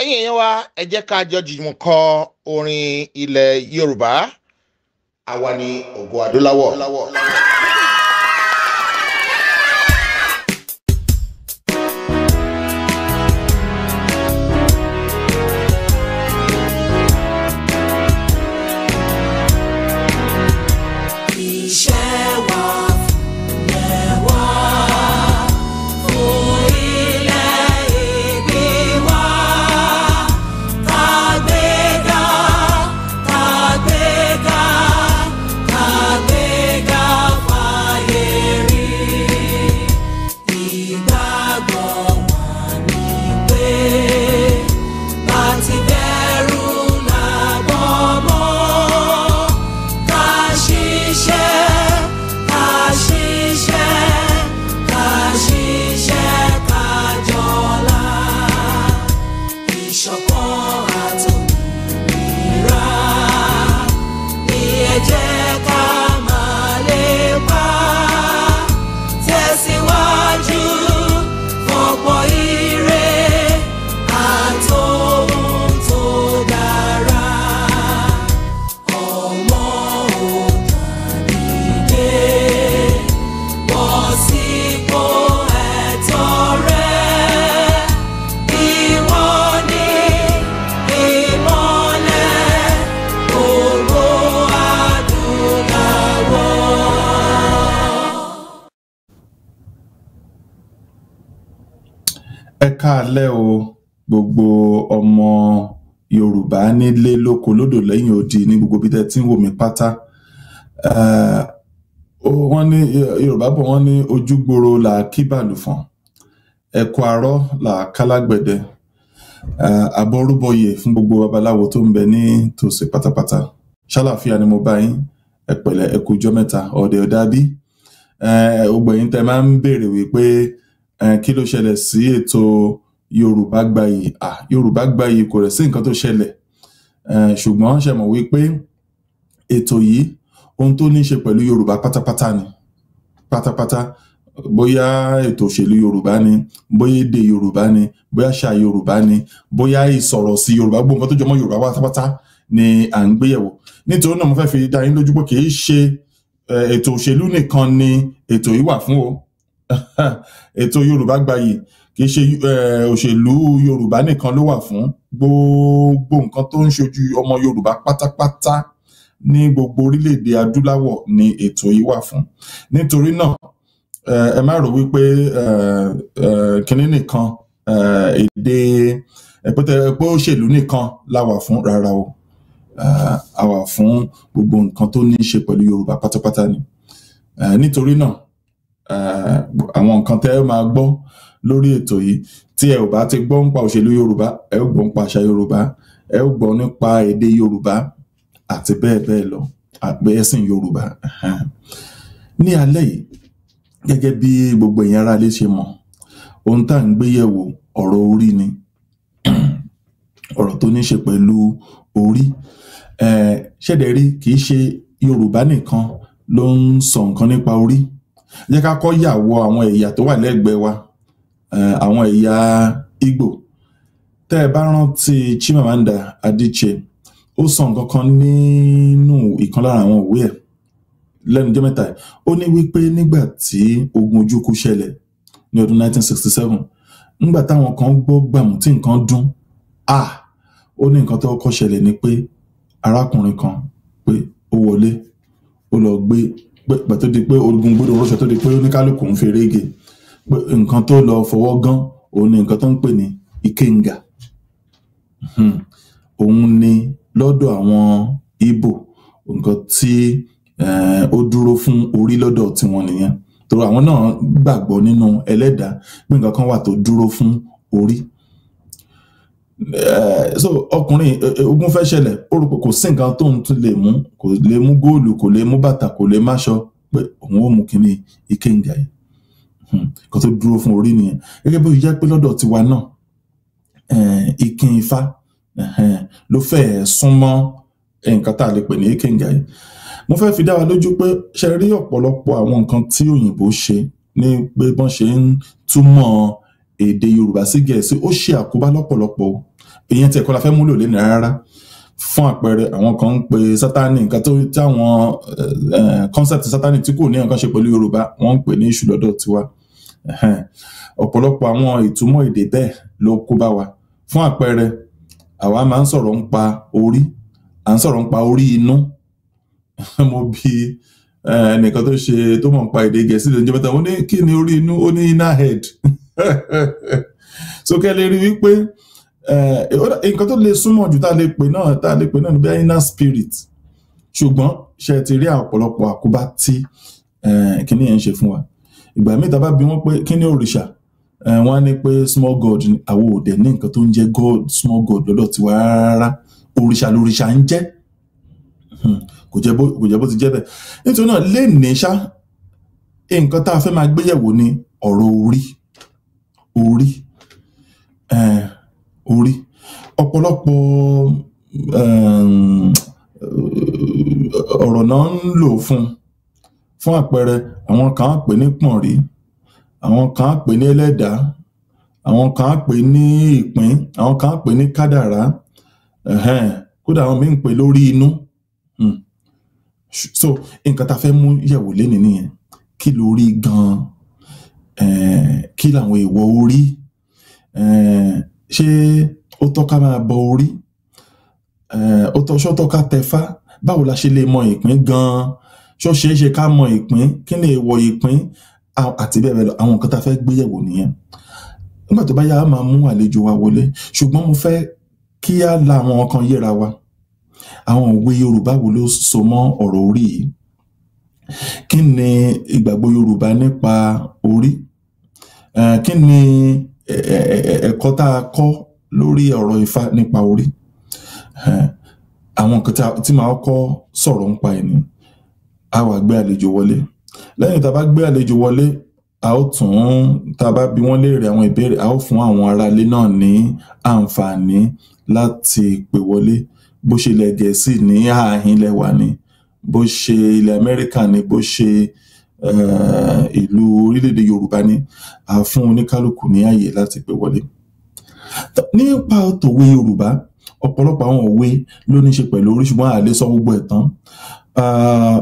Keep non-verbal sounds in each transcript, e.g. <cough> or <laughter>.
ẹ̀yin èèyàn wa ẹ jẹ́ ká jọ jùmọ̀ kọ orin ilẹ̀ yorùbá àwa ni ògo adúláwọ̀. kálẹ̀ o gbogbo ọmọ yorùbá nílé lóko lódò lẹ́yìn odi ní gbogbo bí tẹ́ ti ń wò mí pátá eh, wọ́n ní yorùbá bọ̀ wọ́n ní ojúgboro là á kí bàlùfọ̀n ẹ̀kọ́ àárọ̀ là á kálágbẹ̀dẹ eh, àbọrúbọyè fún gbogbo babaláwo tó ń bẹ ní tòsí pátápátá ṣàlàfíà ni mo bá yín ẹ pẹ̀lẹ́ ẹ kú ọjọ́ mẹ́ta ọdẹ ọdá bí ọgbẹ̀yìn eh, tẹ́ máa ń béèrè wípé kí ló ṣẹlẹ̀ sí ètò yorùbá gbayì à yorùbá gbayì kò rẹ̀ sí nǹkan tó ṣẹlẹ̀ ṣùgbọ́n ṣe wípé ètò yìí ohun tó ní ṣe pẹ̀lú yorùbá pátápátá ni pátápátá bóyá ètò òṣèlú yorùbá ni bóyá èdè yorùbá ni bóyá ṣà yorùbá ni bóyá ìsọ̀rọ̀ sí yorùbá gbogbo nǹkan tó jọmọ́ yorùbá pátápátá ni à ń gbéyẹ̀wò nítorí náà mo fẹ́ fi dá yín lójú pé kì í ṣe ètò òṣèlú nìkan ni ètò yìí wà fún o <laughs> ètò yorùbá gbayì kì í ṣe eh, òṣèlú yorùbá nìkan ló wà fún gbogbo nǹkan tó ń ṣojú ọmọ yorùbá pátápátá ní gbogbo orílẹ̀-èdè adúláwọ̀ ni ètò yìí wà fún nítorí náà eh, ẹ má rò wípé eh, kínní nìkan èdè ẹ̀pẹ́tẹ́ pé òṣèlú nìkan la wà fún rárá o a wà fún gbogbo nǹkan tó ní í ṣe pẹ̀lú yorùbá pátápátá ni nítorí náà àwọn nǹkan tẹ́ ẹ máa gbọ́ lórí ètò yìí tí ẹ ò bá ti gbọ́ nípa òṣèlú yorùbá ẹ ó gbọ́ nípa àṣà yorùbá ẹ ó gbọ́ nípa èdè yorùbá àti bẹ́ẹ̀ bẹ́ẹ̀ lọ àgbẹ̀ ẹ̀sìn yorùbá. ní alẹ́ yìí gẹ́gẹ́ bí gbogbo èèyàn aráalé ṣe mọ̀ ohun tá à ń gbé yẹ̀wò ọ̀rọ̀ orí ni <clears throat> ọ̀rọ̀ tó ní ṣe pẹ̀lú orí ṣẹ̀dẹ̀ rí kì í ṣe yorùbá nìkan ló ń sọ nǹkan nípa orí jẹ́ ká kọ́ yàwọ̀ àwọn ẹ̀yà tó wà lẹ́gbẹ̀ẹ́ wa Eh, àwọn ẹ̀yà Ìgbò tẹ́ ẹ bá rántí Chimamanda Adichie ó sọ nǹkan kan nínú ìkan lára àwọn òwe ẹ̀ lẹ́nujọ́ mẹ́ta ó ní wípé nígbà tí ogun ojú kú ṣẹlẹ̀ ní ọdún 1967 nígbà táwọn kan gbọ́ gbàmù tí nǹkan dún ah ó ní nǹkan tó kọ́ ṣẹlẹ̀ ni pé arákùnrin kan pé ó wọlé ó lọ gbé pẹ̀tọ́ di pé ogun gbọ́dọ̀ rọ́ṣọ tó di pé oníkálukú ń feré ge nǹkan tó lọ fọwọ́ gán òun ni nǹkan tó ń pè ní ikenga hmm. òun ni lọ́dọ̀ àwọn Ìgbò nǹkan tí eh, ó dúró fún orí lọ́dọ̀ tiwọn nìyẹn torí àwọn náà gbàgbọ́ nínú ẹlẹ́dàá pé nǹkan kan wà tó dúró fún orí eh, so ọkùnrin eh, ogun fẹ́ ṣẹlẹ̀ ó rò pé kò sí nǹkan tóun tún lè mú kò lè mú góòlù kò lè mú bàtà kò lè máṣọ pé òun ó mú kínní ikenga yìí Hmm. kan tó dúró fún orí nìyẹn gẹ́gẹ́ bó ṣe jẹ́ pé lọ́dọ̀ tiwa náà ìkin eh, ifá eh, ló fẹ́ẹ̀ súnmọ́ eh, nǹkan tá a lè pè ní ìkìngà yìí mo fẹ́ fi dá wa lójú pé ṣe rí ọ̀pọ̀lọpọ̀ àwọn nǹkan tí òyìnbó ṣe ní pé bọ́n ṣe ń túmọ̀ èdè Yorùbá sí Gẹ̀ẹ́sì ó ṣe àkóbá lọ́pọ̀lọpọ̀ ìyẹn tí ẹ̀kọ́ la fẹ́ múlò lé ní rárá fún àpẹẹrẹ àwọn kan ń pe sátani nǹkan tó táwọn concept sátani tí kò ní nǹkan ṣe pẹ̀lú Yorùbá wọ́n ń pè ní ìṣù lọ́dọ̀ tiwa ọ̀pọ̀lọpọ̀ àwọn ìtumọ̀ èdè bẹ́ẹ̀ ló kó bá wa fún àpẹẹrẹ àwa máa ń sọ̀rọ̀ ń pa orí à ń sọ̀rọ̀ ń pa orí inú <laughs> mo bi ẹnìkan tó ṣe tó mọ̀ ń èdè gẹ̀ẹ́sì lóúnjẹ mẹ́ta ó ní kí ni orí inú ó ní inner head <laughs> so kẹ́ lè rí wípé nǹkan tó lè súnmọ́ jù tá a lè pè náà tá a lè pè náà ní bí inner spirit ṣùgbọ́n ṣe ti rí ọ̀pọ̀lọpọ̀ àkóbá tí kìnìyàn ń ṣe fún wa ìgbà míì tá a bá bi wọ́n pé kí ni òrìṣà wọ́n ní pé small god àwọn òde ní nǹkan tó ń jẹ́ god small god lọ́dọ̀ tiwa rárá òrìṣà lòrìṣà ń jẹ́ hmm, kò jẹ́ bó ti jẹ́ bẹ́ẹ̀ nítorí náà lénìí ṣá nǹkan tá a fẹ́ máa gbéyẹ̀wò ni ọ̀rọ̀ orí orí orí ọ̀pọ̀lọpọ̀ ọ̀rọ̀ náà ń lò fún un fún àpẹẹrẹ àwọn kan á pè ní pọ̀nrí àwọn kan á pè ní ẹlẹ́dàá àwọn kan á pè ní ìpín àwọn kan á pè ní kádàrá kódà àwọn míì ń pè lórí inú hmm. so nǹkan tá a fẹ́ mú yẹ̀wò lénìí nìyẹn kí lórí gan-an kí làwọn èèwọ̀ orí ṣé ó tọ́ máa bọ orí ó tọ́ ṣọ́tọ́ báwo la ṣe lè mọ ìpín gan-an ṣó ṣeé ṣe ká mọ ìpín kí ni èèwọ̀ ìpín àti bẹ́ẹ̀ bẹ́ẹ̀ lọ àwọn nǹkan tá a fẹ́ gbéyẹ̀wò nìyẹn nígbà tó bá yá a máa mú àlejò wa wọlé ṣùgbọ́n mo fẹ́ kí á la àwọn ọkàn yéra wa àwọn òwe Yorùbá wo ló so mọ́ ọ̀rọ̀ orí yìí kí ni ìgbàgbọ́ Yorùbá nípa orí kí ni ẹ̀kọ́ tá a kọ́ lórí ọ̀rọ̀ Ifá nípa orí àwọn nǹkan tí màá kọ́ sọ̀rọ̀ nípa ẹ̀ nìyẹn a wá gbé àlejò wọlé lẹ́yìn tá a bá gbé àlejò wọlé a ó tún tá a bá bi wọ́n léèrè àwọn ìbéèrè a ó fún àwọn aráalé náà ní àǹfààní láti pè wọlé bó ṣe ilẹ̀ gẹ̀ẹ́sì ní ààhín ilẹ̀ ni bó ṣe ilẹ̀ amẹ́ríkà ni bó ṣe ìlú orílẹ̀ yorùbá ni a fún oníkálukú ní ààyè láti pè wọlé. nípa tòwe yorùbá ọ̀pọ̀lọpọ̀ àwọn òwe ló ní í ṣe pẹ̀lú orí ṣùgbọ́n a sọ gbogbo ẹ̀ tán ah,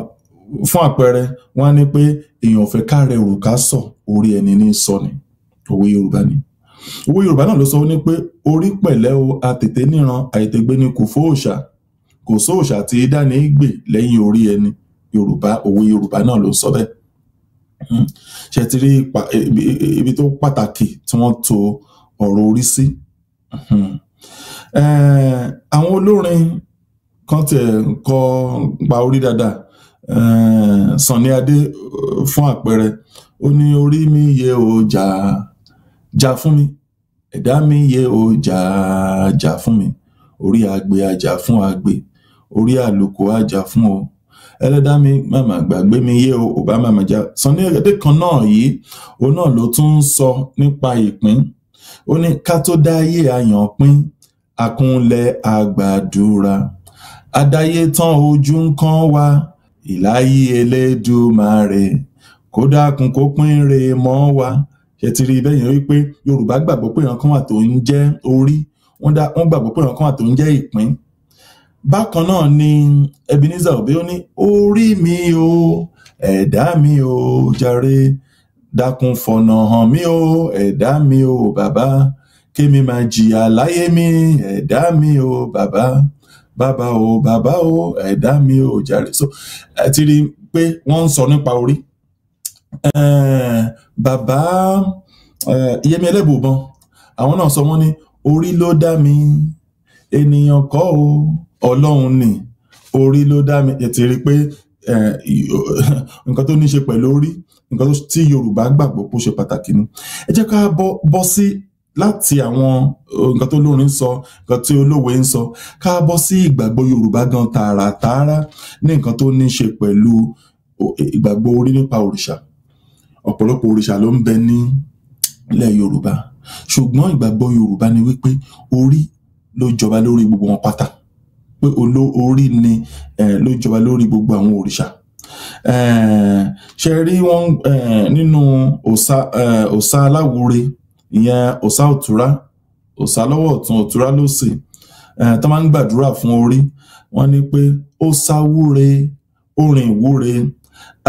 fún àpẹẹrẹ wọn á ní pé èèyàn fẹ́ káàrẹ òrùka sọ orí ẹni ní sọ ni òwe yorùbá ni òwe yorùbá náà ló sọ ní pé orí pẹ̀lẹ́ o àtètè níran àìtègbé ni kò fóòṣà kò sóòṣà tí dání gbè lẹ́yìn orí ẹni yorùbá òwe yorùbá náà ló sọ bẹ́ẹ̀ hmm. ṣe ti rí e, e, ibi tó pàtàkì tí wọ́n to ọ̀rọ̀ orí sí hmm. àwọn olórin kan tiẹ̀ kọ pa orí dáadáa Eh, Sunny Adé fún àpẹẹrẹ ó ní orí mi yẹ ọjà jà fún mi ẹ̀dá mi yẹ ọjà jà fún mi orí agbe ajá fún agbe orí àlùkò ajá fún o ẹlẹ́dá mi màmá gbàgbé mi yé o ò bá màmá já Sunny Adé kan náà yìí òun náà ló tún ń sọ nípa ìpín ó ní ká tó dá ayé àyàn pín àkúnlẹ̀ àgbàdúrà adáyé tán ojú ń kán wa ìláyé elédùmarè kó dákun kó pín re mọ́ wa ṣe ti rí i bẹ́yìn wípé yorùbá gbàgbọ́ pé ìran kan wà tó ń jẹ́ orí wọ́n gbàgbọ́ pé ìran kan wà tó ń jẹ́ ìpín bákan náà ni Ebenezer Obey ó ní orí mi o ẹ̀dá mi o jàre dákun fọ̀nà hàn mí o ẹ̀dá mi o bàbá kémi máa jìyà láyé mi ẹ̀dá mi o bàbá bàbá o bàbá o ẹ̀dá mi ò jàre so ẹ ti rí i pé wọ́n ń sọ nípa orí bàbá Yẹmí Ẹlẹ́bùbọn àwọn náà sọ wọ́n ní orí ló dá mi ènìyàn kọ́ o ọlọ́run ni orí ló dá mi ẹ ti rí i pé nǹkan tó ní í ṣe pẹ̀lú orí nǹkan tí Yorùbá gbàgbọ́ kó ṣe pàtàkì ni ẹ jẹ́ ká bọ́ sí láti àwọn eh, nǹkan tó lórin sọ nǹkan tí olówe ń sọ ká bọ́ sí ìgbàgbọ́ yorùbá gan tààràtààrà ní nǹkan tó ní í ṣe pẹ̀lú eh, ìgbàgbọ́ orí nípa òrìṣà ọ̀pọ̀lọpọ̀ òrìṣà ló ń bẹ ní ilẹ̀ yorùbá ṣùgbọ́n ìgbàgbọ́ yorùbá ni wípé orí ló jọba lórí gbogbo wọn pátá pé orí ni eh, ló jọba lórí gbogbo àwọn òrìṣà ṣe rí wọn nínú òòṣà aláwúre ìyẹn òsà òtúrá òsà lọ́wọ́ ọ̀tún òtúrá lósì tó máa ń gbàdúrà fún orí wọ́n ní pé ó sáwúre orin ìwúre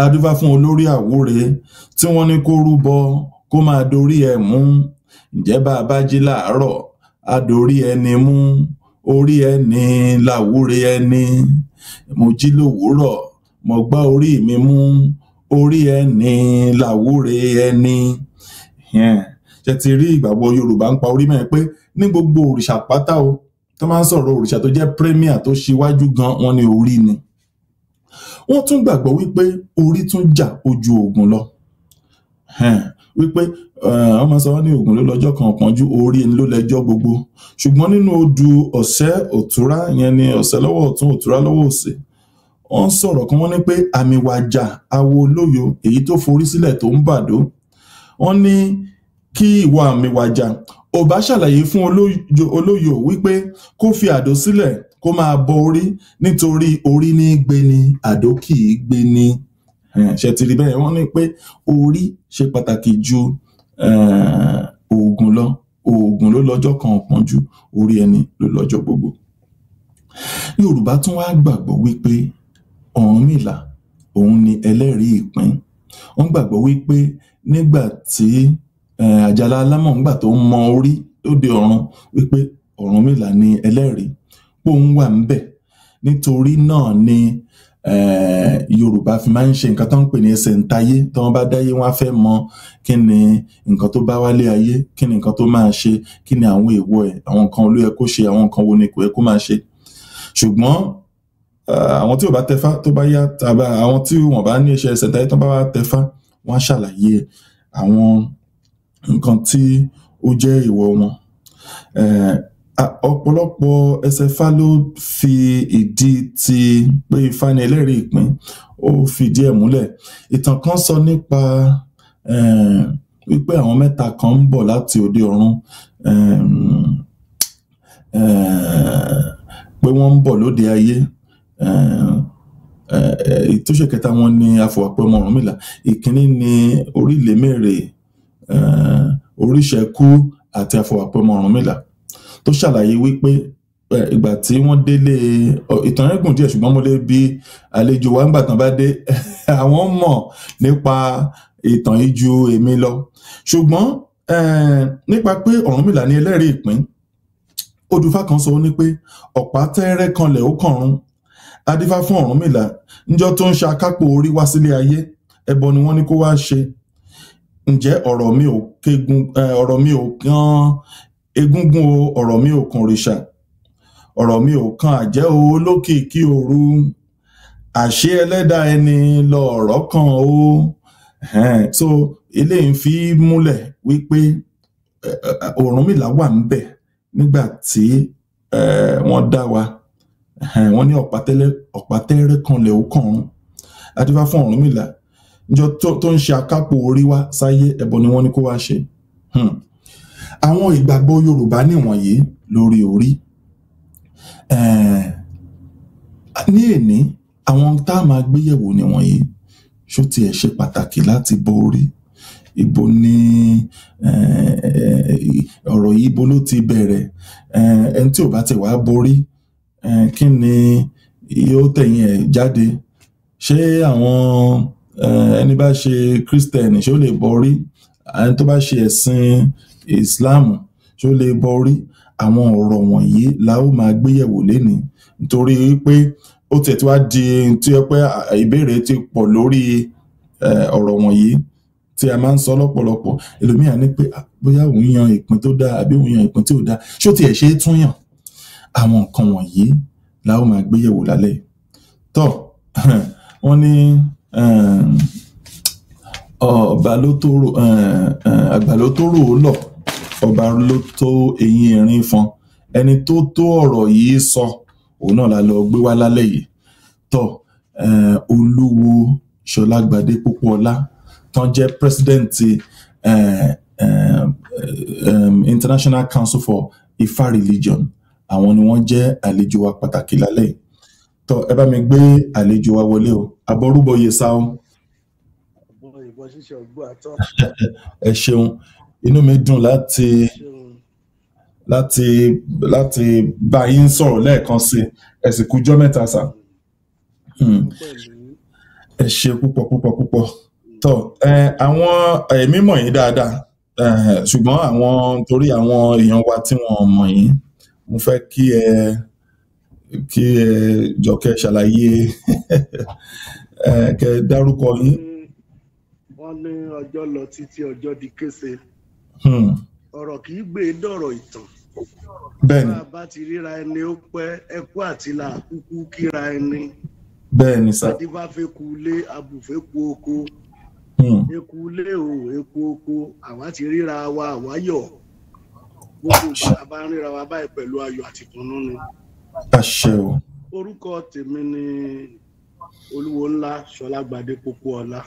adúbá fún olórí àwúre tí wọ́n ní kó rúbọ kó máa dorí ẹ̀ mú ǹjẹ́ bá a bá jí láàárọ̀ a dorí ẹni mú orí ẹni làwúre ẹni mo jí lówùúrọ̀ mo gbá orí mi mú orí ẹni làwúre ẹni. Yeah ṣe ti rí ìgbàgbọ́ Yorùbá ń pa orí mẹ́rin pé ní gbogbo òrìṣà pátá o tó máa ń sọ̀rọ̀ òrìṣà tó jẹ́ premier tó ṣíwájú gan wọn ni orí ni wọ́n tún gbàgbọ́ wípé orí tún jà ojú ogun lọ wípé eh, ọmọ sọ wọn ní ogun ló lọ́jọ́ kan ọ̀pọ̀njú orí ẹni ló lẹ́jọ́ gbogbo ṣùgbọ́n nínú odù ọ̀sẹ́ òtúrá yẹn ni ọ̀sẹ́ lọ́wọ́ ọ̀tún òtúrá lọ́wọ́ òsì wọ́n sọ̀rọ̀ kan wọ́n ní pé àmì wàjà awo olóyo èyí tó forí sílẹ̀ tó ń bàdó wọ́n ní kí ìwà àmì wàjà ọba ṣàlàyé fún olóyò wípé kó fi àdó sílẹ̀ kó máa bọ orí nítorí orí ní gbé ni àdó kì í gbé ni ṣe ti rí bẹ́ẹ̀ wọ́n ní pé orí ṣe pàtàkì ju eh, oògùn lọ oògùn ló lọ́jọ́ kan ọ̀pọ̀njú orí ẹni ló lọ́jọ́ gbogbo yorùbá tún wá gbàgbọ́ wípé ọ̀rúnmìlà òun ni ẹlẹ́rìí ìpín wọ́n gbàgbọ́ wípé nígbà tí àjàlá alámọ̀ǹgbà tó ń mọ orí lóde ọ̀run wípé ọ̀rúnmìlà ni ẹlẹ́rìí póun wà ń nítorí náà ni yorùbá fi máa ń ṣe nǹkan tó ń pè ní ẹsẹ̀ ń tí wọ́n bá dáyé wọ́n á fẹ́ mọ kí ni nǹkan tó bá wálé ayé kí ni nǹkan tó máa ṣe kí ni àwọn èèwọ̀ ẹ̀ àwọn nǹkan ló yẹ kó ṣe àwọn nǹkan wo ni kò yẹ kó máa ṣe ṣùgbọ́n àwọn tí ò bá tẹfá tó bá yá àwọn tí wọ́n bá ní ẹsẹ̀ tayé tó bá wá tẹfá wọ́n á ṣàlàyé àwọn nǹkan tí ó jẹ́ ìwọ̀ wọn eh, ọ̀pọ̀lọpọ̀ ẹsẹ̀ Ifá ló fi ìdí ti pé Ifá ni ẹlẹ́rìí ìpín ó fìdí ẹ̀ múlẹ̀ ìtàn kan sọ nípa eh, wípé àwọn mẹ́ta kan ń bọ̀ láti òde ọ̀run eh, pé wọ́n ń bọ̀ lóde ayé ìtúnṣe kẹta wọn ni àfọwọ́pẹ́ ọmọ Ọ̀rúnmìlà ìkíní ni orílẹ̀ mẹ́rẹ̀ẹ́ Eh, oríṣẹkú àti àfọwàpẹmọ ọ̀rúnmìlà tó ṣàlàyé wípé eh, ìgbà tí wọ́n délé oh, ìtàn yẹn gùn díẹ̀ ṣùgbọ́n mo lè bi àlejò wa ńgbà tán bá dé <laughs> àwọn mọ̀ nípa ìtàn yìí ju èmi lọ ṣùgbọ́n eh, nípa pé ọ̀rúnmìlà ní ẹlẹ́rìí ìpín odùfà kan sọ ní pé ọ̀pá tẹ́rẹ́ kanlẹ̀ ó kànrún adífá fún ọ̀rúnmìlà níjọ́ tó ń ṣe akápò orí wá sílé ayé ẹbọ ni wọ́n ní kó wá ṣe ǹjẹ́ ọ̀rọ̀ mi ò kegun ọ̀rọ̀ mi ò kan egúngún o ọ̀rọ̀ mi ò kan òrìṣà ọ̀rọ̀ mi ò kan àjẹ́ o olókìkí òru àṣé ẹlẹ́dà ẹni lọ̀rọ̀ kan o so eléyìí fi múlẹ̀ wípé Ọ̀rúnmìlà wà ń bẹ̀ nígbà tí wọ́n dá wa wọ́n ní ọ̀pá tẹ́rẹ́ kan lè ó kàn án a dífá fún Ọ̀rúnmìlà njọ tó ń ṣe akápò orí wá sáyé ẹbọ ni wọ́n ní kó wá ṣe hmm. àwọn ìgbàgbọ́ Yorùbá nìwọ̀nyí lórí orí eh, ní èní àwọn tá a máa gbéyẹ̀wò nìwọ̀nyí ṣó tiẹ̀ ṣe pàtàkì láti bọ orí ibo ni eh, ọ̀rọ̀ yìí ibo ló ti bẹ̀rẹ̀ eh, ẹni tí ò bá ti wàá borí kí ni yóò tẹ̀yìn ẹ̀ jáde ṣé àwọn. Eh, ẹni bá ṣe kírísítẹ̀nì ṣé ó lè borí ẹni tó bá ṣe ẹ̀sìn ìsìláàmù ṣé ó lè borí àwọn ọ̀rọ̀ wọ̀nyí la ó máa gbéyẹ̀wò lénìí nítorí pé ó tẹ̀ tí wá di tí ó pẹ́ ìbéèrè ti pọ̀ lórí eh, ọ̀rọ̀ wọ̀nyí tí a máa ń sọ lọ́pọ̀lọpọ̀ ẹlòmíràn ní pé bóyá òun yan ìpín tó dáa àbí òun yan ìpín tí ò dáa ṣé ó tiẹ̀ ṣe é tún yàn àwọn nǹkan wọ̀nyí la ó máa gbéyẹ̀wò lálẹ́ tọ́ <laughs> wọ́n ní. Ehm, ọba ló tó rò ehm, ehm, àgbà ló tó rò ó lọ ọba ló tó eyín erin fọn ẹni tó tó ọ̀rọ̀ yìí sọ òun náà la lọ gbé wá lálẹ́ yìí tó olúwo ṣọlá gbadé púpọ̀ ọlá tán jẹ́ president international council for Ifa religion àwọn ni wọ́n jẹ́ àlejò wa pàtàkì lálẹ́ yìí tọ ẹ bá mi gbé àlejò wa wọlé o àbọrúbọ yẹsà o. <laughs> ẹ ṣeun inú mi dùn láti láti láti bá yín sọ̀rọ̀ lẹ́ẹ̀kan sí ẹ sì kújọ́ mẹ́ta sà hmm. ẹ ṣe púpọ̀ púpọ̀ púpọ̀ tọ àwọn ẹ̀mí mọ̀ yín dáadáa ṣùgbọ́n àwọn torí àwọn èèyàn wa tí wọ́n mọ̀ yín mo fẹ́ kí ẹ. Eh, kí ẹ jọ kẹ́ ṣàlàyé kẹ́ dárúkọ yín. wọ́n ní ọjọ́ lọ títí ọjọ́ di kése hmm. ọ̀rọ̀ kì í gbé dọ̀rọ̀ ìtàn bẹ́ẹ̀ni bá a bá ti ríra ẹni ó pẹ́ ẹkú àti là kúkú kíra ẹni bẹ́ẹ̀ni sá adébáfẹ́kù lé abùfẹ́kù oko eku hmm. lé o eku oko àwa ti ríra wa àwa yọ̀ gbogbo ìgbà ń ríra wa báyìí pẹ̀lú ayọ̀ àti ìtùnú ni àṣẹ o. orúkọ tèmi ni olúwo ńlá ṣọlágbadé kókóọlá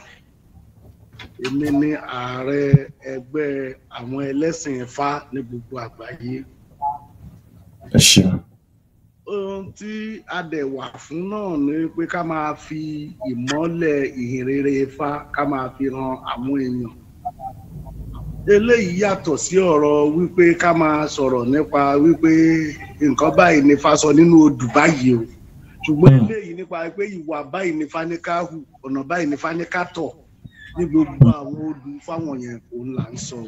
èmi ni ààrẹ ẹgbẹ́ àwọn ẹlẹ́sìn Ifá ní gbogbo àgbáyé. ẹ ṣeun. ohun tí a dẹ̀ wà fún náà ni pé ká máa fi ìmọ́lẹ̀ ìhìnrere Ifá ká máa fi hàn àwọn èèyàn eléyìí yàtọ̀ sí ọ̀rọ̀ wípé ká máa sọ̀rọ̀ nípa wípé nǹkan báyìí ni fa sọ nínú odù báyìí o ṣùgbọ́n hmm. eléyìí nípa pé ìwà báyìí ni faníká hù ọ̀nà báyìí ni faníká tọ̀ ní gbogbo àwọn odù fáwọn yẹn òun là ń sọ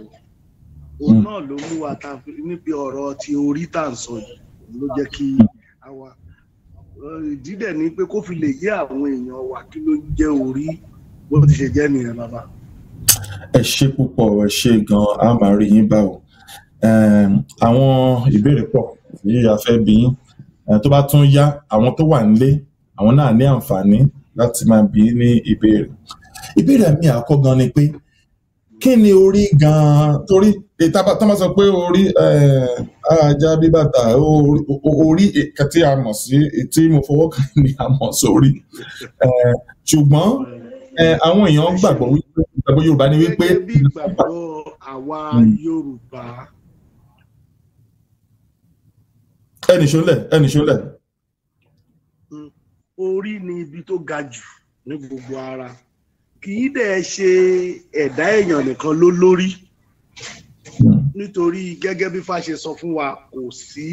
òun náà ló mú wa ta níbi ọ̀rọ̀ ti orí tà ń sọ yìí ló jẹ́ kí àwa ìdí dẹ̀ ni pé kó fi lè yé àwọn èèyàn wa kí ló jẹ́ orí bó ti ṣe jẹ́ nìyẹn bàbá ẹ ṣe púpọ̀ ẹ ṣe gan a máa rí yín bá o àwọn ìbéèrè pọ̀ èyí a fẹ́ bí yín tó bá tún yá àwọn tó wà nílé àwọn náà ní àǹfààní láti máa bí ní ìbéèrè ìbéèrè mi àkọ́ gan ni pé kí ni orí gan torí tó máa sọ pé orí ajá bíbàtà orí kan tí a mọ̀ sí tí mo fọwọ́ kàn <laughs> ní a mọ̀ sórí ṣùgbọ́n àwọn èèyàn gbàgbọ́ wípé ìgbàgbọ́ Yorùbá ni wípé. gẹ́gẹ́ bí ìgbàgbọ́ àwa Yorùbá. ẹnì ṣọlẹ̀ ẹnì ṣọlẹ̀. Hmm, orí ni ibi tó ga jù ní gbogbo ara kì í dẹ̀ ṣe ẹ̀dá èèyàn nìkan ló lórí hmm. nítorí gẹ́gẹ́ bí Ifá sọ fún wa kò sí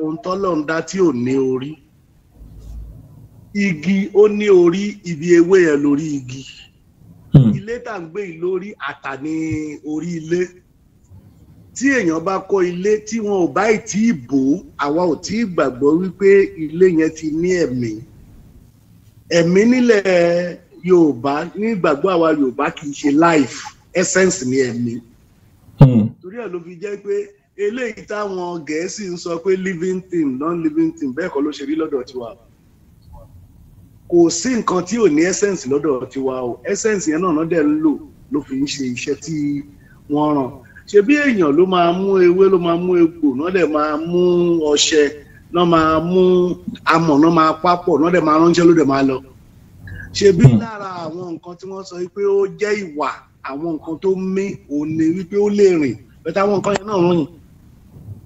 ohun tọ́lọ́run dá tí ò ní orí igi ó ní orí ibi ewé yẹn lórí igi hmm. ilé tá à ń gbé lórí àtà ní orí ilé tí èèyàn bá kọ́ ilé tí wọn ò bá tí ì bò àwa ò tí ì gbàgbọ́ wípé ilé yẹn ti ní ẹ̀mí ẹ̀mí nílẹ̀ Yorùbá ní ìgbàgbọ́ àwa Yorùbá kì í ṣe life essence ní ẹ̀mí hmm. torí ẹ̀ ló fi jẹ́ pé eléyìí táwọn Gẹ̀ẹ́sì ń sọ pé living thing non living thing bẹ́ẹ̀ kọ́ ló ṣe rí lọ́dọ̀ tiwa kò sí nǹkan tí ò ní essence lọ́dọ̀ tiwa o essence yẹn náà dẹ̀ ń lò ló fi ń ṣe iṣẹ́ tí wọ́n ràn ṣe bí èèyàn ló máa mú ewé ló máa mú egbò náà dẹ̀ máa mú ọṣẹ náà máa mú amọ̀ náà máa papọ̀ náà dẹ̀ máa ránṣẹ́ ló dẹ̀ máa lọ ṣe bí hmm. lára àwọn nǹkan tí wọ́n sọ pé ó jẹ́ ìwà àwọn nǹkan tó mí òun ni wípé ó lè rìn bẹ́ẹ̀ táwọn nǹkan yẹn náà rìn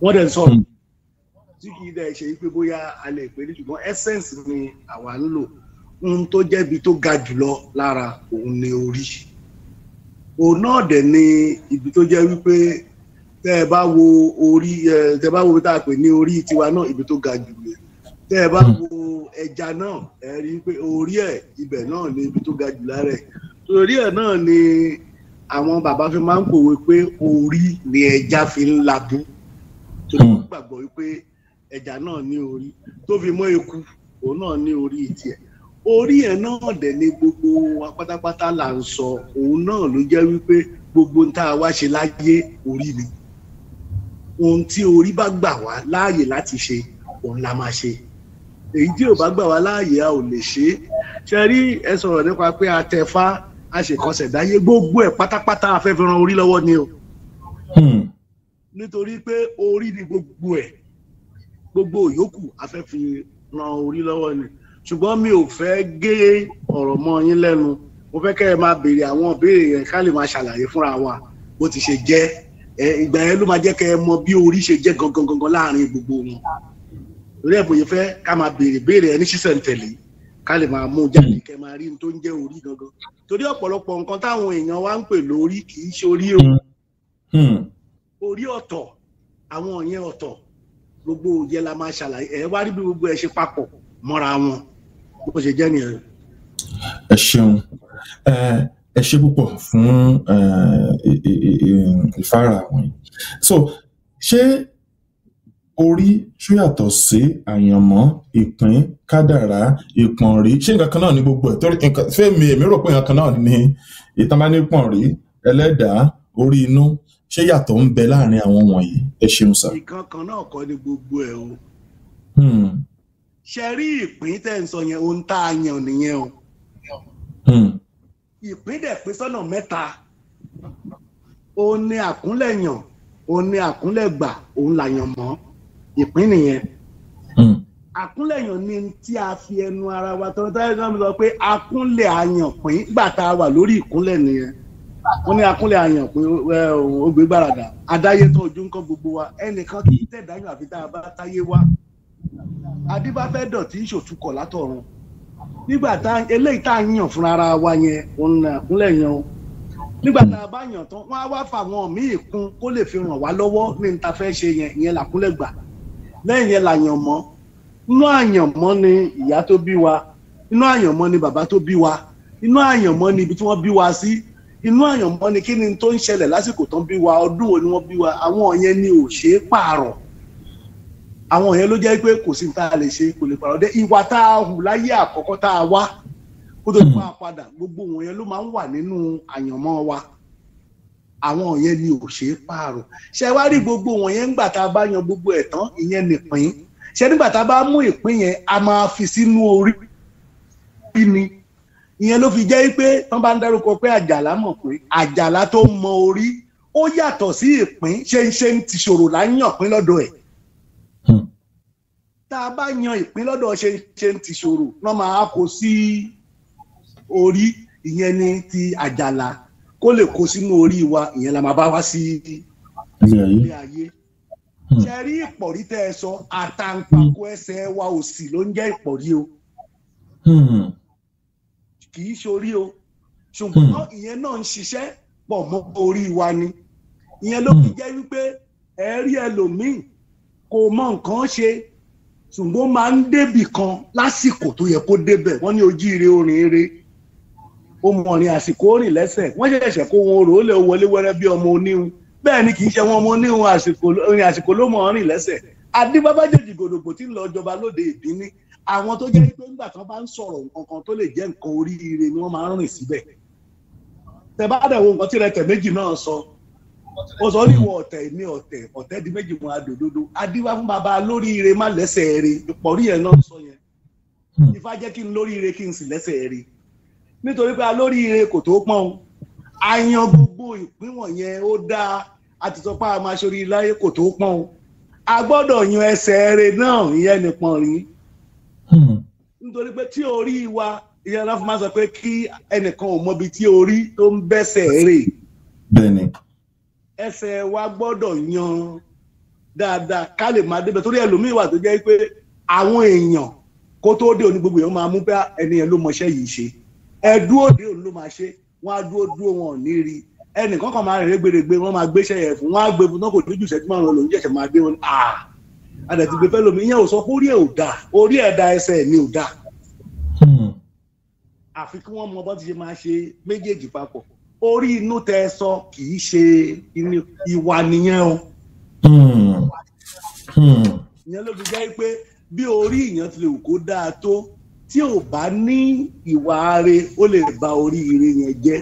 wọ́n dẹ̀ ń sọ̀rọ̀ hmm. tí kì í dẹ̀ ṣe pé bóyá a lè pè ṣùgbọ́n essence ni àwa ń lò ohun tó jẹ́bi tó ga jùlọ lára òun ni orí òun náà dẹ̀ ni ibi tó jẹ́ wípé tẹ́ ẹ bá wo orí ẹ tẹ́ ẹ bá wo bí tá a pè ní orí tiwa náà ibi tó ga jùlọ tẹ́ ẹ bá hmm. wo ẹja náà ẹ rí i pé orí ẹ̀ ibẹ̀ náà ni ibi tó ga jù lára orí ẹ̀ náà ni àwọn bàbá fi máa ń pòwe pé orí ni ẹja fi ń labú tó ní gbàgbọ́ wípé ẹja náà ní orí tó fi mọ́ eku òun náà ní orí tiẹ̀ orí ẹ̀ náà dẹ̀ ni gbogbo wa pátápátá là ń sọ òun náà ló jẹ́ wípé gbogbo ń tá a ṣe láyé orí ni ohun tí orí bá gbà wá láàyè láti ṣe òun la máa ṣe èyí tí ò bá gbà wá láàyè a ò lè ṣe é ṣe rí ẹ sọ̀rọ̀ nípa pé a tẹ̀fá a ṣèkọsẹ̀ dáyé gbogbo ẹ̀ pátápátá a orí lọ́wọ́ ni o hmm. nítorí pé orí ni gbogbo ẹ̀ gbogbo yòókù a orí lọ́wọ́ ni. Hmm ṣùgbọ́n mi ò fẹ́ gé ọ̀rọ̀ mọ́ yín lẹ́nu mo fẹ́ kẹ́ ẹ máa béèrè àwọn ìbéèrè yẹn ká lè máa ṣàlàyé fúnra wa bó ti ṣe jẹ́ ẹ ìgbà yẹn ló máa jẹ́ kẹ́ ẹ mọ bí orí ṣe jẹ́ gangan gangan láàrin gbogbo wọn lórí ẹ̀bùn yìí fẹ́ ká máa béèrè béèrè ẹ ní ṣísẹ̀ntẹ̀lé ká lè máa mú un jáde kẹ́ máa rí n tó ń jẹ́ orí gangan torí ọ̀pọ̀lọpọ̀ nǹkan táwọn èèyàn wa ń pè lórí kì í ṣe orí hmm. Hmm. orí ọ̀tọ̀ àwọn yẹn ọ̀tọ̀ gbogbo òye la máa ṣàlàyé ẹ wá rí bí gbogbo ẹ ṣe papọ̀ mọ́ra wọn bó ṣe jẹ́ nìyẹn. ẹ ṣeun ẹ ṣe púpọ̀ fún ìfára wọ̀nyí so ṣé orí ṣó yàtọ̀ sí àyànmọ́ ìpín kádàrá ìpọ̀nrí ṣé nǹkan kan náà ní gbogbo ẹ̀ torí fẹ́mi èmi rò pé nǹkan kan náà ní ìtàmánípọ̀nrí ẹlẹ́dàá orí inú ṣé yàtọ̀ ń bẹ láàrin àwọn wọ̀nyí ẹ ṣeun sá. nǹkan kan náà kọ́ ni gbogbo ẹ̀ o. Hmm ṣe rí ìpín tẹ́ ń sọ yẹn ohun tá a yàn nìyẹn o hmm. ìpín dẹ̀ pín sọ́nà mẹ́ta òun ni àkúnlẹ̀ yàn òun ni àkúnlẹ̀ gbà òun là yàn mọ́ ìpín nìyẹn hmm. àkúnlẹ̀ yàn ni tí a fi ẹnu ara wa tọ́nu táyé náà mi sọ pé àkúnlẹ̀ àyàn pín gbà tá a wà lórí ìkúnlẹ̀ nìyẹn wọ́n ní àkúnlẹ̀ àyàn pín ògbé gbàràdà adáyé tó ojú ń kọ́ gbogbo wa ẹnìkan kì í tẹ̀dáyàn àfi tá a bá táyé wá adébáfẹ́ dọ̀tí ìṣòtúkọ̀ látọ̀run nígbà tá eléyìí tá a yàn fúnra ara wa yẹn òun náà kúnlẹ̀ yẹn o nígbà tá a bá yàn tán wọ́n á wá fà wọn míì kún kó lè fi ràn wá lọ́wọ́ ní n ta fẹ́ ṣe yẹn ìyẹn làkúnlẹ̀ lẹ́yìn yẹn làyàn mọ́ inú àyànmọ́ ni ìyá tó bí wa inú àyànmọ́ ni bàbá tó bí wa inú àyànmọ́ ni ibi tí wọ́n bí wa sí inú àyànmọ́ ni kí ni tó ń ṣẹlẹ̀ lásìkò tán bí wa ọdún wo ni wọ́n bí wa àwọn yẹn ni ò ṣeé pààrọ̀ àwọn yẹn ló jẹ́ pé kò sí ní tá a lè ṣe kò lè pàrọ̀dé ìwà tá a hù láyé àkọ́kọ́ tá a wá kó tó pa padà gbogbo wọn yẹn ló máa ń wà nínú àyànmọ́ wa àwọn yẹn ni ò ṣe é pààrọ̀ ṣe wá rí gbogbo wọn yẹn ńgbà tá a bá yan gbogbo ẹ̀ tán ìyẹn nìpín ṣe nígbà tá a bá mú ìpín yẹn a máa fi sínú orí ni ìyẹn ló fi jẹ́ pé wọ́n bá ń dárúkọ pé àjàlá mọ̀ pé àjàlá tó mọ orí ó yàtọ̀ sí ìpín ṣe ń ṣe ń ti ṣòro láyàn pín lọ́dọ̀ ẹ̀ Hmm. tá a bá yan ìpín lọ́dọ̀ ṣe ṣe ń ti ṣòro wọ́n máa kó sí orí ìyẹn ni ti àjàlá kó lè kó sínú orí wa ìyẹn la máa bá wá sí ilé ayé hmm. ṣe rí ìpọ̀rí tẹ́ ẹ sọ àtàǹpàkò hmm. ẹsẹ̀ wa òsì ló ń jẹ́ ìpọ̀rí o kì í ṣorí o ṣùgbọ́n ìyẹn náà ń ṣiṣẹ́ pọ̀ mọ́ orí wa ni ìyẹn ló fi jẹ́ wípé ẹ̀ẹ́rí ẹlòmíì kò mọ nǹkan ṣe ṣùgbọ́n máa ń débì kan lásìkò tó yẹ kó débẹ̀ wọ́n ní ojú ire orin eré ó mọ orin àsìkò orin lẹ́sẹ̀ wọ́n ṣẹ̀ṣẹ̀ kó wọn rò ó lè wọlé wẹ́rẹ́ bí ọmọ oníhun bẹ́ẹ̀ ni kì í ṣe wọn ọmọ oníhun orin àsìkò ló mọ orin lẹ́sẹ̀ adébábájèjì gòdògbò tí ń lọ jọba lóde ìbíní àwọn tó jẹ́ pé nígbà tán bá ń sọ̀rọ̀ nǹkan kan tó lè jẹ́ nǹkan oríire ni wọ́n máa ń rìn síbẹ̀ tẹ bá dẹ̀ wo nǹkan tí rẹkẹ̀ méjì náà sọ ó sọ ní ìwọ ọ̀tẹ̀ ní ọ̀tẹ̀ ọ̀tẹ̀ di méjì mọ́ adòdodo adíwá fún baba lóríire má lẹ́sẹ̀ eré pọ̀rí ẹ̀ náà sọ yẹn hmm. Ifá jẹ́ kí n lóríire kí n sì lẹ́sẹ̀ eré nítorí pé alóríire kò tó pọ́n o ayan gbogbo ìpín wọ̀nyẹn ó dáa àti sọ pé a máa ṣorí láyé kò tó pọ́n o a gbọ́dọ̀ yan ẹsẹ̀ eré náà ìyẹn nìkan rí hmm. nítorí pé tí orí wa ìyẹn náà fún máa sọ pé kí ẹnìkan ò mọbi tí orí tó ń bẹ́sẹ̀ eré. bẹ́ẹ̀ ẹsẹ̀ wa gbọ́dọ̀ yan dáadáa ká lè máa débẹ̀ torí ẹlòmíín wà tó jẹ́ pé àwọn èèyàn kó tó dé òní gbogbo èèyàn máa mú pé ẹni yẹn ló mọṣẹ́ yìí ṣe ẹ dúró dé òní ló máa ṣe wọ́n á dúró dúró wọn ò ní rí ẹnìkan kan máa rèé gbèrègbè wọ́n máa gbéṣẹ́ yẹn fún wọ́n á gbé fún kò lójú ìṣẹ́jú márùn-ún lòún jẹ̀ṣẹ̀ máa dé wọn àà àdàtì gbé fẹ́lómi ìyẹn ò sọ orí ẹ̀ ò dáa orí ẹ̀ da ẹsẹ̀ mi ò dáa hmm. àfi kí wọ́n mọ bọ́ ti ṣe máa ṣe méjèèjì papọ̀ orí inú tẹ sọ kì í ṣe ìwà nìyẹn o. Hmm. Hmm. ìyẹn ló fi jẹ́ pé bí orí ìyẹn ti lè wù kó dáa tó tí ò bá ní ìwà are ó lè ba orí ire yẹn jẹ́.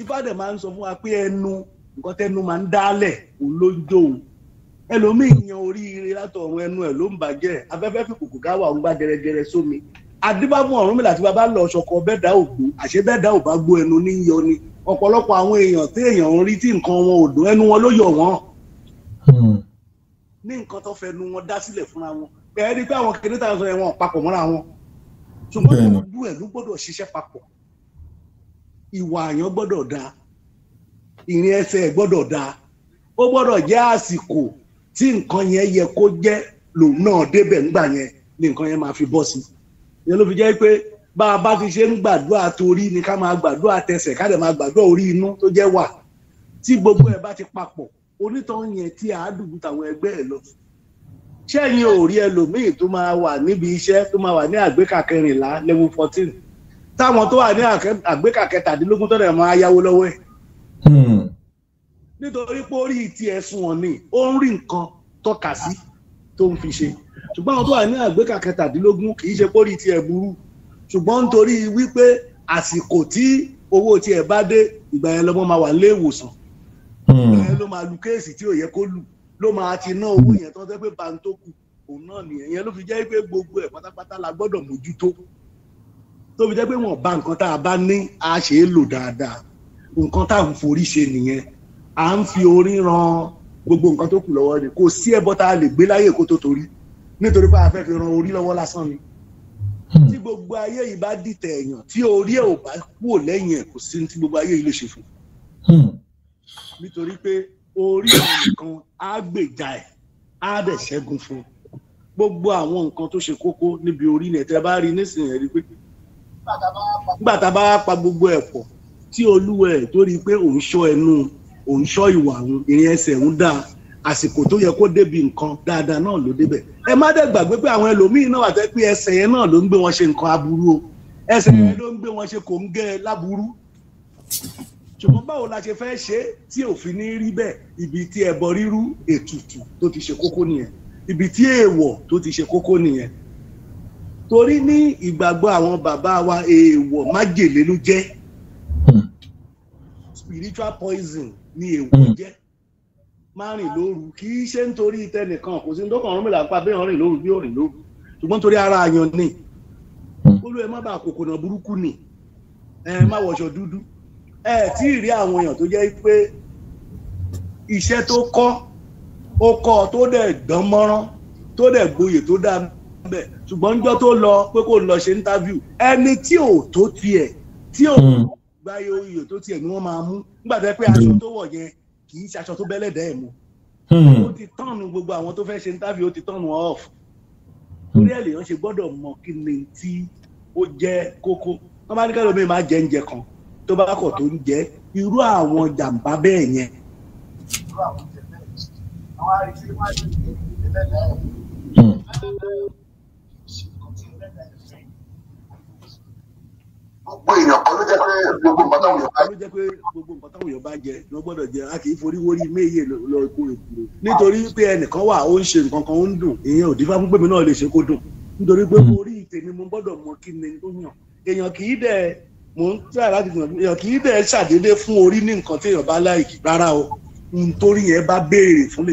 ìbàdàn hmm. máa ń sọ fún wa pé ẹnu nǹkan tẹnu máa ń dálẹ̀ òun ló ẹlòmíì yan oríire látọ̀run ẹnu ẹ̀ ló ń bàjẹ́ afẹ́fẹ́ fi kùkù ká wà gbá gẹrẹgẹrẹ sómi. So adébámu ọ̀rúnmìlà àti bàbá lọ ṣọkọ bẹ́ẹ̀dá ògbó àṣẹ bẹ́ẹ̀dá ò bá gbó ẹnu níyọ ni ọ̀pọ̀lọpọ̀ àwọn èèyàn tí èèyàn ń rí tí nǹkan wọn ò dùn ẹnu wọn ló yọ wọn. Hmm. ní nǹkan tó fẹnu wọn dá sílẹ̀ fúnra wọn bẹ́ẹ̀ ni pé àwọn kéde táwọn sọ ẹ̀wọ̀n papọ̀ mọ́ra wọn ṣùgbọ́n ìlú ẹ̀ ló gbọ́dọ̀ ṣiṣẹ́ papọ̀ ìwà àyàn gbọ́dọ̀ dáa ìrìn ẹsẹ̀ gbọ́dọ̀ dáa ó gbọ́dọ̀ jẹ́ àsìkò tí nǹkan yẹn yẹ kó jẹ́ lòun náà débẹ̀ ńgbà yẹn ni nǹkan yẹn máa fi bọ́ sí i ìyẹn ló fi jẹ́ pé bá a bá ti ṣe ń gbàdúrà torí ni ká máa gbàdúrà tẹsẹ̀ ká dẹ̀ máa gbàdúrà orí inú tó jẹ́ wà tí gbogbo ẹ̀ bá ti papọ̀ onítàn yẹn tí àádùgbù tàwọn ẹgbẹ́ ẹ̀ lọ ṣẹ́yìn ò rí ẹlòmíì tó máa wà níbi iṣẹ́ tó máa wà ní àgbékà kẹrìnlá level fourteen táwọn tó wà ní àgbékà tó dẹ̀ máa yáwó lọ́wọ́ ẹ̀ hmm. nítorí pé orí ti ẹ̀sùn ọ̀nì ó ń rí nǹkan tọ́ka sí tó ń fi ṣe ṣùgbọ́n àwọn tó wà ní àgbékà kẹtàdínlógún kì í ṣe pórí tiẹ̀ burú ṣùgbọ́n nítorí wípé àsìkò tí owó tiẹ̀ bá dé ìgbà yẹn lọ́mọ máa wà nílé ìwòsàn ìgbà hmm. yẹn ló máa lu kéèsì tí ò yẹ kó lù ló máa ti ná owó yẹn tó ń sẹ́ pé bá ń tó kù òun náà nìyẹn yẹn ló fi jẹ́ pé gbogbo ẹ̀ pátápátá la gbọ́dọ̀ mójútó tó fi jẹ́ pé wọ́n bá nǹkan tá a bá ní a ṣe é lò dáadáa nǹkan tá à ń forí ṣe nìyẹn à ń fi orí ran gbogbo nǹkan tó kù lọ́wọ́ rẹ̀ kò sí ẹbọ tá a lè gbé láyè kó tó torí nítorí pé a fẹ́ fi ran orí lọ́wọ́ lásán ni hmm. tí gbogbo ayé yìí bá dìtẹ̀ èèyàn tí orí ẹ̀ ò bá kúò lẹ́yìn ẹ̀ kò sí tí gbogbo ayé yìí lè ṣe fún hmm. nítorí pé orí ẹ̀ nìkan á gbèjà ẹ̀ á dẹ̀ ṣẹ́gun fún gbogbo àwọn nǹkan tó ṣe kókó níbi orí ni ẹ̀tẹ́ bá rí nísìnyẹn rí pé nígbà tá a bá pa gbogbo ẹ̀ pọ̀ tí olúwa ẹ̀ tó rí i pé òun ṣọ́ ẹnu òun ṣọ́ ìwà òun ìrìn ẹsẹ̀ òun dáa àsìkò tó yẹ kó débi nǹkan dáadáa náà ló débẹ̀ ẹ má dẹ̀ gbàgbé pé àwọn ẹlòmíín náà àtẹ́ pé ẹsẹ̀ yẹn náà ló ń gbé wọn ṣe nǹkan aburú o ẹsẹ̀ yẹn hmm. ló ń gbé wọn ṣe kò ń gẹ́ ẹ láburú ṣùgbọ́n báwo la ṣe fẹ́ ṣe tí òfin ní rí bẹ́ẹ̀ ibi tí ẹbọ rírú ètùtù tó ti ṣe kókó nìyẹn ibi tí èèwọ̀ tó ti ṣe kókó nìyẹn torí ní ìgbàgbọ́ àwọn bàbá wa èèwọ̀ májèlé ló jẹ́ hmm. spiritual poison ni èèwọ̀ hmm. jẹ́ máa rìn lóru kì í ṣe nítorí tẹnìkan kò sí nítorí ọ̀run mìíràn pa bí ọ̀rìn lóru bí ọ̀rìn lóru ṣùgbọ́n nítorí ara àyàn ni hmm. olú ẹ má bàa kòkòrò burúkú ni ẹ má wọṣọ dúdú ẹ tí ì rí àwọn èèyàn tó jẹ́ pé iṣẹ́ tó kọ́ ó kọ́ tó dẹ̀ dán mọ́rán tó dẹ̀ gboyè tó dáa bẹ̀ ṣùgbọ́n níjọ́ tó lọ pé kó lọ ṣe interview ẹni tí ò tó tiẹ̀ tí ò hmm. gba iye oyè tó tiẹ̀ ni wọ́n máa mú nígbà tó yẹ pé aṣọ hmm. tó wọ̀ yẹn kì í ṣe aṣọ tó bẹ́lẹ̀dẹ́ ẹ̀ mu hmm. ó ti tọ́ọ̀nù gbogbo àwọn tó fẹ́ ṣe interview ó ti tọ́ọ̀nù off hmm. torí ẹ̀ lèèyàn ṣe gbọ́dọ̀ mọ kí ni tí ó jẹ́ kókó wọ́n bá ní kẹ́lò mi máa jẹ oúnjẹ kan tó bá kọ̀ tó ń jẹ irú àwọn jàǹbá bẹ́ẹ̀ yẹn hmm. gbogbo èèyàn kan ló jẹ́ pé gbogbo nǹkan táwọn jẹ́ gbogbo nǹkan táwọn Yorùbá jẹ gbọ́dọ̀ a forí wórí méye lọ ikú nítorí pé ẹnìkan wà ó ń ṣe nǹkan kan ó èèyàn ò dífá náà lè ṣe kó dùn nítorí pé dẹ̀ ṣàdédé fún orí ní nǹkan tí bá láìkì rárá o nítorí bá béèrè fún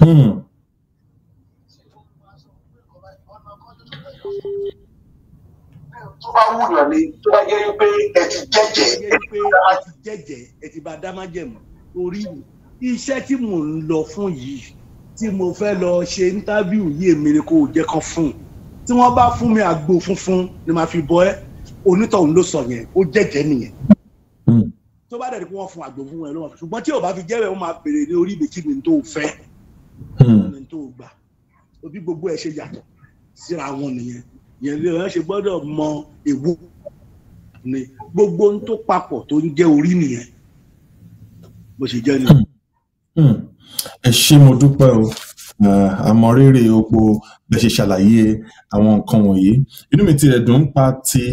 Hmm. hmm. tó bá wùyàn ni tó bá jẹ́ pé ẹ ti jẹ́jẹ́ ẹ ti jẹ́jẹ́ ẹ ti bá dámájẹ̀mọ́ orí mi iṣẹ́ tí mò ń lọ fún yìí tí mo fẹ́ lọ ṣe íńtábíù yìí èmi ni kò jẹ́ kan fún un tí wọ́n bá fún mi àgbo funfun ni màá fi bọ́ ẹ́ onítọ̀hún ló sọ yẹn ó jẹ́jẹ́ nìyẹn tó bá dẹ̀ ni kí wọ́n fún àgbo fún ẹ lọ́wọ́ ṣùgbọ́n tí ò bá fi jẹ́wẹ́ ó máa béèrè ní orí mi kí ni tó fẹ́ wọn hmm. ni tó gbà òbí gbogbo ẹ̀ ṣe yàtọ̀ síra wọn nìyẹn yẹn lè rán ṣe gbọ́dọ̀ mọ èwo ni gbogbo ohun tó papọ̀ tó ń jẹ́ orí nìyẹn bó ṣe jẹ́ nìyẹn. Hmm. Hmm. ẹ ṣé mo dúpẹ́ o eh, àmọrírì opo bẹ ṣe ṣàlàyé àwọn nǹkan wọ̀nyí inú mi tirẹ̀ dùn ń pa ti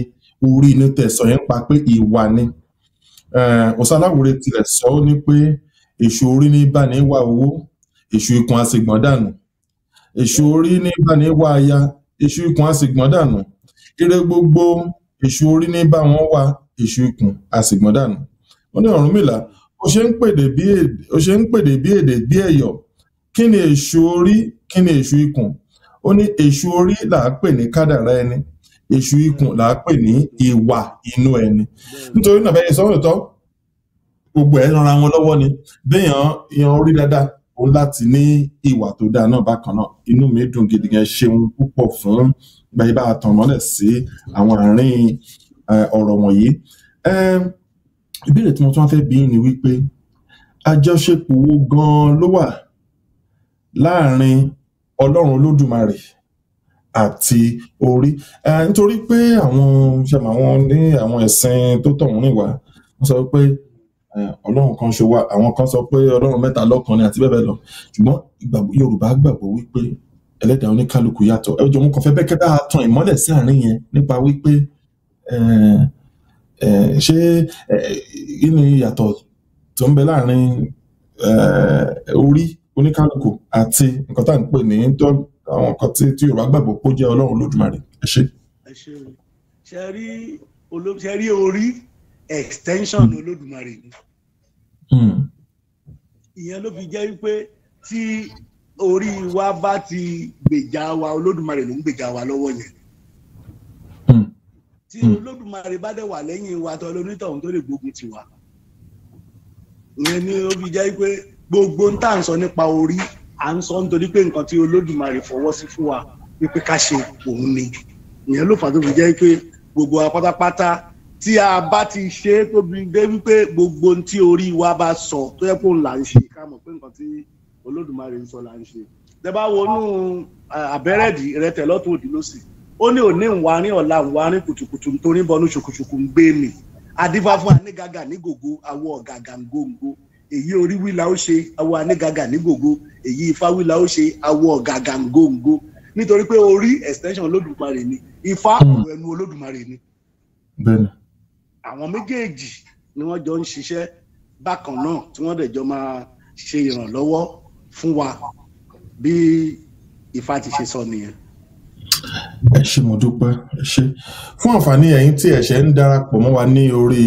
orí inú tẹsán yẹn pa pé ìwà ni eh, ọ̀sán aláwòrán tirẹ̀ sọ ó ní pé èṣù orí ní bá ní owó èṣù ikùn àṣègbọ̀n dànù èṣù orí ní bá ní wá aya èṣù ikùn àṣègbọ̀n dànù ire gbogbo èṣù orí ní bá wọn wá èṣù ikùn àṣègbọ̀n dànù wọn ní Ọ̀rúnmìlà ó ṣe ń pèdè bí èdè ó ṣe ń pèdè bí èdè bí ẹ̀yọ̀ kí ni èṣù orí kí ni èṣù ikùn ó ní èṣù orí là á pè ní kádàrá ẹni èṣù ikùn là á pè ní ìwà inú ẹni nítorí nàbẹ́yẹ sọ́wọ́n tó gbogbo ẹ̀ ràn ara wọn lọ́wọ́ ni béèyàn yan orí dáadáa ó láti ní ìwà tó dáa náà bákan náà inú mi dùn gidi gan ṣeun púpọ̀ fún gbàyè bá a tàn mọ́lẹ̀ sí àwọn àárín ọ̀rọ̀ wọ̀nyí ìbéèrè tí mo tún fẹ́ bí ni wípé àjọṣepọ̀ wo gan ló wà láàrin ọlọ́run olódùmarè àti orí nítorí pé àwọn ṣe àwọn ní àwọn ẹ̀sìn tó tọ̀hún rìn wá sọ pé ọlọ́run kan ṣe wá àwọn kan sọ pé ọlọ́run mẹ́ta lọ́kan ni àti bẹ́ẹ̀ bẹ́ẹ̀ lọ ṣùgbọ́n yorùbá gbàgbọ́ wípé ẹlẹ́dàá oníkálukú yàtọ̀ ẹ jọ̀ọ́ mo kàn fẹ́ bẹ́ẹ̀ kẹ́bẹ́ àtàn ìmọ́lẹ̀ sí àárín yẹn nípa wípé ṣé kí ni ìyàtọ̀ tó ń bẹ láàárín orí oníkálukú àti nǹkan tá à ń pè ní àwọn nǹkan tí yorùbá gbàgbọ́ pé ó jẹ́ ọlọ́run olódùmarè ẹ ṣé. ẹ ṣé ṣe rí orí extension hmm. olódùmarè ni hmm. ìyẹn ló fi jẹ́ wípé tí orí wa bá ti gbèjà wa olódùmarè ló ń gbèjà wa lọ́wọ́ yẹn hmm. tí olódùmarè bá dẹ̀ wà lẹ́yìn wa tọ́ lónítọ̀hún tó lè gbógun ti wa ìyẹn ni ó fi jẹ́ pé gbogbo ń tà ń sọ nípa orí à ń sọ nítorí pé nǹkan tí olódùmarè fọwọ́ sí fún wa wípé ká ṣe òun ni ìyẹn ló fà tó fi jẹ́ pé gbogbo wa tí a bá ti ṣe é tóbi dé wípé gbogbo ohun tí orí wa bá sọ tó yẹ kó là ń ṣe ká mọ̀ pé nǹkan tí olódùmarè ń sọ là ń ṣe tẹ́bá wọnú àbẹ́rẹ́dì rẹ tẹ̀ lọ́tún òdì ló sì ó ní òní ìwárin ọ̀la ìwárin kùtùkùtù nítorí bọnú ṣùkùṣùkù ń gbé mi adífá fún anígàgà ní gògó awọ ọ̀gàgà ń góńgó èyí orí wíla ó ṣe awọ anígàgà ní gògó èyí ifá wíla ó ṣe awọ ọ̀gàgà ń góńgó nítorí pé orí extension olódùmarè ni ifá hmm. ọ̀rọ̀ ẹnu olódùmarè ni. bẹ́ẹ̀ni àwọn méjèèjì ni wọ́n jọ ń ṣiṣẹ́ bákan náà tí wọ́n dẹ̀ jọ máa ṣe ìrànlọ́wọ́ fún wa bí Ifá ti ṣe sọ nìyẹn. ẹ ṣé mo dúpẹ́ ẹ ṣé fún àǹfààní ẹ̀yin tí ẹ ń darapọ̀ mọ́ wa ní orí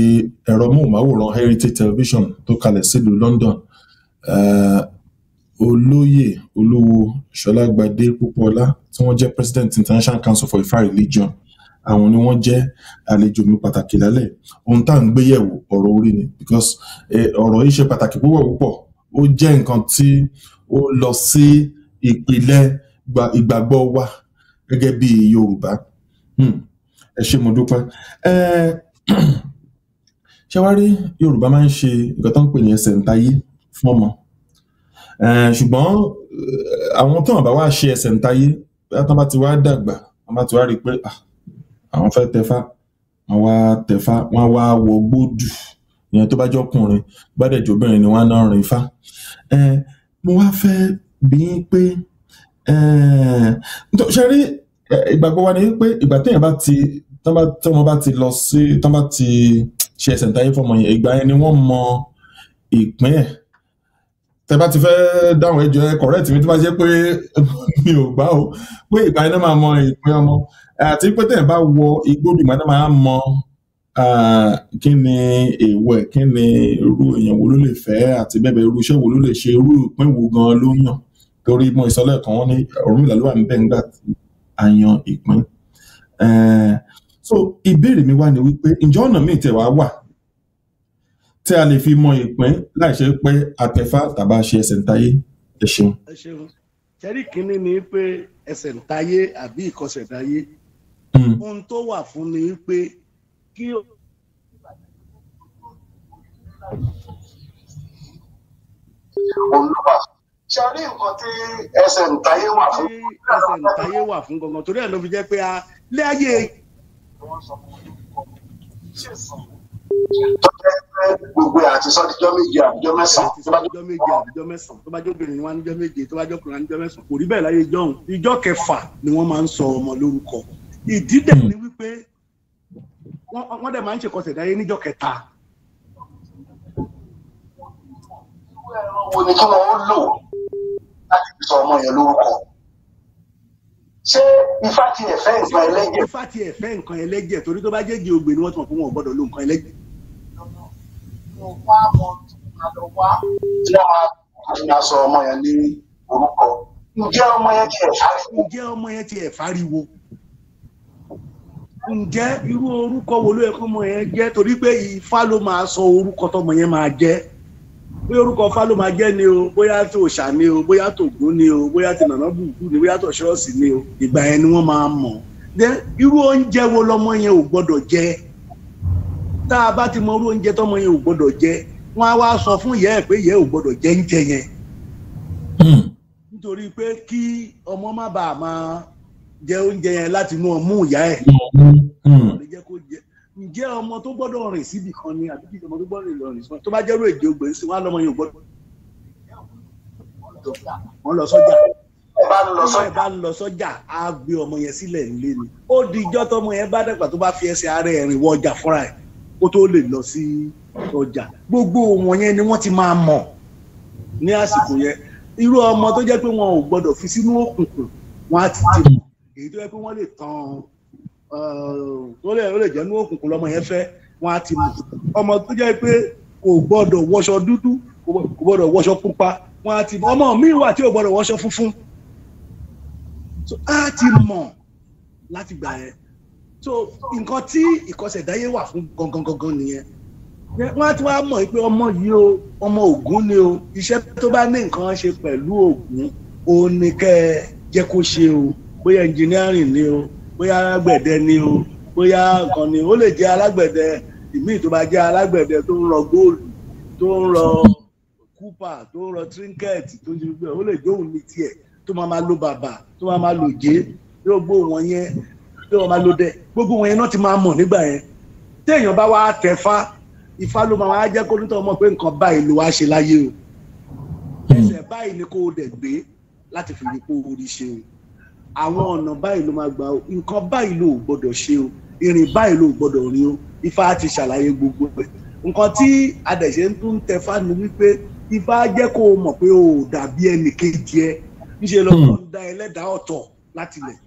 ẹ̀rọ móhùnmáwòrán Heritage Television tó kalẹ̀ sílùú London olóyè olówó ṣọlágbadé púpọ̀lá tí wọ́n jẹ́ president International Council for Ifá Religion àwọn ni wọ́n jẹ́ àlejò mi pàtàkì lálẹ́ ohun tá à ń gbé yẹ̀wò ọ̀rọ̀ orí ni because ọ̀rọ̀ yìí ṣe pàtàkì púpọ̀ púpọ̀ ó jẹ́ nǹkan tí ó lọ sí ìpìlẹ̀ ìgbàgbọ́ wa gẹ́gẹ́ bí Yorùbá hmm. ẹ ṣé mo dúpẹ́ <clears throat> ṣé wàá rí Yorùbá máa ń ṣe nǹkan tó ń pè ní ẹsẹ̀ ǹtayé fún ọmọ ṣùgbọ́n àwọn tó ń bá wá ṣe ẹsẹ̀ ǹtayé bí wọ́n bá ti wá dàgbà wọ́n bá ti wá rí i pé ah, àwọn fẹ́ tẹ̀fá wọ́n wá tẹ̀fá wọ́n wá wọ gbódù ìyẹn tó bá jẹ́ ọkùnrin bá dẹ̀ jẹ́ obìnrin ni wọ́n á náà rìn fá. mo wá fẹ́ bí i pé ṣe rí ìgbàgbọ́ wa ni pé ìgbà téèyàn bá ti tọ́mọ bá ti lọ sí tọ́mọ bá ti ṣe ẹsẹ̀ ń táyé fọmọ yẹn ìgbà yẹn ni wọ́n mọ ìpín ẹ̀ tẹ bá ti fẹ́ dáhùn ẹjọ ẹ correct mi tó bá jẹ́ pé <laughs> mi ò gbá o pé ìgbà iná máa mọ ìpín ọmọ àti pé tẹ̀ bá wọ igbó dùgbà náà máa mọ kí ni èèwọ̀ kí ni irú èèyàn wo ló lè fẹ́ àti bẹ́ẹ̀ irú iṣẹ́ wo ló lè ṣe irú ìpín wo gan ló yàn torí mo ìsọlẹ̀ kan wọ́n ní Ọ̀rúnmìlà ló wà níbẹ̀ nígbà àyàn ìpín. so ìbéèrè mi wá ni wípé ǹjẹ́ ọ̀nà míì tẹ̀ wá wà tí a lè fi mọ ìpín láìṣe pé àtẹ̀fà tàbá ṣe ẹsẹ̀ ntayé ẹ ṣeun. ẹ ṣeun ṣẹ́rí kínní ni pé ẹsẹ̀ ntayé àbí ìkọsẹ̀dáyé hmm. ohun tó wà fún ni pé kí o. olùbà ṣe rí nǹkan tí ẹsẹ̀ ntayé wà fún. ẹsẹ̀ torí ẹ̀ ló fi jẹ́ pé a lé ayé tọ́jẹ́ pé gbogbo àti sọ́díjọ́ méje àbíjọ́ mẹ́sàn-án. àbíjọ́ méje àbíjọ́ mẹ́sàn-án tó bá jẹ́ obìnrin wọn níjọ́ méje tó bá jẹ́ ọkùnrin níjọ́ mẹ́sàn-án kò rí bẹ́ẹ̀ láyé jọ́hún ìjọ́ kẹfà ni wọ́n máa ń sọ ọmọ lórúkọ ìdí dẹ̀ ni wípé wọ́n dẹ̀ máa ń ṣèkọsẹ̀ dáyé níjọ́ kẹta. wo ni kí wọ́n lò láti fi sọ ọmọ yẹn lórúkọ ṣé ifá ti ẹ̀fẹ́ nǹkan ẹlẹ́jẹ̀. ifá ti ẹ̀fẹ́ nǹkan ẹlẹ́jẹ̀ torí tó bá jẹ́ gé ogbè ni wọ́n ti mọ̀ fún wọn ò gbọ́dọ̀ lo nǹkan ẹlẹ́jẹ̀ nínú fáàmù àlọ́wà tí wọ́n máa ń aṣọ ọmọ yẹn ní orúkọ. ǹjẹ́ ọmọ yẹn ti ẹ̀ fáriwo. ǹjẹ́ ọmọ yẹn ti ẹ̀ fáriwo. ǹjẹ́ irú orúkọ wo ló yẹ kó ọmọ yẹn jẹ́ torí pé ifá ló máa sọ orúkọ tọmọ yẹn máa jẹ́ bí orúkọ ifá ló máa jẹ́ ni o bóyá tó òṣà ni o bóyá tó ògún ni o bóyá ti nànà bùkún ni bóyá tó ṣọ́ọ̀ṣì ni o ìgbà yẹn ni wọ́n máa mọ̀ irú oúnjẹ wo lọmọ yẹn ò gbọ́dọ̀ jẹ́ tá a bá ti mọ irú oúnjẹ tọmọ yẹn ò gbọdọ̀ jẹ wọn á wá sọ fún ìyá ẹ̀ pé ìyá ẹ̀ ò gbọdọ̀ jẹ oúnjẹ yẹn hmm. nítorí pé kí ọmọ má bàa máa jẹ oúnjẹ yẹn láti inú ọmú ìyá ẹ̀ hmm. ǹjẹ́ ọmọ tó gbọ́dọ̀ rìn síbì kan ni àbí ọmọ tó gbọ́dọ̀ rìn síbì kan tó bá jẹ́rú èdè ògbóni sí wọn á lọ́mọ yẹn ò gbọ́dọ̀ wọ́n lọ sọ́jà wọ́n bá ń lọ sọ́jà á gbé ọmọ yẹn sílẹ̀ nílé ni ó di ijọ́ tọmọ yẹn bá dàgbà tó bá fi ẹsẹ̀ ara ẹ̀ rìn wọ ọjà fúnra ẹ̀ kó tó lè lọ sí ọjà gbogbo wọn yẹn ni wọ́n ti máa mọ̀ ní àsìkò yẹn irú ọmọ tó jẹ́ pé wọn ò gbọ́dọ̀ fi sínú òkùnkùn wọn á ti dìbò èyí tó yẹ pé wọ́n lè tàn ó lè jẹ́ inú òkùnkùn lọ́mọ yẹn fẹ́ wọn á ti mọ̀ ọmọ tó jẹ́ pé kò gbọ́dọ̀ wọṣọ dúdú kò gbọ́dọ̀ wọṣọ pupa wọn á ti mọ̀ ọmọ mi wà tí ò gbọ́dọ̀ wọṣọ funfun á ti mọ̀ láti gbà yẹn so nǹkan tí ìkọsẹ̀dáyé wà fún gangan gangan nìyẹn wọ́n á ti wá mọ̀ pé ọmọ yìí o ọmọ ògún ni o iṣẹ́ tó bá ní nǹkan ṣe pẹ̀lú ògún òun ni kẹ́ ẹ jẹ́ kó ṣe o bóyá engineering ni o bóyá alágbẹ̀dẹ ni o bóyá nǹkan ni ó lè jẹ́ alágbẹ̀dẹ ìmíì tó bá jẹ́ alágbẹ̀dẹ tó ń rọ góòlù tó ń rọ kúpà tó ń rọ trinket tó ń ṣe gbẹ ó lè jóun ní tiẹ̀ tó máa máa lo bàbà tó máa máa lo jé yóò gbó wọn yẹn pé wọ́n máa lo dẹ gbogbo wọn yẹn náà ti máa mọ̀ nígbà yẹn téèyàn bá wá tẹ̀ fá Ifá ló máa wá jẹ́ kó nítorí ọmọ pé nǹkan báyìí ló wá ṣe láyé o ẹsẹ̀ báyìí ni kó o dẹ̀ gbé láti fi ipò orí ṣe o àwọn ọ̀nà báyìí ló máa gbà o nǹkan báyìí ló gbọ́dọ̀ ṣe o ìrìn báyìí ló gbọ́dọ̀ rí o Ifá ti ṣàlàyé gbogbo ẹ̀ nǹkan tí adẹ̀ṣe ń tún tẹ̀ fá ni wípé Ifá jẹ́ kó o mọ̀ pé o ò dàbí ẹnì kejì ẹ níṣẹ́ lọ́kàn ń da ẹlẹ́dàá ọ̀tọ̀ látilẹ̀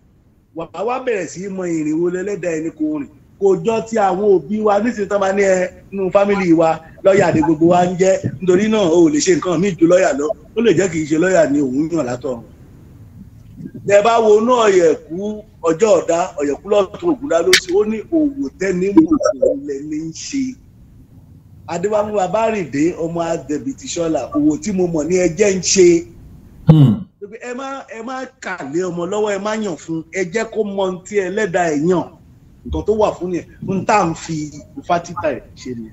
wàá wá bẹ̀rẹ̀ sí mọ ìrìn wo lẹ́lẹ́dàá ẹni kò rìn kò jọ ti àwọn òbí wa nísìnyí tán bá ní ẹ nínú fámìlì wa lọ́ọ̀yà ni gbogbo wa ń jẹ́ nítorí náà o ò lè ṣe nǹkan míì ju lọ́ọ̀yà lọ ó lè jẹ́ kì í ṣe lọ́ọ̀yà ni òun yàn látọ̀run tẹ bá wo náà ọ̀yẹ̀kú ọjọ́ ọ̀dá ọ̀yẹ̀kú lọ́tún ògúnlá ló ṣe ó ní òwò tẹ́ni mùsùlùmí lẹ ní í ṣe adéwámú abárìndé ọmọ adẹ̀bìtìṣọ́là òwò tí mo mọ̀ ní ẹjẹ́ ń ṣe hmm ẹ má ẹ má kàlé ọmọ lọ́wọ́ ẹ má yàn fún ẹ jẹ́ kó mọ ohun tí ẹlẹ́dàá ẹ̀ yàn nǹkan tó wà fún yẹn ń tà ń fi ifá títà ẹ̀ ṣe ni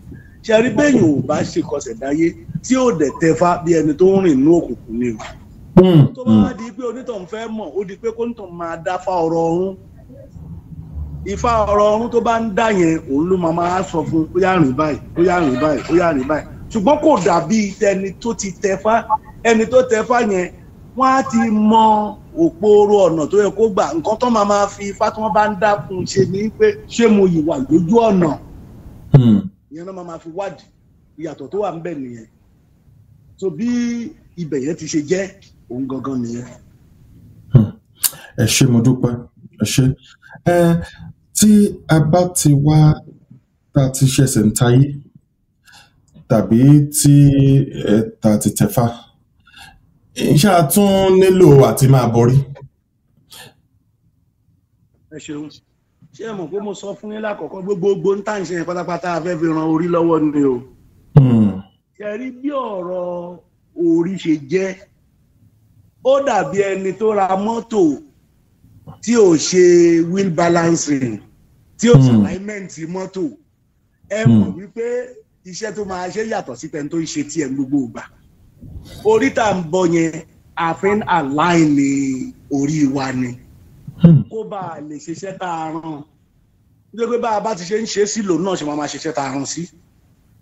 ṣe rí bẹ́yìn ò bá ṣe kọsẹ̀ dáyé tí ò dẹ̀ tẹfa bí ẹni tó ń rìn inú òkùnkùn ni o hmm, tó bá wá hmm. di pé onítàn fẹ́ mọ̀ ó di pé kó nítàn máa dáfa ọ̀rọ̀ ọ̀run ifá ọ̀rọ̀ ọ̀run tó bá ń dá yẹn òun ló máa máa sọ fún ó yá rìn báyìí ó yá rìn báyìí ó yá rìn báyìí ṣùgbọ́n kò dàbí ẹni tó ti tẹfa ẹni tó tẹfa yẹn wọ́n á ti mọ òpó oró ọ̀nà tó yẹ kó gbà nǹkan tó máa máa fi ifá tí wọ́n bá ń dákun ṣe ni pé ṣé mo yìí wà lójú ọ̀nà hmm. ìyẹn náà máa máa fi wádìí ìyàtọ̀ tó wà ń bẹ̀ nìyẹn so bí ibẹ̀ yẹn ti ṣe jẹ́ òun gangan nìyẹn. Hmm. ẹ ṣé mo dúpẹ́ ẹ ṣé ẹ tí a bá ti wá tá a ti ṣẹ̀ṣẹ̀ ń tayé tàbí tí ẹ ta ti tẹ̀fà iṣẹ́ a tún nílò àti máa borí. ẹ ṣeun ṣé ẹ mọ̀ pé mo sọ fún yín lákọ̀ọ́kọ́ gbogbogbò ń tà ń ṣe yẹn pátápátá afẹ́ fi ran orí lọ́wọ́ ni o. Hmm. ṣe rí bí ọ̀rọ̀ orí ṣe jẹ́ ó dàbí ẹni tó ra mọ́tò tí ò ṣe wheel balancing tí ò ṣe hmm. alignment mọ́tò ẹ hmm. mọ̀ wípé iṣẹ́ tó máa ṣe yàtọ̀ sí tẹ́ni tó ń ṣe tiẹ̀ gbogbo ìgbà orí tá à ń bọ yẹn àfin àláìní orí wa ni hmm. kó bá a lè ṣiṣẹ́ tá a rán nítorí pé bá a bá ti ṣe ń ṣe sí lòun náà ṣe máa ma ṣiṣẹ́ tá a rán sí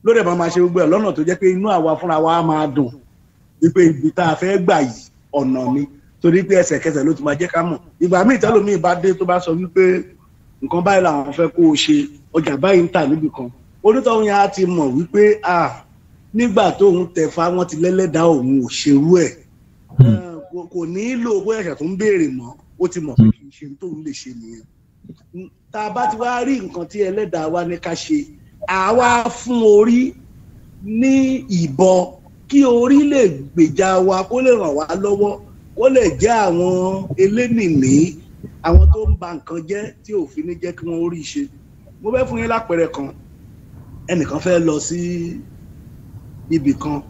lórí ẹ̀ máa ma ṣe gbogbo ẹ̀ lọ́nà tó jẹ́ pé inú àwa fúnra wa máa dùn wípé ibi tá a fẹ́ gbà yìí ọ̀nà ni torí pé ẹsẹ̀kẹsẹ̀ ló ti máa jẹ́ ká mọ̀ ìgbà míì tẹ́lómi bá dé tó bá sọ wípé nǹkan báyìí làwọn fẹ́ kó o ṣe ọjà báyìí ń tà níbì onítọ̀hún yẹn á ti mọ̀ wípé ah nígbà tóun tẹ̀fà wọn ti lẹ́lẹ́dàá òun ò ṣerú ẹ̀ hmm. ah, kò nílò owó ẹ̀ṣẹ̀ tó ń béèrè mọ́ ó ti mọ̀ pé hmm. kì í ṣe tóun lè ṣe nìyẹn tá a bá ti wá rí nǹkan tí ẹlẹ́dàá wa ní ká ṣe àwa fún orí ní ìbọn kí orí lè gbèjà wa kó lè ràn wá lọ́wọ́ kó lè jẹ́ àwọn elénìní àwọn tó ń ba nǹkan jẹ́ tí òfin ní jẹ́ kí wọ́n rí ṣe mo fẹ́ fún yín lápẹẹrẹ kan ẹnìkan fẹ́ lọ sí. Si ibì kan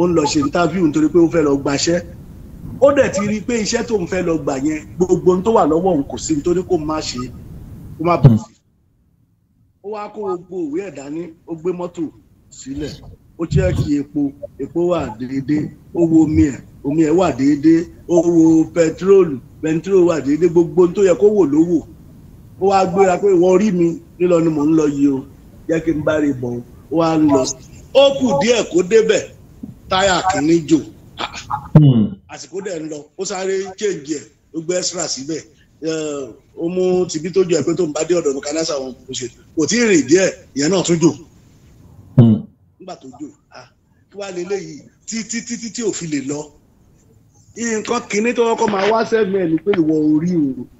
ó ń lọ ṣe interview nítorí pé ó fẹ́ lọ gbaṣẹ́ ó dẹ̀ ti rí i pé iṣẹ́ tó ń fẹ́ lọ gbà yẹn gbogbo ohun tó wà lọ́wọ́ òun kò sí nítorí kó má ṣe kó má bọ̀ sí. ó wá kó gbogbo òwe ẹ̀ dání ó gbé mọ́tò sílẹ̀ ó chẹ́ẹ̀kì epo epo wà déédéé ó wo omi ẹ̀ omi ẹ̀ wà déédéé ó wo pẹtrólù pẹtrólù wà déédéé gbogbo ohun tó yẹ kó wò ló wò ó wá gbéra pé ìwọ rí mi nílọ ni mò ń lọ yìí o jẹ́ kí n bá rí bọ̀ ó wá ń lọ sí ó kù díẹ̀ kó débẹ̀ táyà kìíní jò hmm. àsìkò dẹ̀ ń lọ ó sáré chéǹjì ẹ̀ ó gbé extra síbẹ̀ eh, ó mú tìbí tó jọ ẹ̀ pé tó ń bá dé ọ̀dọ̀ mi kánásà wọn kò ṣe kò tí ì rìn díẹ̀ ìyẹn náà tún jò hmm. nígbà tó jò ah, kí wàá lè léyìí títí títí tí ò fi lè lọ nǹkan kìíní tó kọ́kọ́ máa wá sẹ́gun ẹ̀ ni pé ìwọ orí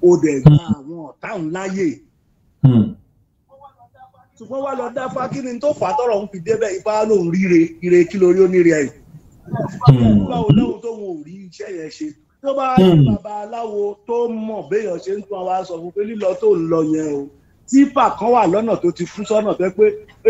o ò dẹ̀ gba hmm. àwọn ọ̀tá ńláyè ṣùgbọ́n wá lọ dá fákínì tó fà á tọrọ ń fi débẹ̀ ifá lòun ríre ire kí lórí oníire ẹ̀. Hmm. báwo lóhun tó wọn ò rí iṣẹ́ yẹn ṣe tó bá rí hmm. bàbá aláwo tó mọ̀ béèyàn ṣe ń tún àwa sọ fún pé lílọ tó ń lọ yẹn o tífà kan wà lọ́nà tó ti fún sọ́nà tó pé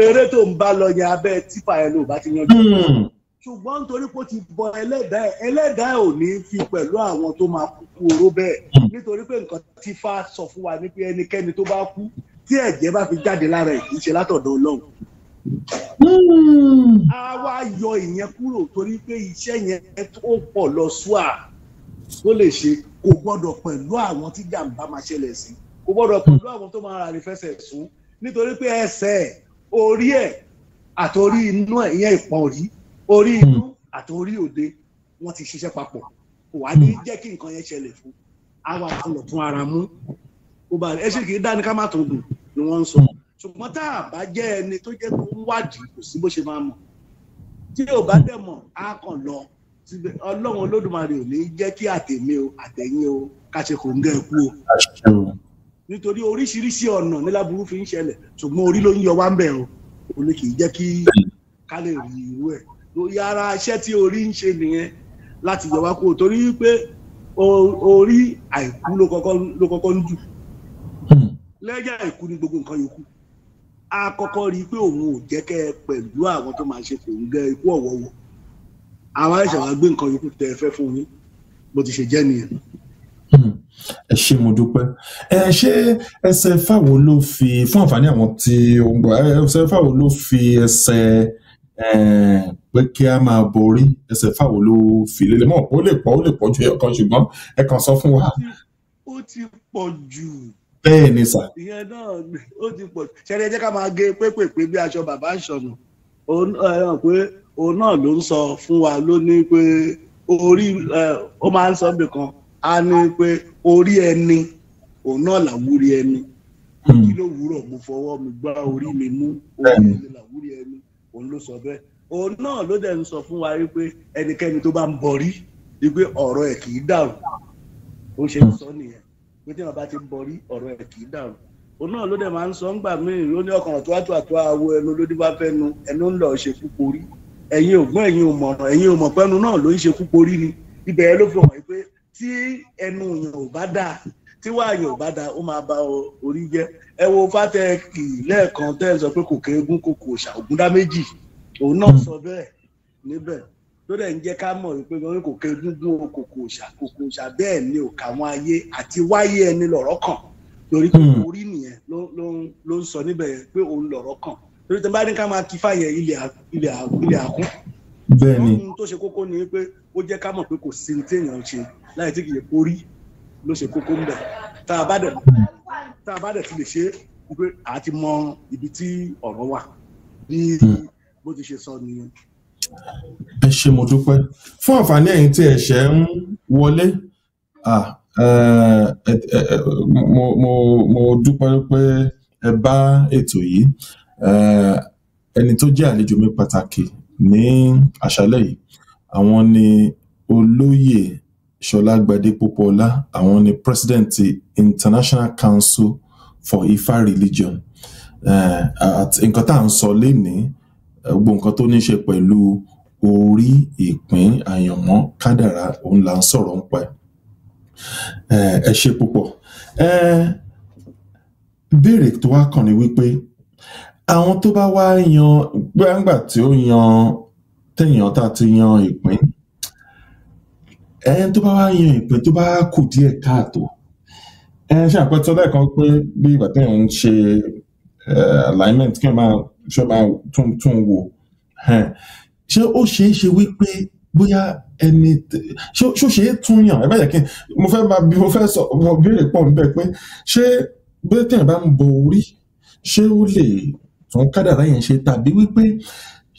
eré tó ń bá lọ yẹn abẹ́ tífà ẹ̀ ló bá ti yanjú. Hmm. ṣùgbọ́n nítorí pé ó ti bọ ẹlẹ́dàá ẹ̀ ẹlẹ́dàá ẹ̀ ò ní fi pẹ̀lú àwọn tó máa kú oró bẹ́ẹ̀ nítorí pé nǹkan tífà sọ fún wa ní pé ẹnikẹ́ni tó bá kú tí ẹ̀jẹ̀ bá fi jáde lára ẹ̀ kì í ṣe látọ̀dọ̀ ọlọ́run. Hmm. a wá yọ ìyẹn kúrò torí pé iṣẹ́ yẹn ó pọ̀ lọ sùà tó lè ṣe kò gbọ́dọ̀ pẹ̀lú àwọn tí jàǹbá máa ṣẹlẹ̀ sí kò gbọ́dọ̀ pẹ̀lú àwọn tó máa ra rẹ̀ fẹsẹ̀ sùn nítorí pé ẹsẹ̀ orí ẹ̀ àtòrí inú ẹ̀ ìyẹn ìpọ̀n rí orí inú hmm. àtòrí òde wọ́n ti ṣiṣẹ́ papọ̀ kò wá ní hmm. jẹ́ kí nǹkan yẹn ṣẹlẹ̀ fún àwa àlọ̀ fún ara mú ó bá ẹ ṣe kì í dání ká má tó gùn ni wọ́n ń sọ hmm. ṣùgbọ́n tá a bá jẹ́ ẹni tó jẹ́ tó ń wádìí kò sí bó ṣe máa mọ̀ tí ò bá dẹ̀ mọ̀ á kàn lọ síbẹ̀ ọlọ́run olódùmarè ò ní jẹ́ kí àtẹ̀mí o àtẹ̀yìn o ká ṣe kò ń gẹ́ ẹ̀kú o nítorí oríṣiríṣi ọ̀nà níláburú fi ń ṣẹlẹ̀ ṣùgbọ́n orí ló ń yọ wá ń bẹ̀ o ò ní kì í jẹ́ kí ká lè rí irú ẹ̀ lórí ara iṣẹ́ tí orí ń ṣe nìyẹn láti yọ wá kó o torí pé orí àìkú ló kọ́kọ́ ń dù lẹ́yà ikú ní gbogbo nǹkan yòókù a kọ́kọ́ rí i pé òun ò jẹ́ kẹ́ ẹ pẹ̀lú àwọn tó máa ṣe fòun gẹ ikú ọ̀wọ́wọ́ àwa ẹ̀ṣẹ̀ wa gbé nǹkan yòókù tẹ́ ẹ fẹ́ fún yín bó ti ṣe jẹ́ nìyẹn. Hmm. ẹ ṣé mo dúpẹ́ ẹ ṣé ẹsẹ̀ fáwo ló fi fún àǹfààní àwọn tí ó ń gbọ́ ẹsẹ̀ fáwo ló fi ẹsẹ̀ pé kí a máa borí ẹsẹ̀ fáwo ló fi lélẹ̀ mọ́ ó lè pọ̀ ó lè pọ̀ ju ẹ̀kan ṣùgbọ́n ẹ̀kan sọ fún wa. ó ti pọ̀ jù bẹ́ẹ̀ ni sà. ìyẹn náà ó ti pọ̀ ṣẹ́ni ẹ jẹ́ ká máa gé pépèpé bí aṣọ bàbá ń ṣọ̀nà pé òun náà ló ń sọ fún wa lónìí pé orí ó máa ń sọ bì kan á ní pé orí ẹni òun náà làwúrí ẹni hmm. kí ló wúrọ̀ mo fọwọ́ mi gbá orí mi mú orí mi làwúrí ẹni òun ló sọ bẹ́ẹ̀ òun náà ló dẹ̀ ń sọ fún wa wípé ẹnikẹ́ni tó bá ń bọ̀rí wípé ọ̀rọ̀ ẹ̀ kì í dàrú ó ṣe ń sọ nìyẹn pé tí wọn bá ti ń borí ọ̀rọ̀ ẹ̀ kì í dàrú òun náà ló dẹ̀ máa ń sọ ńgbà míì ó ní ọkàn tó àtò àtò àwọ ẹnu ló dín bá fẹ́ nu ẹnu ń lọ ṣe kúkú rí ẹ̀yin ò gbọ́n ẹ̀yin ò mọ̀ràn ẹ̀yin ò mọ̀ pẹ́nu náà ló ń ṣe kúkú rí ni ibẹ̀ ẹ ló fi hàn pé tí ẹnu yẹn ò bá dáa tí wàá yàn bá da ó máa ba orí jẹ ẹ wo fátẹkì lẹ́ẹ̀kan tẹ ẹ sọ pé kò kéégún kò kò ṣàògùn dá méjì òun náà sọ bẹ́ẹ̀ níbẹ̀ ló dẹ̀ ń jẹ́ ká mọ̀ wípé wọn kò kẹ́ dúdú kòkò ṣà kòkò ṣà bẹ́ẹ̀ ni ò kàwọn ayé àti wáyé ẹni lọ̀rọ̀ kàn torí pé hmm. orí nìyẹn ló ń sọ níbẹ̀ yẹn pé òun lọ̀rọ̀ kàn torí tẹ bá ní ká máa kí fàyẹn ilẹ̀ àkún. bẹ́ẹ̀ni ohun tó ṣe kókó ni pé ó jẹ́ ká mọ̀ pé kò sí téèyàn ṣe láì tí kì í orí ló ṣe kókó ń bẹ̀ tá a bá dẹ̀ tá a bá dẹ̀ ti lè ṣe pé àá mọ ibi tí ọ̀rọ̀ wà bí hmm. bó ti ṣe sọ nìyẹn ẹ ṣé mo dúpẹ́ fún àǹfààní ẹ̀yin tí ẹ̀ṣẹ̀ ń wọlé mo dúpẹ́ pé ẹ bá ètò yìí ẹni tó jẹ́ àlejò mi pàtàkì ní àṣálẹ́ yìí àwọn ni olóyè Ṣọlá Gbadé Pópóọlá àwọn ni president International Council for Ifa Religion nǹkan tá à ń sọ lénìí gbogbo nǹkan tó ní ṣe pẹ̀lú orí ìpín àyànmọ́ kádàrá òun là ń sọ̀rọ̀ ń pa ẹ̀ ẹ ṣe púpọ̀ béèrè tó wá kàn ní wípé àwọn tó bá wá yan gbàǹgbà tí ó yan téèyàn tá ti yan ìpín ẹni tó bá wá yan ìpín tó bá kù díẹ̀ káàtó ẹ ṣe àpẹtọ lẹ́ẹ̀kan pé bí ìgbà téèyàn ń ṣe alignment kí n máa ṣọba tún wò ṣé ó ṣeé ṣe wípé bóyá ẹni ṣó ṣe é tún yàn ẹ bá yẹ kí mo fẹ́ máa bí mo fẹ́ sọ mo béèrè pọ̀ níbẹ̀ pé ṣé bóyá téèyàn bá ń bọ orí ṣé ó lè tún kádàrá yẹn ṣe tàbí wípé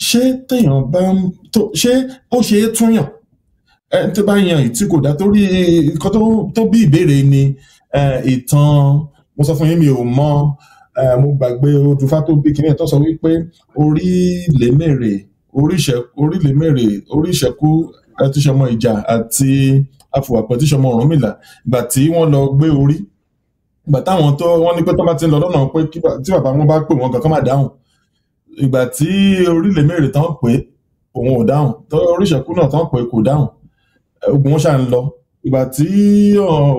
ṣé téèyàn bá ń tó ṣé ó ṣe é tún yàn ẹ tó bá yan ìtí kò dá torí nǹkan tó bí ìbéèrè ni ìtàn mo sọ fún yín mi ò mọ mo gbàgbé odùfá tó bí kìnìún tó sọ wípé orílẹ̀mẹ̀rẹ̀ orílẹ̀mẹ̀rẹ̀ oríṣẹ́kú ẹtíṣọmọ ìjà àti afùwàpọ̀ ẹtíṣọmọ ọ̀rúnmìlà ìgbà tí wọ́n lọ gbé orí ìgbà táwọn tó wọ́n ní pé tó bá ti ń lọ lọ́nà pé tí bàbá wọn bá pè wọ́n kankan má dáhùn ìgbà tí orílẹ̀mẹ̀rẹ̀ tán pé òun ò dáhùn tó oríṣẹ́kú náà tán pé kò dáhùn ogun wọn ṣà ń lọ ìgbà tí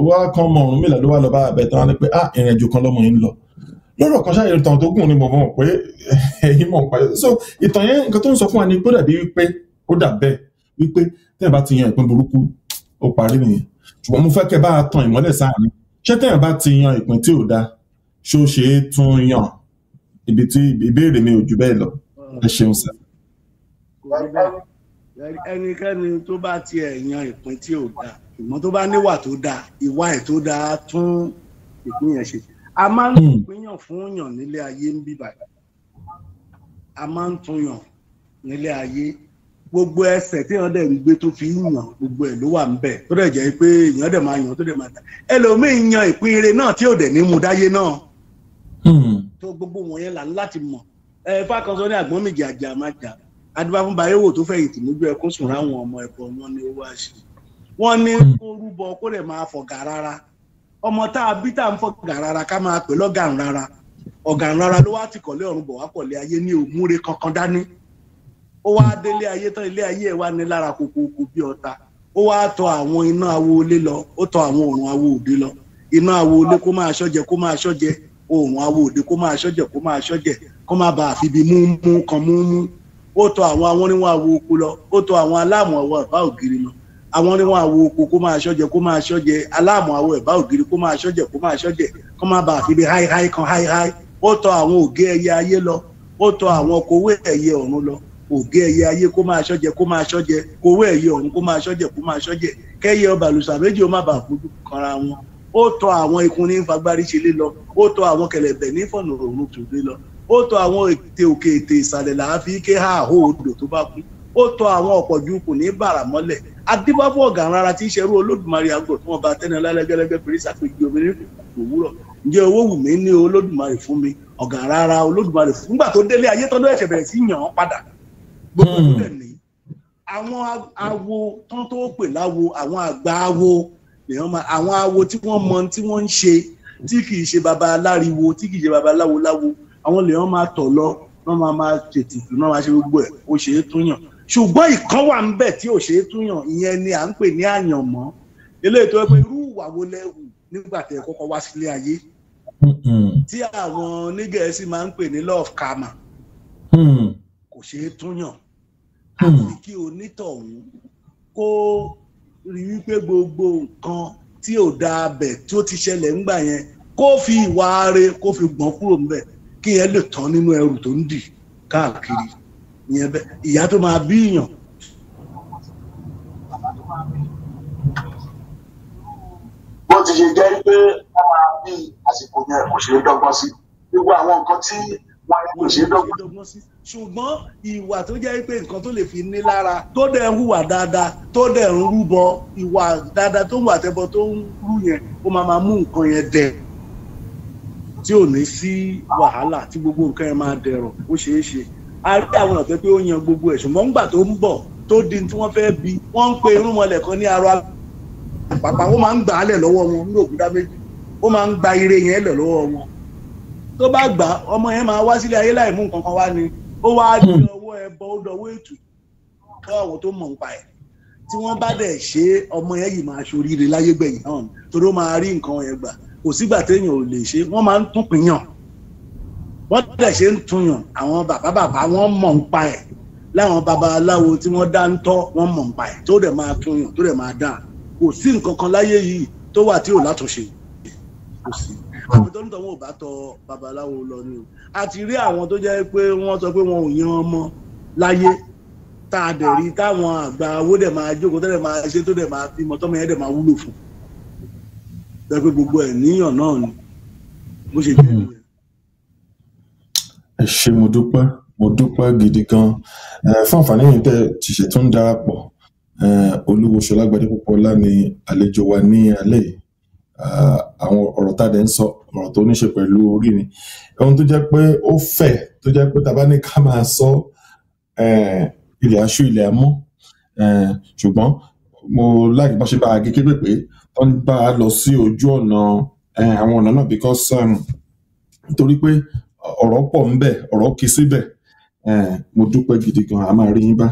wọ́n kàn mọ Ọ̀rúnmìlà ló wà lọ bá àbẹ̀tán wọn ni pé ah ìrìnàjò kan lọ́mọ yìí ń lọ lọ́rọ̀ kan ṣáà ìtàn tó gùn ni mo mọ̀ pé <laughs> ẹ̀yin mọ̀ pa so ìtàn yẹn nǹkan tó ń sọ fún wa ni pé ó dàbí wípé ó dà bẹ́ẹ̀ wípé tẹ́yìn bá ti yan ìpín burúkú ó parí nìyẹn ṣùgbọ́n mo fẹ́ kẹ́ bá a tan ìmọ́lẹ̀ sáàárín ṣé tẹ́yìn bá ti yan ìpín tí ò dáa ṣó ṣe é tún yàn ibi tí ìbéèrè mi ò jù bẹ́ẹ̀ lọ ẹ ṣeun sá. ẹnikẹ́ni tó bá tiẹ̀ yan ìpín tí ò dáa ìmọ̀ tó bá níwà tó dáa ìwà ẹ̀ tó dáa tún ìpín yẹn ṣe a máa ń pínyàn hmm. fún yàn nílé ayé ń bíbà a máa ń tún yàn nílé ayé gbogbo ẹsẹ̀ tí èèyàn dẹ̀ ń gbé tó fi ń yàn gbogbo ẹ̀ ló wà ń bẹ̀ tó dẹ̀ jẹ́ pé èèyàn dẹ̀ máa yàn tó dẹ̀ máa dà ẹlòmíín yan ìpín ire náà tí ò dẹ̀ ní mu dáyé náà hmm. tó gbogbo wọ̀nyẹn là ń láti mọ̀ ẹ fákanṣọ ní àgbọn àjà máa jà adúbá fún bayéwò tó fẹ̀yìntì mójú ẹkún sùn ráwọn ọmọ ẹ̀kọ́ wọn ni ó wá ṣe wọ́n ní hmm. kó rúbọ kó dẹ̀ máa fọ̀gà rárá ọmọ tá a bí tá a ń fọgà rárá ká máa pè lọ́gàrún rárá ọ̀gàrún rárá ló wá ti kọ̀lé ọ̀run bọ̀ wá pọ̀lé ayé ní òmúre kankan dání ó wá délé ayé tán ilé ayé ẹ̀ wá ní lára kòkòkò bí ọ̀tá ó wá tọ àwọn iná awoolé lọ ó tọ àwọn òrùn awoòde lọ iná awoolé kó máa ṣọ́jẹ kó máa ṣọ́jẹ òrùn awoòde kó máa ṣọ́jẹ kó máa ṣọ́jẹ kó má bàa fìbí mú mú kan mú ó tọ àwọn awọ́nríwọ̀n awooko lọ ó tọ àwọn aláàmú ọwọ́ àbá ògiri lọ àwọn ni wọn àwo oko kó máa ṣọjẹ kó máa ṣọjẹ aláàmọ àwọ ẹbá ògiri kó máa ṣọjẹ kó máa ṣọjẹ kó máa bàa fi bí háíháí kan háíháí ó tọ àwọn ògé ẹyẹ ayé lọ ó tọ àwọn kòwé ẹyẹ ọ̀run lọ ògé ẹyẹ ayé kó máa ṣọjẹ kó máa ṣọjẹ kòwé ẹyẹ ọ̀run kó máa ṣọjẹ kó máa ṣọjẹ kẹyẹ ọba àlùsà méjì ó má bàa fojú kanra wọn ó tọ àwọn ikun ní fagbárí ṣe lé lọ ó tọ àwọn kẹ̀lẹ̀bẹ̀ ní fọnà òrùn tòlé lọ ó tọ àwọn ètè òkè ètè ìsàlẹ̀ làá fi ké háàhó odò tó bá kú ó tọ àwọn ọ̀pọ̀jù kò ní bàrà mọ́lẹ̀ adébáfọ̀ ọ̀gá rárá tí í ṣerú olódùmarè àgọ́ tí wọ́n bá tẹ́ni ọlálẹ́gẹ́lẹ́gẹ́ pèrè sàpèjì omi ní òwúrọ̀ ǹjẹ́ owó wù mí ní olódùmarè fún mi ọ̀gá rárá olódùmarè fún nígbà tó délé ayé tọ́dọ̀ ẹ̀ṣẹ̀ bẹ̀rẹ̀ sí yàn án padà àwọn awo tán tó pè láwo àwọn àgbà awo àwọn awo tí wọ́n mọ tí wọ́n ń ṣe tí kì í ṣe baba aláriwo tí kì í ṣe baba aláwo láwo àwọn lèèyàn máa tọ̀ lọ wọ́n máa máa tètè náà máa ṣe gbogbo ẹ̀ ó ṣe é tún yàn ṣùgbọ́n ìkan wà ń bẹ̀ tí ò ṣeé túyàn ìyẹn ni à ń pè ní àyànmọ́ eléyìí tó yẹ pé irú ìwà wo lẹ́wù nígbà tẹ̀ kọ́kọ́ wá sílé ayé tí àwọn onígẹ̀ẹ́sì máa ń pè ní law karma hmm. kò ṣeé túyàn àti hmm. kí onítọ̀hún kó rí wípé gbogbo nǹkan tí ò dáa bẹ̀ tí ó ti ṣẹlẹ̀ ńgbà yẹn kó fi ìwà rẹ̀ kó fi gbọ́n kúrò ńbẹ̀ kí yẹn lè tán nínú ẹrù tó ń dì káàkiri ìyá tó máa bí èèyàn. bó ti ṣe jẹ́ pé wọ́n máa bí àsìkò yẹn kò ṣeé dọ́gbọ́n sí gbogbo àwọn nǹkan tí wọ́n kò ṣeé dọ́gbọ́n sí. ṣùgbọ́n ìwà tó jẹ́ pé nǹkan tó lè fi ní lára tó dẹ̀ ń hùwà dáadáa tó dẹ̀ ń rúbọ ìwà dáadáa tó ń wà tẹ́bọ tó ń rú yẹn ó máa máa mú nǹkan yẹn dẹ̀ tí ò ní sí wàhálà tí gbogbo nǹkan yẹn máa dẹ̀rọ̀ ó ṣeé ṣe a rí àwọn ọ̀tẹ́ pé ó yan gbogbo ẹ̀ ṣùgbọ́n ńgbà tó ń bọ̀ tó di tí wọ́n fẹ́ bi wọ́n ń pe irúnmọlẹ̀ kan ní arọ pàpà ó máa ń gbà á lẹ̀ lọ́wọ́ wọn ní òkúta méjì ó máa ń gba ire yẹn lẹ̀ lọ́wọ́ wọn tó bá gbà ọmọ yẹn máa wá sílé ayé láì mú nǹkan kan wá ni ó wá di hmm. ọwọ́ ẹbọ ó dọwọ́ ètù kọ́ àwọn tó mọ̀ nípa ẹ̀ tí wọ́n bá dẹ̀ ṣe ọmọ yẹn yìí máa ṣoríire láyé gbẹ̀yìn náà torí ó máa rí nǹkan yẹn gbà kò sígbà téèyàn ò lè ṣe wọ́n máa ń tún pín yàn bọ́dẹ̀ ṣe ń tuyàn àwọn bàbá bàbá wọn mọ̀ ń pa ẹ̀ láwọn babaláwo tí wọ́n dá ń tọ́ wọn mọ̀ ń pa ẹ̀ tó dẹ̀ máa tuyàn tó dẹ̀ máa dà kò sí nǹkan kan láyé yìí tó wà tí ò látúnṣe kò sí. àwọn tó ń tọ́ bá tọ babaláwo lọ ni o a rí àwọn tó jẹ́ pé wọ́n sọ pé wọn ò yan ọmọ láyé tá a dẹ̀ rí táwọn àgbà owó dẹ̀ máa jókòó tó dẹ̀ máa ṣe tó dẹ̀ máa bímọ tọ́mọ yẹn dẹ̀ máa wúlò fún. dẹ́ pé gbogbo ẹ̀ níyàn náà ni bó ṣe jẹ́ ìwé ẹ ṣé mo dúpẹ́ mo dúpẹ́ gidi gan fún àǹfààní yìí tẹ́ ti ṣètò ń darapọ̀ olúwo ṣọlá gbadépọ̀pọ̀lá ni àlejò wa ní alẹ́ yìí àwọn ọ̀rọ̀ tá a dẹ̀ ń sọ ọ̀rọ̀ tó ní ṣe pẹ̀lú orí ni ohun tó jẹ́ pé ó fẹ̀ tó jẹ́ pé tá ní ká máa sọ ilẹ̀ aṣú ilẹ̀ amọ́ ṣùgbọ́n mo láì bá ṣe bá a kékeré pé wọ́n bá a lọ sí ojú ọ̀nà àwọn ọ̀nà náà because nítorí um, pé ọ̀rọ̀ pọ̀ ń bẹ ọ̀rọ̀ kì síbẹ̀ mo dúpẹ́ gidi gan a máa rí yín bá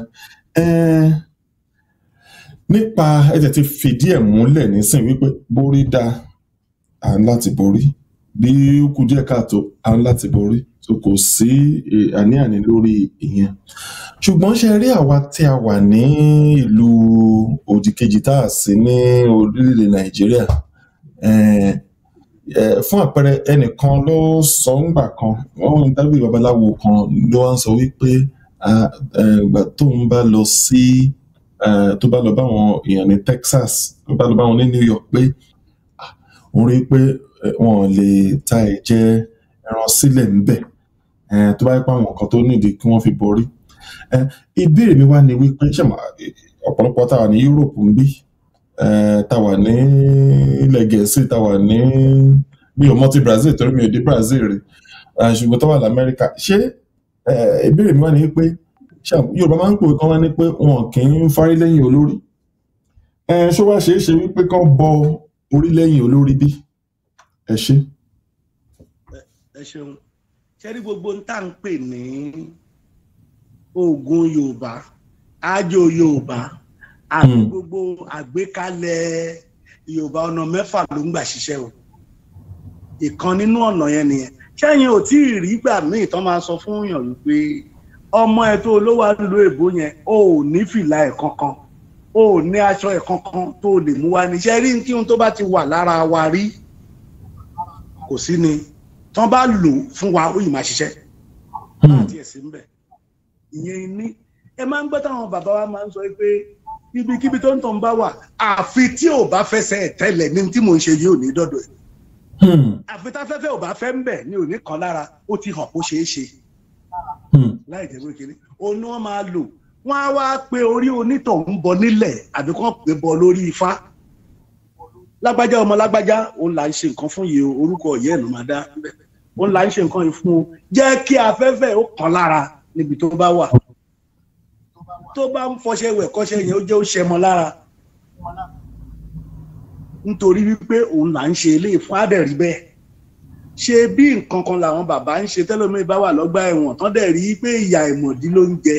nípa ẹ̀jẹ̀ ti fìdí ẹ̀ múlẹ̀ nísìn wípé borí da à ń láti borí bí ó kù díẹ̀ káàtó à ń láti borí so kò sí àní lórí ìyẹn ṣùgbọ́n ṣe rí àwa tí a wà ní ìlú òdìkejì tá a sí ní orílẹ̀-èdè nàìjíríà fún àpẹẹrẹ ẹnìkan ló sọ ńgbà kan wọn wọn dábìí babaláwo kan ló wá ń sọ wípé ìgbà tóun bá lọ sí tó bá lọ báwọn èèyàn ní Texas tó bá lọ báwọn ní New York pé òun rí pé wọn ò lè ta ẹ̀jẹ̀ ẹran sílẹ̀ níbẹ̀ tó bá yẹ pé àwọn nǹkan tó nídìí kí wọ́n fi borí ìbéèrè mi wá ni wípé ṣé ọ̀pọ̀lọpọ̀ táwa ní Europe ń bí Eh, tá a wà ní ilẹ̀ gẹ̀ẹ́sì tá a wà ní mi ò mọ ti Brazil torí mi ò dé Brazil rí eh, ṣùgbọ́n tó wà lamẹ́ríkà ṣé eh, ìbéèrè mi wá ní pé Yorùbá máa ń pòwe kan wá ní pé wọn kì í fárí lẹ́yìn olórí ṣó wá ṣeé ṣe wípé kán bọ orí lẹ́yìn olórí bí ẹ ṣe. ẹ ṣeun ṣe rí gbogbo ń tà ń pè ní oògùn Yorùbá àjò Yorùbá àbí hmm. gbogbo àgbékalẹ̀ yorùbá ọ̀nà mẹ́fà ló ń gbà ṣiṣẹ́ o ìkan nínú ọ̀nà yẹn nìyẹn ṣẹ́yìn ò tí ì rí gbà míì tán máa sọ fún yàn wípé ọmọ ẹ tó ló wà èbó yẹn o ò ní fìlà ẹ̀ kankan o ò ní aṣọ ẹ̀ kankan tó lè mú wa níṣẹ́ rí kí n tó bá ti wà lára wa rí kò sí ni tán bá lò fún wa ó yìí máa ṣiṣẹ́ hmm. láti ẹ̀sìn bẹ̀ ìyẹn ní ẹ máa ń gbọ́ táwọn bàbá wa máa ń sọ pé ibikíbi tó ń tàn bá wà àfi tí ò bá fẹsẹ̀ tẹ́lẹ̀ ní tí mò ń ṣe yìí ò ní dọ́dọ̀ ẹ̀ hmm. àfi táfẹ́fẹ́ ò bá fẹ́ ń bẹ̀ ni ò ní kàn lára ó ti hàn kó ṣeé ṣe hmm. láì jẹ́ pé kiri òun ni wọ́n máa lò wọ́n á wá pe orí onítọ̀hún bọ nílẹ̀ àbí kàn pé bọ lórí ifá lágbájá ọmọ lágbájá òun là ń ṣe nǹkan fún yìí orúkọ ìyá ẹ̀ ló máa dá òun là ń ṣe nǹkan yìí fún o jẹ́ kí afẹ́fẹ́ ó kàn lára níbi tó bá wà tó bá ń fọṣẹ wẹ̀ kọ́ṣẹ yẹn ó jẹ́ ó ṣẹmọ lára nítorí wípé òun là ń ṣe eléyìí fún àdẹ̀rí bẹ́ẹ̀ ṣe bí nǹkan kan làwọn bàbá ń ṣe tẹ́lómi bá wà lọ́gbà ẹ̀wọ̀n tán dẹ̀ rí pé ìyà ìmọ̀dí ló ń jẹ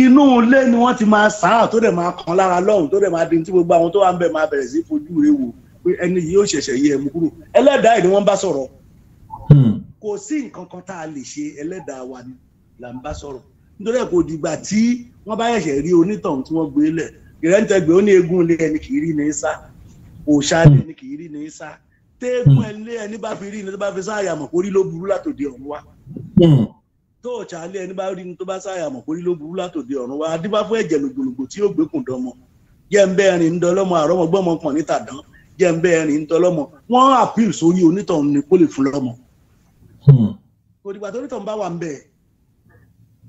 inú ilé ni wọ́n ti máa sáà tó dẹ̀ máa kàn lára lọ́hùn tó dẹ̀ máa di tí gbogbo àwọn tó wà ń bẹ̀ máa bẹ̀rẹ̀ sí fojú rẹ wò pé ẹni yìí ó ṣẹ̀ṣẹ̀ yẹ ẹmu kúrò ẹlẹ́dàá ni wọ́n bá sọ̀rọ̀ hmm. kò sí nǹkan kan tá a lè ṣe ẹlẹ́dàá wa ni là ń bá sọ̀rọ̀ nítorí ẹ̀ kò dìgbà tí wọ́n bá ẹ̀ṣẹ̀ rí onítọ̀hún tí wọ́n gbé lẹ̀ ìrẹ́ntẹ́gbẹ̀ ó ní eégún ilé ẹni kì í rí ní sá òòṣà ilé ẹni kì í rí ní sá téégún ẹlé ẹni bá fi rí ní tó bá fi sáàyàmọ̀ orí ló burú látòdì ọ̀run wá hmm. tó òòṣà ilé ẹni bá rí ní tó bá sáàyàmọ̀ orí ló burú látòdì ọ̀run wá adíbá fún ẹ̀jẹ̀ lògbòlògbò tí yóò gbé kùn ni kó lè fún lọ́mọ. Hmm. kò dìgbà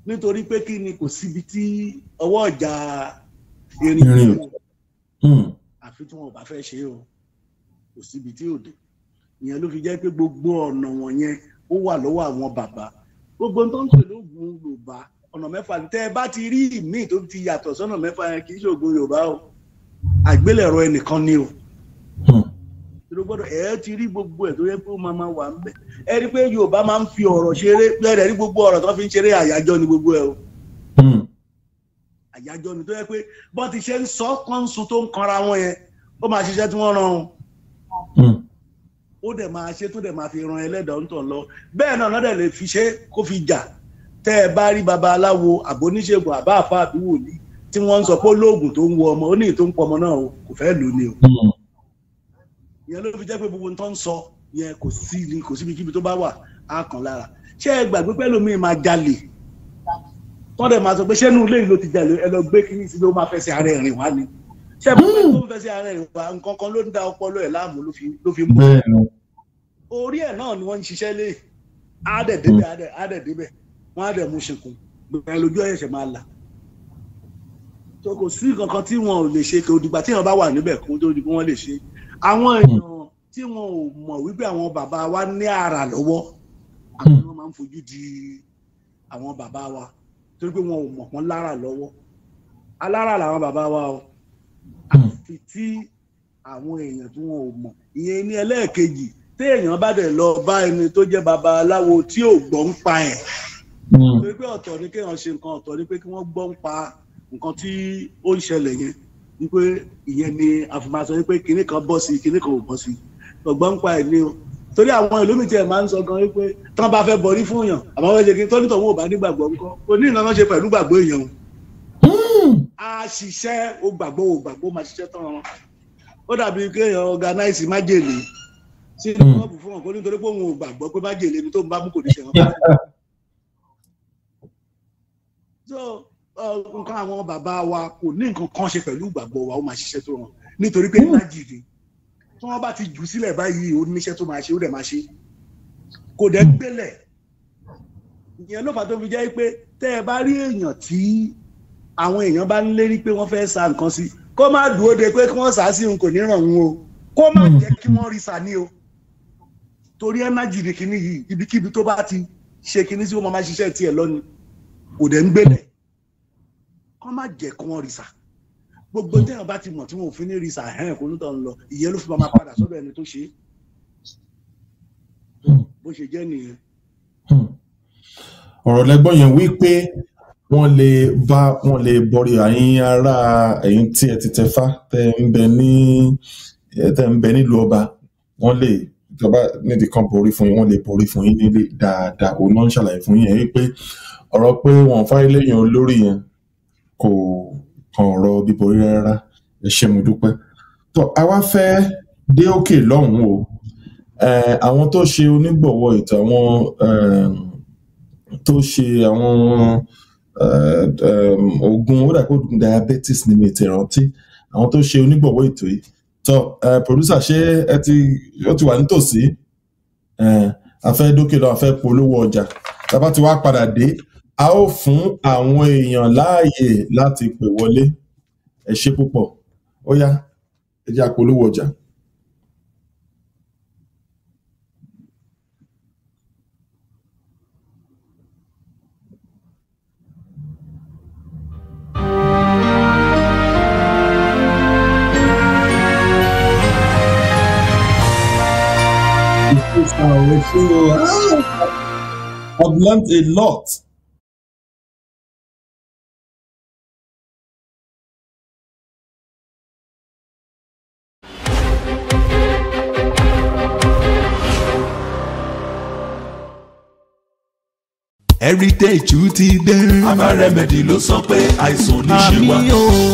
nítorí pé kí ni kò síbi tí ọwọ́ ọ̀jà erin yìí wọ̀ àfi tí wọn ò bá fẹ́ ṣe o kò síbi tí ò dé ìyẹn ló fi jẹ́ pé gbogbo ọ̀nà wọ̀nyẹn ó wà lọ́wọ́ àwọn bàbá gbogbo tó ń pè lóògùn Yorùbá ọ̀nà mẹ́fà tẹ́ ẹ bá ti rí ìmíì tó ti yàtọ̀ sọ́nà mẹ́fà yẹn kì í ṣoògùn Yorùbá o àgbélẹ̀rọ ẹnìkan ni o. Hmm ló gbọ́dọ̀ ẹ ti rí gbogbo ẹ̀ tó yẹ pé ó máa máa wà ń bẹ̀ ẹ rí pé Yorùbá máa ń fi ọ̀rọ̀ ṣeré bẹ́ẹ̀ rí gbogbo ọ̀rọ̀ tó fi ń ṣeré àyájọ́ ni gbogbo ẹ̀ o hmm. àyájọ́ ni tó yẹ pé bọ́ ti ṣe ń sọ kọ́ńsù tó ń kanra wọn yẹn ó máa ṣiṣẹ́ tí wọ́n ran wọn hmm. ó dẹ̀ máa ṣe tó dẹ̀ máa fi ran ẹlẹ́dàá ń tọ̀ lọ bẹ́ẹ̀ náà lọ́dẹ̀ lè fi ṣe kó fi jà tẹ́ ẹ bá rí babaláwo àbóníṣègùn àbá àfa àbí wòlíì tí wọ́n ń sọ pé olóògùn tó ń wọ ọmọ ó ní ètò ń pọ ọmọ náà kò fẹ́ lò ní o hmm ìyẹn ló fi jẹ́ pé gbogbo nǹkan sọ yẹn kò sí ni kò síbi kíbi tó bá wà á kàn lára ṣé ẹ gbàgbé pẹ́lú mi máa jalè wọ́n dẹ̀ máa sọ pé ṣé inú ilé yìí ti jalè ẹ lọ gbé kíní sí ló máa fẹsẹ̀ ara ẹ̀rìn wá ni ṣé ẹ tó ń fẹsẹ̀ ara ẹ̀rìn wá nǹkan kan ló ń da ọpọlọ ẹ̀ láàmú ló fi mú orí ẹ̀ náà ni wọ́n ń ṣiṣẹ́ lé àádẹ́dẹ́bẹ̀ àádẹ́dẹ́bẹ̀ wọ́n á dẹ̀ mú ṣìnkún bẹ̀rẹ̀ lójú ẹ̀ṣẹ̀ máa àwọn hmm. èèyàn tí wọn ò mọ̀ wípé àwọn bàbá wa ní ara lọ́wọ́ àwọn hmm. wọn máa ń fojú di àwọn bàbá wa torí pé wọn ò mọ̀ wọ́n lára lọ́wọ́ alára làwọn bàbá wa o hmm. àfi tí àwọn èèyàn tí wọn ò mọ̀ ìyẹn ní ẹlẹ́ẹ̀kejì téèyàn bá dẹ̀ lọ bá ẹni tó jẹ́ babaláwo tí ò gbọ́ ń pa ẹ̀ torí pé ọ̀tọ̀ ni kéèyàn ṣe nǹkan ọ̀tọ̀ ni pé kí wọ́n gbọ́ ń pa nǹkan tí ó ń ṣẹlẹ̀ yẹn wípé ìyẹn ni àfìmásọ wípé kinní kan bọ́ sí kinní kan ò bọ́ sí ọgbọ́n pa ẹ̀ ní o torí àwọn ìlú mi tiẹ̀ máa ń sọ gan wípé tí wọ́n bá fẹ́ bọrí fún èèyàn àbáwọ̀ ẹ̀jẹ̀ kí n tọ́lítọ̀ wọn ò bá nígbàgbọ́ ńkọ́ o ní ìlànà ṣe pẹ̀lú gbàgbọ́ èèyàn o hmm. a ṣiṣẹ́ o gbàgbọ́ o gbàgbọ́ máa ṣiṣẹ́ tán ọ̀rọ̀ ó dàbí kéèyàn organize májèlé sí ìlú hmm. kọ́ọ̀bù fún ọ̀kọ́ nítorí pé òun ò gbàgbọ́ pé májèlé ni tó ń bá nǹkan àwọn bàbá wa kò ní nǹkan kan ṣe pẹ̀lú ìgbàgbọ́ wa ó máa ṣiṣẹ́ tó rọrùn nítorí pé hmm. májìlì tí wọ́n bá ti jù sílẹ̀ báyìí ó níṣẹ́ tó máa ṣe ó dẹ̀ máa ṣe kò dẹ̀ hmm. gbélẹ̀ ìyẹn ló fà tó fi jẹ́ pé tẹ́ ẹ bá rí èèyàn tí àwọn èèyàn bá ń lérí pé wọ́n fẹ́ sa nǹkan sí kó má dúró de pé kí wọ́n sá sí òun kò ní ràn wọ́n o kó má hmm. jẹ́ kí wọ́n rí sa ní o torí ẹnájì ni kinní yìí ibikíbi tó bá ti ṣe kinní sí wọ́n máa ṣiṣẹ́ tiẹ̀ lọ́ni kò dẹ̀ ń gbélẹ̀ kọ́ má jẹ́ kí wọ́n rìsà gbogbo téèyàn bá ti mọ̀ tí wọn ò fi ní rìsà ẹ̀hìn kò ní tọ́ ń lọ ìyẹn ló fi máa padà sọ́dọ̀ ẹni tó ṣe é hmm. bó ṣe jẹ́ nìyẹn. Hmm. ọ̀rọ̀ lẹ́gbọ́n yẹn wí pé wọ́n lè bá wọ́n lè borí àyín ará ẹ̀yìn tí ẹ ti tẹ̀fá tẹ̀ ń bẹ ní tẹ̀ ń bẹ nílùú ọba wọ́n lè ìjọba nídìí kan borí fún yín wọ́n lè borí fún yín nílé dáadáa òun náà ń ṣàlàyé fún yín yẹn wípé ọ̀rọ̀ pé wọ́n fáyé lẹ́yìn olórí yẹn kò kan ọ̀rọ̀ bíborí rárá ẹ ṣé mo dúpẹ́ tó a wá fẹ́ dé òkè lọ́hùnún o àwọn tó ṣe onígbọ̀wọ́ ètò àwọn tó ṣe àwọn oògùn ó dàgbà oògùn diabetes ni mi ti rántí àwọn tó ṣe onígbọ̀wọ́ ètò yìí tó producer ṣé ẹ ti ó ti wà nítòsí a fẹ́ dókè lọ a fẹ́ polówó ọjà tá ti wá padà dé a ó fún àwọn èèyàn láàyè láti pè wọlé ẹ ṣe púpọ̀ ó yá ẹ jẹ́ àpolówó ọjà. I've learned a lot heritage ti dé. abaremedy ló sọ pé àìsàn ní ṣe wá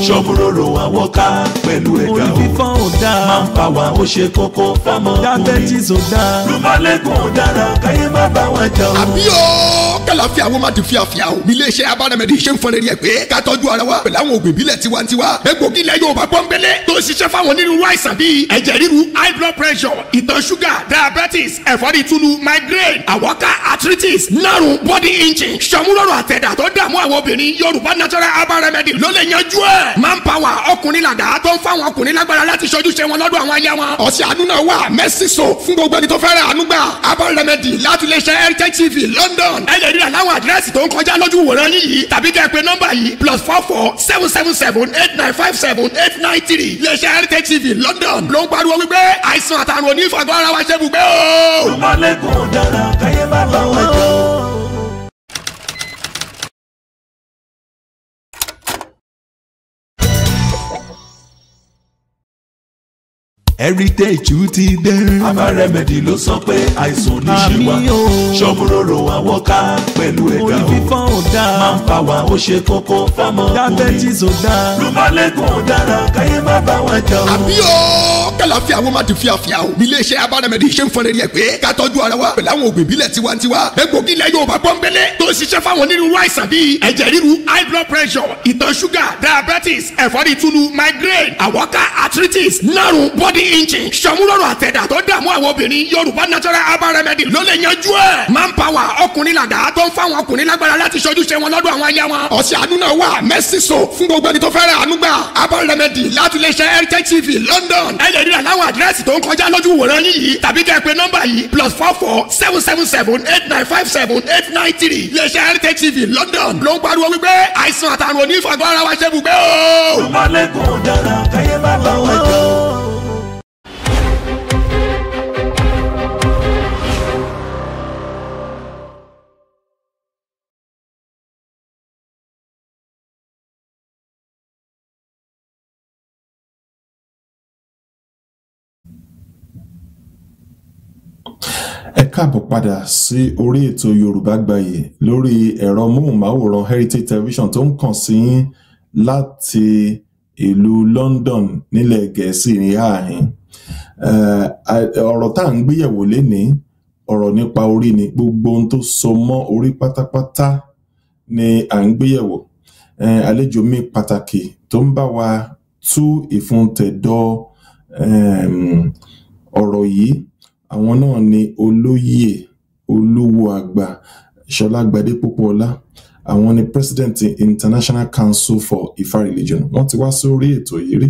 ṣọ́múròrò àwọn ká pẹ̀lú ẹ̀dá o orí fífọ́ ò dáa máa ń pa wá ó ṣe kókó fámọ́ diabetes ò dáa rúmálẹ́gùn ò dára káyé má bá wa jà o. àbí o kàlàfíà wọn má ti fi àfíà o ilé iṣẹ́ abaremedy ṣe ń fọn rẹ̀ pé ká tọ́jú ara wa pẹ̀lú àwọn òògùn ìbílẹ̀ tiwantiwa egbògi ilẹ̀ Yorùbá pọ́nbélé tó ṣiṣẹ́ fáwọn onírúurú àìsàn bíi ẹ̀jẹ̀ ríru high blood pressure ìtọ̀ ṣúgà diabetes ẹ̀fọ́rí túlù migraine àwọ̀ká arthritis lárùn body injin sọmúlọ́rọ̀ àtẹ̀dá tó dààmú àwọn obìnrin yorùbá natural herbal remedy ló lè yanjú ẹ̀. man power ọkùnrin làdá tó ń fáwọn ọkùnrin lágbára láti ṣojúṣe wọn lọ́dọ̀ àwọn aya wọn. ọ̀sẹ̀ àánú náà wà mercy soap fún gbogbo ẹni tó fẹ́ràn àánú gbà herbal remedy láti lè ṣe heritage tv london. ẹ lè rí àláwọn àdírẹ́sì tó ń kọjá lójú wòran yìí tàbí kẹ́ ẹ pe nọ́mbà yìí plus four four seven seven seven eight nine five seven eight nine three lè ṣe heritage tv london ló ń pariwo wípé àìsàn àtàrùn onífàgbọ́ra wa ṣe bùgbé o. ọmọlẹ́kùn dára káyé bá lọ́wọ́ jọ. heritage ti dé. herbal remedy ló sọ pé àìsàn oníṣe wa ṣọ́múròrò àwọn ká pẹ̀lú ẹ̀dá o orí fífọ́ ò dáa máa ń pa wá ó ṣe kókó fámọ́ ọkùnrin diabetes ò dáa rúmọ́lẹ́gùn ò dára káyé má bá wa jà o. àbí o kàlàfíà wọn máa ti fi àfíà o ní iléeṣẹ́ herbal ṣe ń fọn rere pé ká ara wa pẹ̀lú àwọn òògùn ìbílẹ̀ tiwantiwa egbògi ilẹ̀ Yorùbá pọ́nbélé tó ń ṣiṣẹ́ fáwọn onírúurú àìsàn bíi ẹ̀jẹ̀ ríru high blood pressure ìtọ̀ ṣúgà diabetes ẹ̀fọ́rí túlù migraine àwọ̀ká arthritis lárùn body engine sọmúlọ́rọ̀ àtẹ̀dá tó dààmú àwọn obìnrin yorùbá natural herbal remedy ló lè yanjú ẹ̀. manpower ọkùnrin làdá tó ń fáwọn ọkùnrin lágbára láti ṣojú ṣe wọn lọ́dọ̀ àwọn aya wọn. ọ̀sẹ̀ àánú náà wà mercy soap fún gbogbo ẹni tó fẹ́ ra herbal remedy láti lè ṣe heritage tv london. ẹ lè rí àláwọ̀ àdírẹ́sì tó ń kọjá lójú wòran yìí tàbí kẹ́ ẹ nọ́mbà yìí plus four four seven seven seven eight nine five seven eight nine three lè ṣe heritage tv london ló ń pariwo wípé àìsàn àtàrùn onífàgbọ́ ara wa ṣe bùgbé o. tó bá dára káyé má bá wà jọ. ẹ káàbọ̀ padà sí orí ètò yorùbá gbayì lórí ẹ̀rọ móhùnmáwòrán heritage television tó ń kàn sí yín láti ìlú london nílẹ̀ gẹ̀ẹ́sì ní ààrin ọ̀rọ̀ tá à ń gbéyẹ̀wò lénìí ọ̀rọ̀ nípa orí ni gbogbo ohun tó so mọ́ orí pátápátá ni à ń gbéyẹ̀wò àlejò mi pàtàkì tó ń bá wa tú ìfun ọ̀rọ̀ yìí àwọn náà ni olóyè olówó àgbà ṣọlá gbadé pópóọlá àwọn ni president international council for Ifa religion wọ́n ti wá sórí ètò yìí rí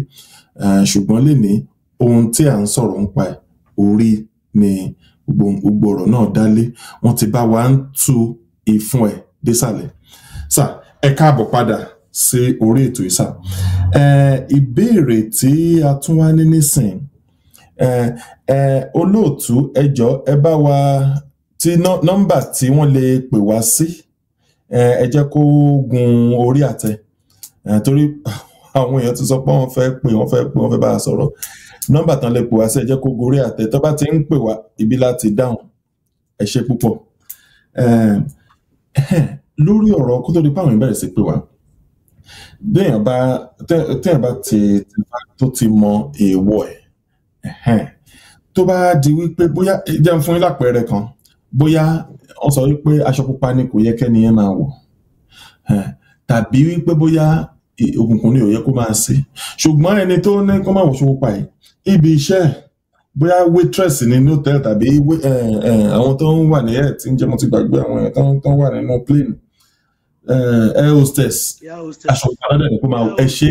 ṣùgbọ́n lè ohun tí à ń sọ̀rọ̀ ń pa orí ni gbogbo ọ̀rọ̀ náà dálé wọ́n ti bá wa ń tu ìfun ẹ̀ désàlẹ̀ sà ẹ káàbọ̀ padà sí orí ètò yìí sà ìbéèrè tí a tún wá ní nísìnyí olóòtú ẹ jọ ẹ bá wa tí nọ́mbà tí wọ́n lè pè wá sí ẹ jẹ́ kó gun orí àtẹ torí àwọn èèyàn ti sọ pé wọ́n fẹ́ pè wọ́n fẹ́ pè wọ́n fẹ́ bá a sọ̀rọ̀ nọ́mbà tán lè pè wá sí ẹ jẹ́ kó gun orí àtẹ tó bá ti ń pè wá ibi láti dáhùn ẹ ṣe púpọ̀ <laughs> lórí ọ̀rọ̀ kó tó di páwọn ìbẹ̀rẹ̀ sí pè wá téèyàn bá téèyàn bá ti tó ti mọ èèwọ̀ ẹ̀ tó bá di wípé bóyá jẹ́ n fún yín lápẹẹrẹ kan bóyá wọ́n sọ wípé aṣọ pupa ni kò yẹ kẹ́ni yẹn máa wọ̀ tàbí wípé bóyá òkùnkùn ni ò yẹ kó máa ṣe ṣùgbọ́n ẹni tó ní kó máa wọ̀ aṣọ pupa yìí ibi iṣẹ́ bóyá waitress ni ní hotel tàbí àwọn tó ń wà ní ẹ̀ tí ń jẹ́ ti gbàgbé àwọn ẹ̀ tó ń wà nínú plane air hostess aṣọ pupa náà dẹ̀ ni kó máa wọ̀ ẹ ṣe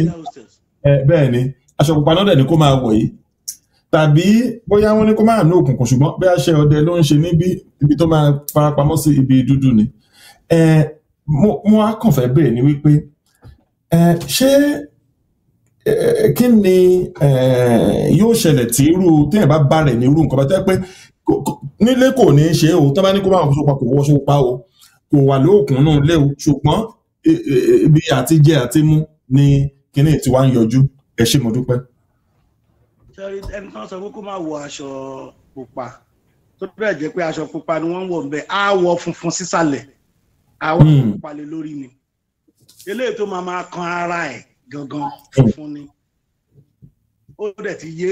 bẹ́ẹ̀ ni aṣọ pupa náà dẹ̀ ni kó máa wọ̀ yìí tàbí bóyá wọ́n ní kó máa ní òkùnkùn ṣùgbọ́n bí a ṣe ọdẹ ló ń ṣe níbi ibi tó máa farapamọ́ sí ibi dúdú ni mo á kàn fẹ́ bèèrè ni wípé ṣé kí ni yóò ṣẹlẹ̀ tí irú téèyàn bá bá rẹ̀ ní irú nǹkan bá tẹ́ pé nílé kò ní í ṣe o tó bá ní kó máa wọṣọ pa kò wọṣọ pa o kò wà lóòkùn náà lé ṣùgbọ́n ibi àtijẹ àtimu ni kíní tí wàá ń yọjú ẹ ṣé mo dúpẹ́ sẹ́rí ẹni tán sọ pé kó máa wọ aṣọ pupa tó bẹ́ẹ̀ jẹ́ pé aṣọ pupa ni wọ́n ń wọ̀ ń bẹ́ àwọ̀ funfun sísàlẹ̀ àwọ̀ hmm. pupa lé lórí ni eléyìí tó máa máa kan ara ẹ̀ gangan hmm. funfun ni ó dẹ̀ ti yé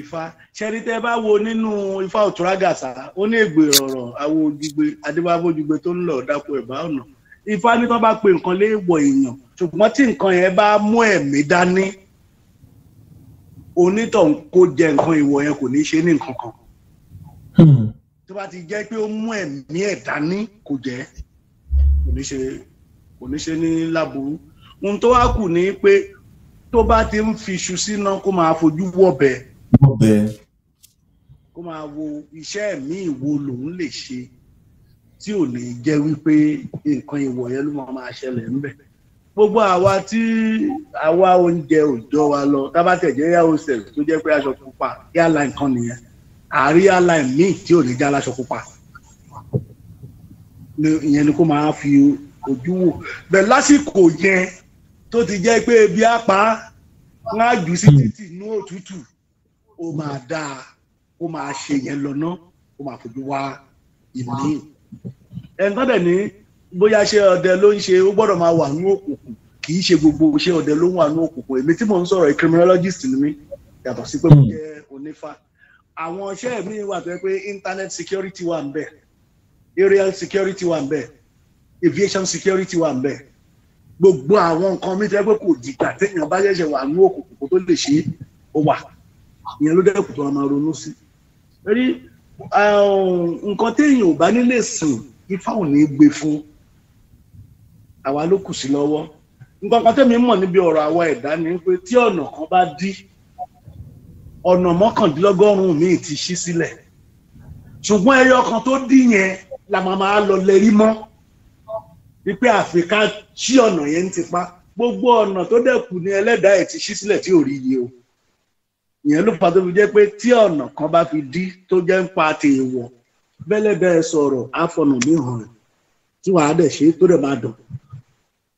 Ifá ṣẹ́rí tẹ́ bá wo nínú Ifá Òtúrá Gàsà ó ní ègbè ọ̀rọ̀ àwọ̀ ojúgbe adébáwọ̀ ojúgbe tó ń lọ dápọ̀ ẹ̀bá ọ̀nà Ifá ní tó bá pe nǹkan léèwọ̀ èèyàn ṣùgbọ́n tí nǹkan yẹn bá mú ẹ̀mí dání onítọ̀hún kó jẹ nǹkan ìwọ̀ yẹn kò ní ṣe ní nǹkan kan hmm. tó bá ti jẹ́ pé ó mú ẹ̀mí ẹ̀ dání kò jẹ́ kò ní ṣe kò ní ṣe ní láburú ohun tó wá kù ni pé tó bá ti ń fi iṣu síná kó máa fojú wọ̀bẹ kó máa wo iṣẹ́ míì wo lòun lè ṣe tí ò ní jẹ́ wípé nǹkan ìwọ̀ yẹn ló máa ṣẹlẹ̀ ńbẹ̀ gbogbo àwa tí àwa oúnjẹ òjọ wa lọ tábàtẹ̀jẹ́ yà hostel tó jẹ́ pé aṣọ pupa airline kan nìyẹn àárí airline míì tí ò ní já aláṣọ pupa ìyẹn ni kó máa fi ojú wò bẹ́ẹ̀ lásìkò yẹn tó ti jẹ́ pé bí apá wọn á jù sí títì ní òtútù ó máa dáa ó máa ṣe yẹn lọ ná ó máa fojú wá ìmí ẹ̀ ń tọ́dẹ̀ ní bóyá ṣé ọdẹ ló ń ṣe ó gbọ́dọ̀ máa wà ní òkùnkùn kì í ṣe gbogbo ṣé ọdẹ ló ń wà ní òkùnkùn èmi tí mò ń sọ̀rọ̀ criminologist ni mí yàtọ̀ sí pé mo hmm. jẹ́ onífá àwọn iṣẹ́ mi wà tó yẹ pé internet security wà ń bẹ aerial security wà ń bẹ aviation security wà ń bẹ gbogbo àwọn nǹkan mi tó yẹ pé kò dìgbà téèyàn bá ṣẹ̀ṣẹ̀ wà ní òkùnkùn kó tó lè ṣe ó wà ìyẹn ló dẹ́kun tó máa ronú sí um, nǹkan téèyàn ò bá nílé sìn ifá ò ní gbé fún àwa ló kù sí lọ́wọ́ nǹkan kan tẹ́mi mọ̀ níbi ọ̀rọ̀ àwa ẹ̀dá ni pé tí ọ̀nà kan bá dí ọ̀nà mọ́kàndínlọ́gọ́rùn-ún míì ti ṣí sílẹ̀ ṣùgbọ́n ẹyọ kan tó dí yẹn la máa máa lọ lẹ́rí mọ́ wípé àfi ká ṣí ọ̀nà yẹn ti pa gbogbo ọ̀nà tó dẹ̀kù ni ẹlẹ́dàá ẹ̀ ti ṣí sílẹ̀ tí ò rí iye o ìyẹn ló fà tó fi jẹ́ pé tí ọ̀nà kan bá fi dí tó jẹ́ ń pa ti èèwọ̀ bẹ́lẹ́bẹ́ẹ́ sọ̀rọ̀ àfọ̀nà mi hàn tí wàá dẹ̀ ṣe tó dẹ̀ máa dùn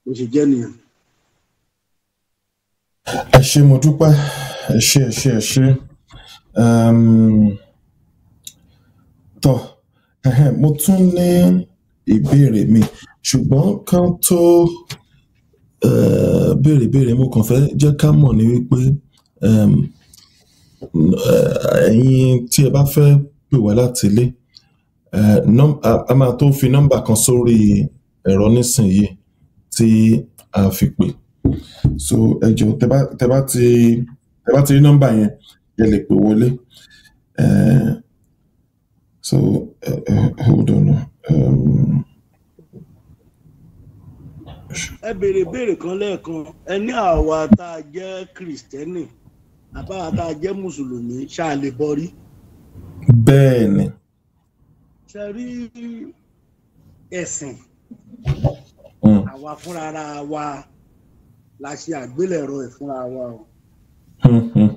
bó ṣe jẹ́ nìyẹn. ẹ ṣé mo dúpẹ́ ẹ ṣé ẹ ṣé ẹ ṣé ehm, tó mo tún ní ìbéèrè mi ṣùgbọ́n kan tó béèrè béèrè mo kàn fẹ́ jẹ́ ká mọ̀ ní wípé ehm, ẹ̀yin tí ẹ bá fẹ́ pè wá láti ilé a máa tó fi nọ́mbà kan sórí ẹ̀rọ nísìnyí tí a fi pè so ẹ jọ ti tẹ ti rí nọ́mbà yẹn ẹ lè pè wọlé so uh, hold on. Um, ẹ béèrè béèrè kan lẹ́ẹ̀kan ẹ ní àwa tá a jẹ́ kìrìsìtẹ́nì àbáwa tá a jẹ́ mùsùlùmí ṣáà lè bọ́rí. bẹ́ẹ̀ ṣe rí ẹ̀sìn Mm. àwa fúnra ara wa la ṣe àgbélẹ̀rọ ẹ̀ fúnra wa o. Mm, mm,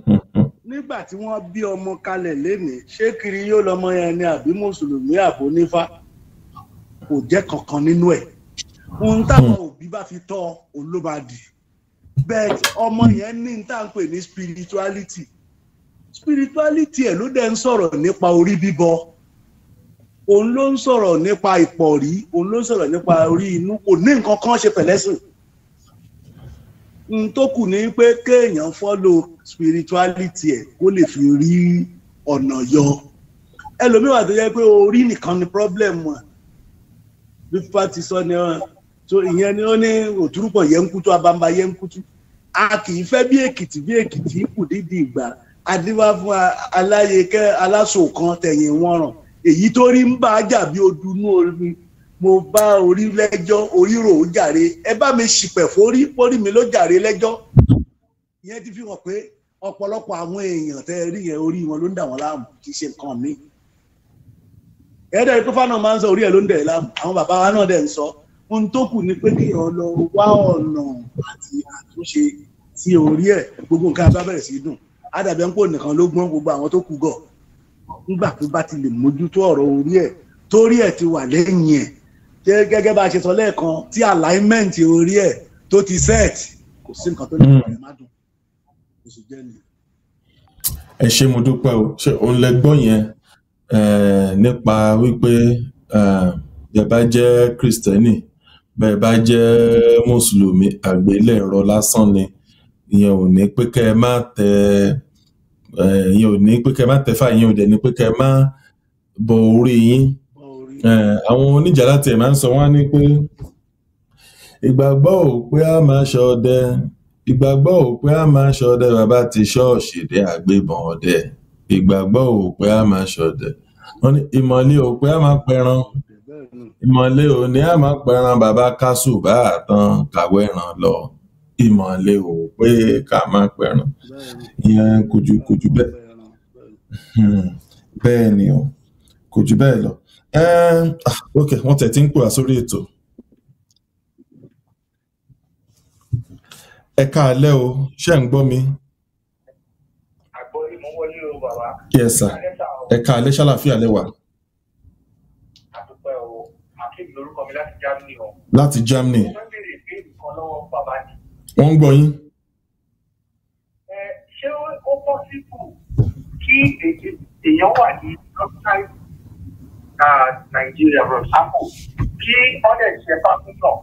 nígbà tí wọ́n bí ọmọ kalẹ̀ lénìí ṣé kiri yóò lọ́mọ yẹn ni àbí mùsùlùmí àbò nífà kò jẹ́ kankan nínú ẹ̀ ohun táwọn òbí bá fi tọ́ olóbàdì bẹ́ẹ̀ ọmọ yẹn ní n tá ní spirituality spirituality ẹ̀ ló dẹ̀ ń sọ̀rọ̀ nípa orí bíbọ òun ló ń sọ̀rọ̀ nípa ìpọ̀rí òun ló ń sọ̀rọ̀ nípa orí inú kò ní nǹkan kan ṣe pẹ̀lẹ́sìn n tó kù ní pé kéèyàn fọ́lò spirituality ẹ̀ kó lè fi rí ọ̀nà yọ ẹlòmíràn tó yẹ pé orí nìkan ni problem wọn bí pípa ti sọ ni wọn so ìyẹn ni ó ní òtúrúpọ̀ yẹn ń kútu abamba yẹn ń kútu a kì í fẹ́ bí èkìtì bí èkìtì kù dídì ìgbà adíwá fún aláyèké alásòkan tẹ̀yìn wọ́n ràn èyí tó rí ń bá a jà bí odun inú omi mo bá orí lẹ́jọ́ orí rò ó jàre ẹ bá mi ṣìpẹ̀ forí forí mi ló jàre lẹ́jọ́ ìyẹn ti fi hàn pé ọ̀pọ̀lọpọ̀ àwọn èèyàn tẹ́ rí yẹn orí wọn ló ń dà wọ́n láàmú kì í ṣe nǹkan mi ẹ̀ẹ́dẹ̀rẹ́ tó fánà máa ń sọ orí ẹ̀ ló ń dẹ̀ láàmú àwọn bàbá wa náà dẹ̀ ń sọ ohun tó kù ni pé kéèyàn lọ wá ọ̀nà àti àtúnṣe sí orí ẹ̀ gbogbo nǹkan abá sí dùn á dàbí ẹ̀ ń pò nìkan ló gbọ́n gbogbo àwọn tó kù gọ̀ọ́ nígbà tó bá ti lè mójútó ọ̀rọ̀ orí ẹ̀ torí ẹ̀ ti wà lẹ́yìn ẹ̀ ṣé gẹ́gẹ́ bá a ṣe sọ lẹ́ẹ̀kan tí alignment orí ẹ̀ tó ti set kò sí nǹkan tó lè fọ hmm. ẹ̀ má dùn kò sì jẹ́ ni. ẹ ṣé mo dúpẹ́ o ṣé òun lẹ gbọ́ yẹn nípa wípé bẹ́ẹ̀ bá jẹ́ kristẹni bẹ́ẹ̀ bá jẹ́ mùsùlùmí àgbélẹ̀rọ lásán ni ìyẹn ò ní pé kẹ́ ẹ má tẹ ẹ́ ìyẹn eh, ò ní pé kẹ má tẹfà ìyẹn ò dẹ̀ ní pé kẹ má bọ orí yín eh, àwọn oníjà láti ẹ̀ máa ń sọ wọ́n á pé ìgbàgbọ́ ò pé a máa ṣọdẹ ìgbàgbọ́ ò pé a máa ṣọdẹ bàbá ti ṣọ́ọ̀ṣì dé àgbébọn ọdẹ ìgbàgbọ́ ò pé a máa ṣọdẹ wọ́n ní ìmọ̀lẹ́ ò pé a máa pẹran ìmọ̀lẹ́ ò ní a máa pẹran bàbá kásù bá àtàn kàwé ràn lọ ìmọ̀le ò pé ká máa pẹ̀rùn ìyẹn kò ju kò ju bẹ́ẹ̀ hmm, bẹ́ẹ̀ ni o kò bẹ́ẹ̀ lọ ah, ok wọ́n tẹ̀ tí ń pè wá sórí ètò ẹ káalẹ́ o ṣé ń gbọ́ mi. àgbọ̀rí mo wọlé o bàbá. yes sir ẹ káalẹ́ ṣàlàfíà lẹ́wà. àdúpẹ́ o akéwì lórúkọ mi láti Germany o. láti Germany wọ́n ń gbọ́ yín. ẹ ṣé ó pọ́ sípò kí èèyàn wà ní outside Nàìjíríà for example kí ọ̀dẹ̀ ṣe fásitọ̀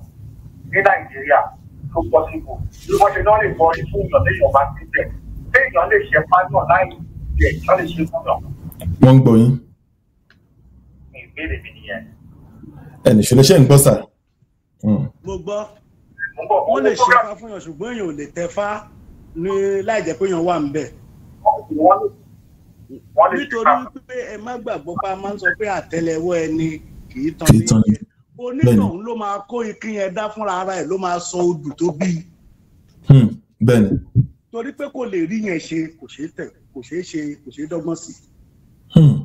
ní Nàìjíríà tó pọ́ sípò bí wọ́n ṣe náà lè bọ́ ní fún ìyàn léèyàn bá ti bẹ̀ léèyàn lè ṣe fásitọ̀ láì jẹ́ ìyàn lè ṣe fún ìyàn. wọ́n ń gbọ́ yín. ìbéèrè mi nìyẹn. ẹnì ṣe lè ń gbọ́ sà. Hmm. mo gbọ́ wọ́n lè ṣe fa fún yàn ṣùgbọ́n èèyàn ò lè tẹ fa ní láì jẹ́ pé èèyàn wà ń bẹ̀. nítorí pé ẹ má gbàgbọ́ pa máa ń sọ pé àtẹ́lẹwọ́ ẹni kì í tan ní onítọ̀hún ló máa kó ikin yẹn dá fúnra ara ẹ̀ ló máa sọ odù tó bí. Hmm, bẹ́ẹ̀ni. torí pé kò lè rí yẹn ṣe kò ṣeé tẹ̀ kò ṣeé ṣe kò ṣeé dọ́gbọ́n sí. Hmm.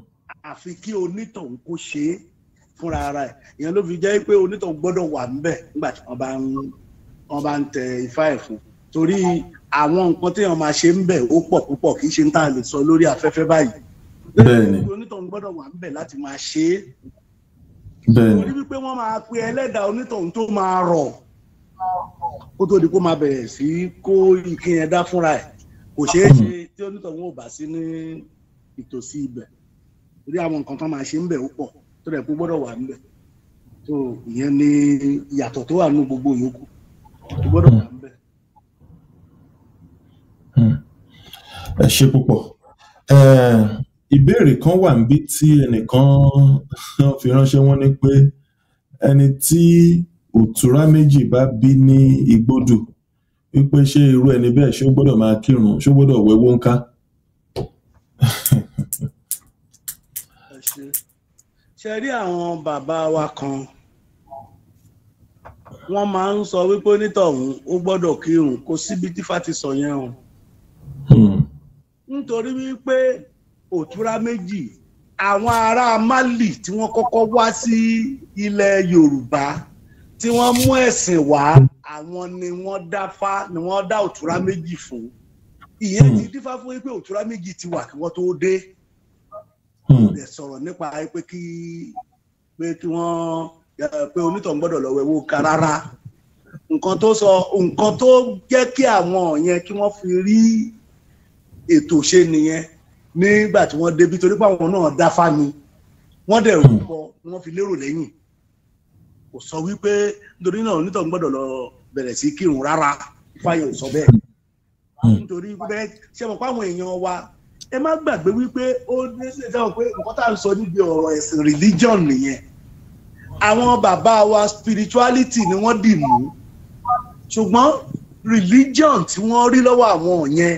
àfi kí onítọ̀hún kó ṣe é fúnra ara ẹ̀ ìyẹn ló fi jẹ́ pé onítọ̀hún gbọ́dọ̀ wà ń bẹ̀ nígbà wọ́n bá ń tẹ ifá ẹ̀ fún torí àwọn nǹkan téèyàn máa ṣe ń bẹ̀ ó pọ̀ púpọ̀ kì í ṣe ń tà lè sọ lórí afẹ́fẹ́ báyìí bẹ́ẹ̀ni onítọ̀hún gbọ́dọ̀ wà ń bẹ̀ láti máa ṣe é bẹ́ẹ̀ni torí wípé wọ́n máa pe ẹlẹ́dàá onítọ̀hún tó máa rọ̀ kó tó di kó máa bẹ̀rẹ̀ sí kó ìkíni ẹ̀dá fúnra ẹ̀ kò ṣeé ṣe tí onítọ̀hún ò bá sí ní ìtòsí ibẹ̀ torí àwọn nǹkan tó máa ṣe ń bẹ̀ ó pọ̀ tó rẹ̀ kó gbọ́dọ̀ wà ń bẹ̀ tó ìyẹn ni ìyàtọ̀ tó wà nínú gbogbo yòókù gbọ́dọ̀ wà níbẹ̀. Hmm. ẹ ṣe púpọ̀ eh, ìbéèrè kan wà níbí tí ẹnìkan <laughs> fi ránṣẹ́ wọ́n ní pé ẹni tí òtúrá méjì bá bí ní igbódù wípé ṣé irú ẹni bẹ́ẹ̀ ṣó gbọ́dọ̀ máa kírun ṣó gbọ́dọ̀ wẹ̀wọ́ ń ká. ṣe rí àwọn bàbá wa kan wọ́n máa ń sọ wípé onítọ̀hún ó gbọ́dọ̀ kírun kò síbi tífà ti sọ yẹn o hmm. nítorí wípé òtúrá méjì àwọn ará Mali tí wọ́n kọ́kọ́ wá sí ilẹ̀ Yorùbá tí wọ́n mú ẹ̀sìn wá àwọn ni wọ́n dáfá ni wọ́n dá òtúrá méjì fún ìyẹn ti hmm. dífá fún wípé òtúrá méjì ti wà kí wọ́n tó dé. ó hmm. nípa pé kí pé kí wọ́n pé onítọ̀ ń gbọ́dọ̀ lọ wẹ̀wò ká rárá nǹkan tó sọ nǹkan tó jẹ́ kí àwọn yẹn kí wọ́n fi rí ètò ṣe nìyẹn nígbà tí wọ́n débi torí pé àwọn náà dáfá ni wọ́n dẹ̀ rúbọ wọ́n fi lérò lẹ́yìn kò sọ wípé nítorí náà onítọ̀ ń gbọ́dọ̀ lọ bẹ̀rẹ̀ sí kírun rárá fáyọ̀ sọ bẹ́ẹ̀ hmm. nítorí bẹ́ẹ̀ ṣe mọ̀ pé àwọn èèyàn wa ẹ má gbàgbé wípé ó ní ṣe dáhùn pé nǹkan tá à ń sọ níbi ọ̀rọ̀ ẹ̀sìn religion nìyẹn àwọn bàbá wa spirituality ni wọ́n dì mú ṣùgbọ́n religion tí wọ́n rí lọ́wọ́ àwọn yẹn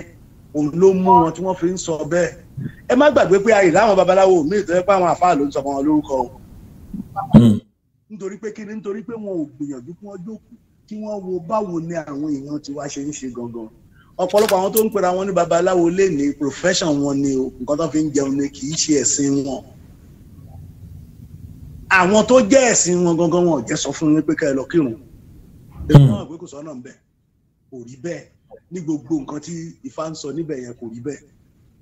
òun ló mú wọn tí wọ́n fi ń sọ bẹ́ẹ̀ ẹ má gbàgbé pé àyè láwọn babaláwo míì tó yẹ pé àwọn àfáà ló ń sọ ọmọ wọn lórúkọ o hmm. nítorí pé kíni nítorí pé wọn ò gbìyànjú kí wọ́n jókòó kí wọ́n wo báwo ni àwọn èèyàn tiwa ṣe ń ṣe gangan ọ̀pọ̀lọpọ̀ àwọn tó ń pera wọn ní babaláwo lè ní profession wọn ni nǹkan tó fi ń jẹun ni kì í ṣe ẹ̀sìn wọn àwọn tó jẹ́ ẹ̀sìn wọn gangan wọn ò jẹ́ sọ fún yín pé ká ẹ lọ kírun hmm. èmi náà pé kò sọ́nà ń bẹ̀ kò rí bẹ́ẹ̀ ní gbogbo nǹkan tí Ifá ń sọ níbẹ̀ yẹn kò rí bẹ́ẹ̀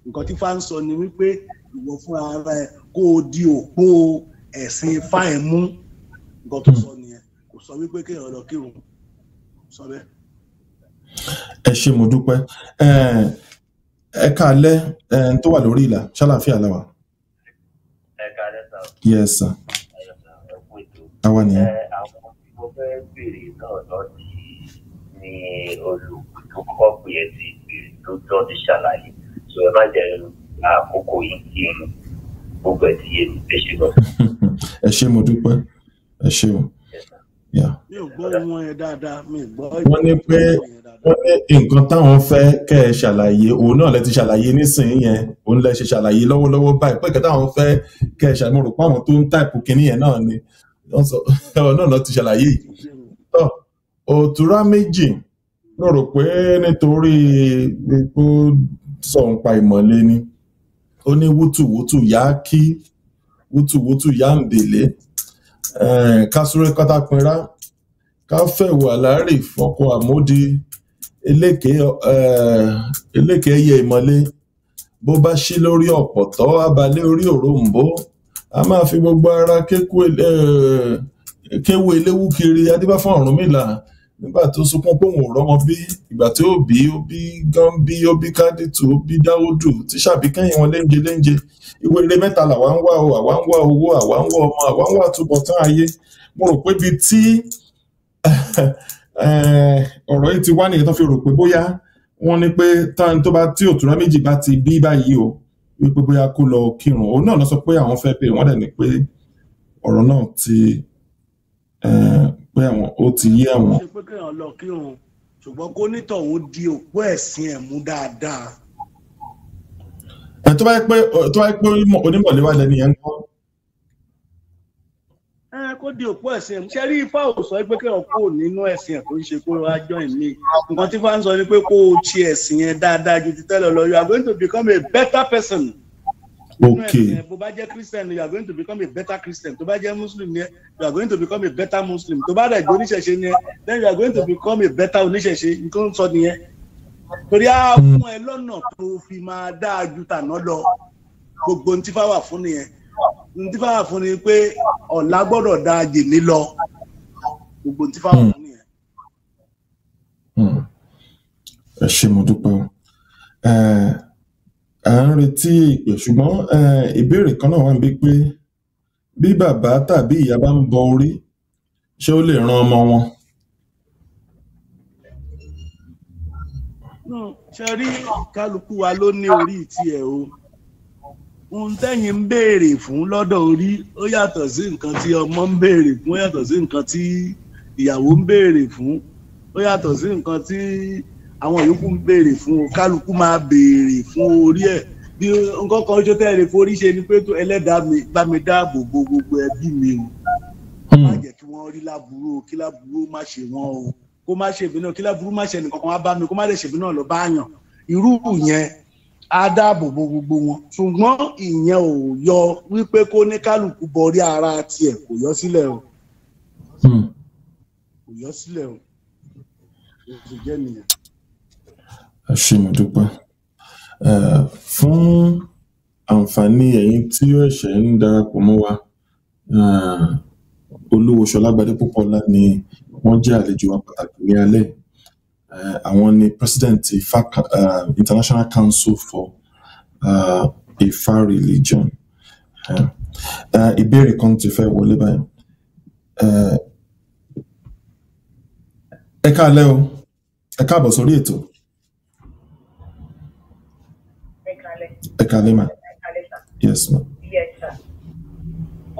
nǹkan tí Ifá ń sọ ni wípé ìwọ fún ara ẹ kó o di òpó ẹ̀sìn Ifá ẹ̀ mú nǹkan tó sọ hmm. nìyẹn kò sọ wípé kéèyàn lọ kírun sọ bẹ́ẹ̀. ẹ ṣé mo dúpẹ́ ẹ káalẹ́ tó wà lórí ìlà ṣàlàáfíà làwà. ẹ káalẹ́ sá. yes sir àwọn nìyẹn. mo fẹ́ béèrè náà lọ́dí ni olùdókòwò yẹn ti béèrè tó tọ́ ti ṣàlàyé tó ẹ má jẹ́ àkókò yìí kí gbogbo ẹ̀ ti yé mi ẹ ṣe lọ. <laughs> ẹ ṣé mo dúpẹ́ ẹ ṣé o. mi ò gbọ́ wọn yẹn dáadáa mi ò gbọ́ ìgbà yẹn dáadáa. wọ́n ní nǹkan táwọn fẹ́ kẹ́ ẹ ṣàlàyé òun náà lẹ ti ṣàlàyé nísìnyí yẹn òun lẹ ṣe ṣàlàyé lọ́wọ́lọ́wọ́ báyìí pé ìkẹta àwọn fẹ́ kẹ́ ẹ ṣàlàyé mo tó ń táìpù kinní yẹn náà ni wọ́n sọ <laughs> ọ̀rọ̀ náà lọ ti ṣàlàyé yìí tọ́ òtúrá méjì mo rò pé nítorí epo sọ̀hún pa ìmọ̀le ni ó ní wútùwútù yá kí wútùwútù yá ń délé ká súré kọ́tàpínrá ká fẹ̀wò àlárè fọkọ àmódi eléke ẹyẹ ìmọ̀le bó bá ṣí lórí ọ̀pọ̀tọ́ abalẹ̀ orí òrombó a máa fi gbogbo ara eh, kéwu eléwú kiri adébá fún Ọ̀rúnmìlà nígbà tó sunkún pé òun ò rọ́mọ bí ìgbà tí ó bí ó bí gánbí ó bí kádìtù ó bí dáwódù tí ṣàbíkẹ́yìn wọn léńjẹ léńjẹ ìwé eré mẹ́ta làwa ń wá o àwa ń wá owó àwa ń wá ọmọ àwa ń wá àtúbọ̀tán ayé mo rò pé ibi tí <laughs> eh, ọ̀rọ̀ yìí ti wá nìyẹn tó fi rò pé bóyá wọ́n ní pé tán tó bá tí òtúnrán méjì bá ti bí báyìí o wípé bóyá kó lọ kírun òun náà lọ sọ pé àwọn fẹ́ pé wọ́n dẹ̀ ní pé ọ̀rọ̀ náà ti pé àwọn ó ti yé àwọn. ṣe pé kéèyàn lọ kírun ṣùgbọ́n kó nítọ̀hún di òpó ẹ̀sìn ẹ̀ mú dáadáa. ẹ tó bá yẹ pé onímọ̀lẹ́wà lẹ́nu yẹn ń kọ́ kó di òpó ẹ̀sìn ẹ̀ ṣe rí ifá ò sọ pé kéèyàn kó nínú ẹ̀sìn ẹ̀ tó ń ṣe kó wá join mi nǹkan tí fáwọn sọ ni pé kó o ti ẹ̀sìn yẹn dáadáa ju ti tẹ́lẹ̀ lọ you are going to become a better person. ok bó bá jẹ́ christian you are going to become a better christian tó bá jẹ́ muslim yẹn you are going to become a better muslim tó bá dẹ̀ gbé oníṣẹ̀ṣe yẹn then you are going to become a better oníṣẹ̀ṣe nǹkan sọ nìyẹn torí a fún ẹ lọ́nà tó fi máa dáa ju tàná lọ gbogbo ní tí fáwà fún nìyẹn ntífà fún ni pé ọ̀la gbọ́dọ̀ da jìnnì lọ gbogbo ntífà fún nìyẹn. Hmm. ẹ ṣé mo dúpẹ́ à ń retí ìpè ṣùgbọ́n ìbéèrè kan náà wà níbi pé bí bàbá tàbí ìyá bá ń bọ orí ṣé ó lè ran ọmọ wọn. Hmm, ṣe rí kálukú wa ló ní orí tiẹ̀ o ohun tẹ́yìn ń béèrè fún lọ́dọ̀ orí ó yàtọ̀ sí nǹkan tí ọmọ ń béèrè fún ó yàtọ̀ sí nǹkan tí ìyàwó ń béèrè fún ó yàtọ̀ sí nǹkan tí àwọn yòókù ń béèrè fún o kálukú máa béèrè fún orí ẹ̀ bí nǹkan kan ṣe tẹ́lẹ̀ forí ṣe ni pé tó ẹlẹ́dàá mi bá mi dáàbò bo gbogbo ẹbí mi o má hmm. jẹ́ kí wọ́n rí láburú o kí láburú má ṣe wọ́n o kó má ṣe ìbínú kí láburú má ṣe nìkan wá bá mi kó má lè ṣèbínú ọ̀ lọ́ bá yàn irú yẹn á dáàbò bo gbogbo wọn ṣùgbọ́n ìyẹn ò yọ wípé kó ní kálukú borí ara tiẹ̀ kò yọ sílẹ̀ o hmm. kò yọ sílẹ̀ o kò sì jẹ́ nìyẹn. ẹ ṣé mo fún àǹfààní ẹ̀yin tí ó ṣẹ̀ ń darapọ̀ mọ́ wa olúwo ṣọlá gbadé púpọ̀ ni wọ́n jẹ́ àlejò wa pàtàkì ní alẹ́ yìí Uh, àwọn ni president Ifa uh, International Council for uh, Ifa Religion uh, uh, ìbéèrè kan ti fẹ́ wọlé báyìí ẹ káalẹ́ o ẹ káàbọ̀ sórí ètò. ẹ káalẹ́ ma. yes ma. yes sir.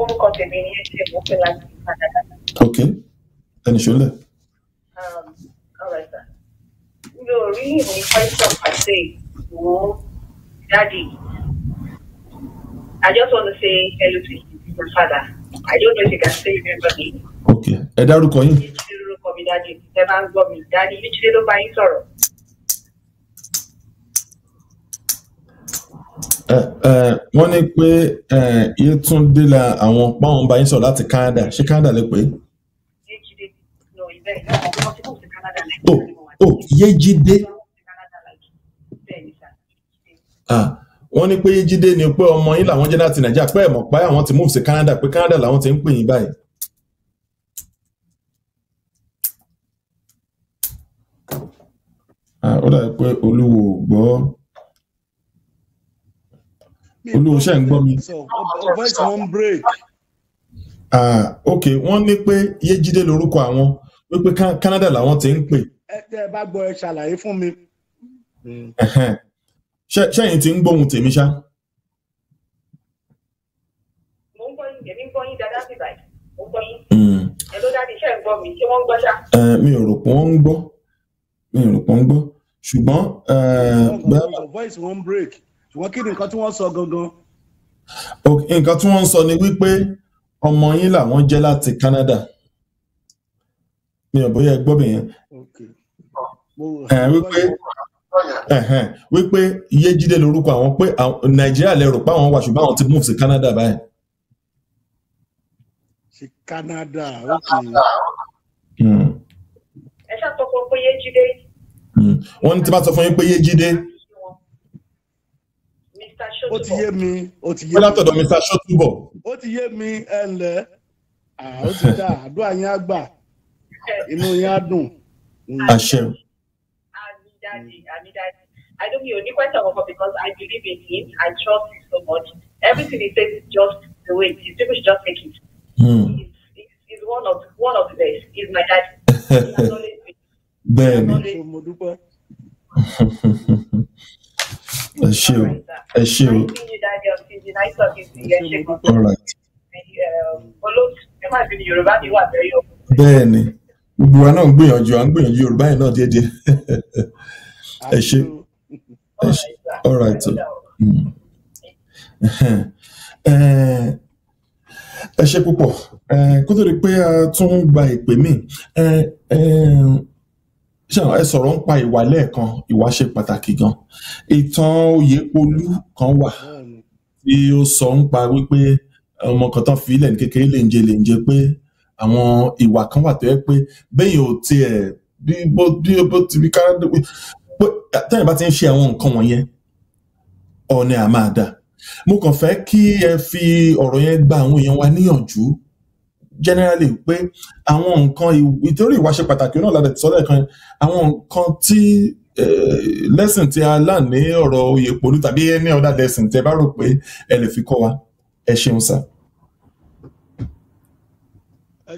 orúkọ tèmi ni ẹ ṣe mú pé láti padà dáadáa. ok ẹnì ṣọlẹ. Um, all right sir. So ò rí ìwé question per se wò daddy I just want to say hello to you my father I don't know if you can still remember me. ok ẹ dárúkọ yín. yíṣẹ́ ló kọ́ mi daddy ẹ bá ń gbọ́ mi daddy yíṣẹ́ ló bá yín sọ̀rọ̀. wọ́n ní pé Yétúndé la àwọn pọ́n bá yín sọ̀rọ̀ láti Canada ṣé Canada lè pé. tó ó oh, Yéjídé ah, wọ́n ní pé Yéjídé ni pé ọmọ yín làwọn jẹ́ láti Nàìjíríà pé ẹ̀mọ̀ pa àwọn ti move sí Canada pé Canada làwọn ti ń pè yín báyìí. Ah, ó dàbí pé olúwo gbọ́ olúwo ṣe ń gbọ́ mi. voice ah, ok wọ́n ní pé Yéjídé lórúkọ àwọn wípé Canada làwọn ti ń pè. ẹ ẹ bá gbọ́ ẹ ṣàlàyé fún mi. ṣẹ́yìn ti ń gbóhùn tèmi ṣá. mo ń gbọ́ yín èmi ń gbọ́ yín dáadáa sí báyìí mo ń gbọ́ yín. Hmm. ẹ ló dáadé iṣẹ́ ìgbọ́ mi ṣé wọ́n ń gbọ́ ṣá. mi ò rò pé wọ́n ń gbọ́ mi ò rò pé wọ́n ń gbọ́ ṣùgbọ́n. voice wọn break ṣùgbọ́n kí ni nǹkan tí wọ́n sọ gangan. nǹkan tí wọ́n ń sọ ni wípé ọmọ yín làwọn jẹ́ láti Canada mi ò bóyá gbọ́ mi yẹn wípé wípé Yéjídé lórúkọ àwọn pé Nàìjíríà lè rò pé àwọn wà ṣùgbọ́n àwọn ti move sí Canada báyìí. sí Canada ok. Hmm. ẹ ṣàtọ́ fún pé Yéjídé. Hmm. wọ́n ní tí bá sọ fún yín pé Yéjídé. ó ti yé mi ó ti yé mi. látọ̀dọ̀ Mr. Sotunbo. ó ti yé mi ẹ ǹlẹ́ ó ti dá àdúrà yín á gbà inú yín á dùn. Mm. àṣẹ. I don't know, the question of because I believe in him, I trust him so much. Everything he says is just the way it is. People should just take it. Mm. He's, he's, one of one of the best. He's my dad. He has always been. ẹ ṣé o ẹ ṣé o. bẹ́ẹ̀ni gbogbo wa náà ń gbìyànjú à ń gbìyànjú yorùbá yìí náà déédéé ẹ ṣe ẹ ṣe all right hmm. ẹ ṣe púpọ̀ kó tó di pé a tún gba ìpè míì ṣáà ẹ sọ̀rọ̀ ń pa ìwà lẹ́ẹ̀kan ìwà ṣe pàtàkì gan ìtàn Oyèpolú kan wà tí ó sọ ń pa wípé ọmọ kan tán fi ilẹ̀ kékeré lè ń jẹ lè ń jẹ pé àwọn ìwà kan wà tó yẹ pé bẹ́yìn ò tiẹ̀ bí bó bí bó ti bí kára pé tẹ́yìn bá ti ń ṣe àwọn nǹkan wọ̀nyẹn ọ̀nà àmà dà mo kàn fẹ́ kí ẹ fi ọ̀rọ̀ yẹn gba àwọn èèyàn wa níyànjú generally pé àwọn nǹkan ìtorí ìwà ṣe pàtàkì náà ládàá sọ́dọ̀ kan àwọn nǹkan tí lesson tí a lá ní ọ̀rọ̀ oyè polu tàbí any other lesson tẹ́ bá rò pé ẹ lè fi kọ́ wa ẹ ṣeun sáà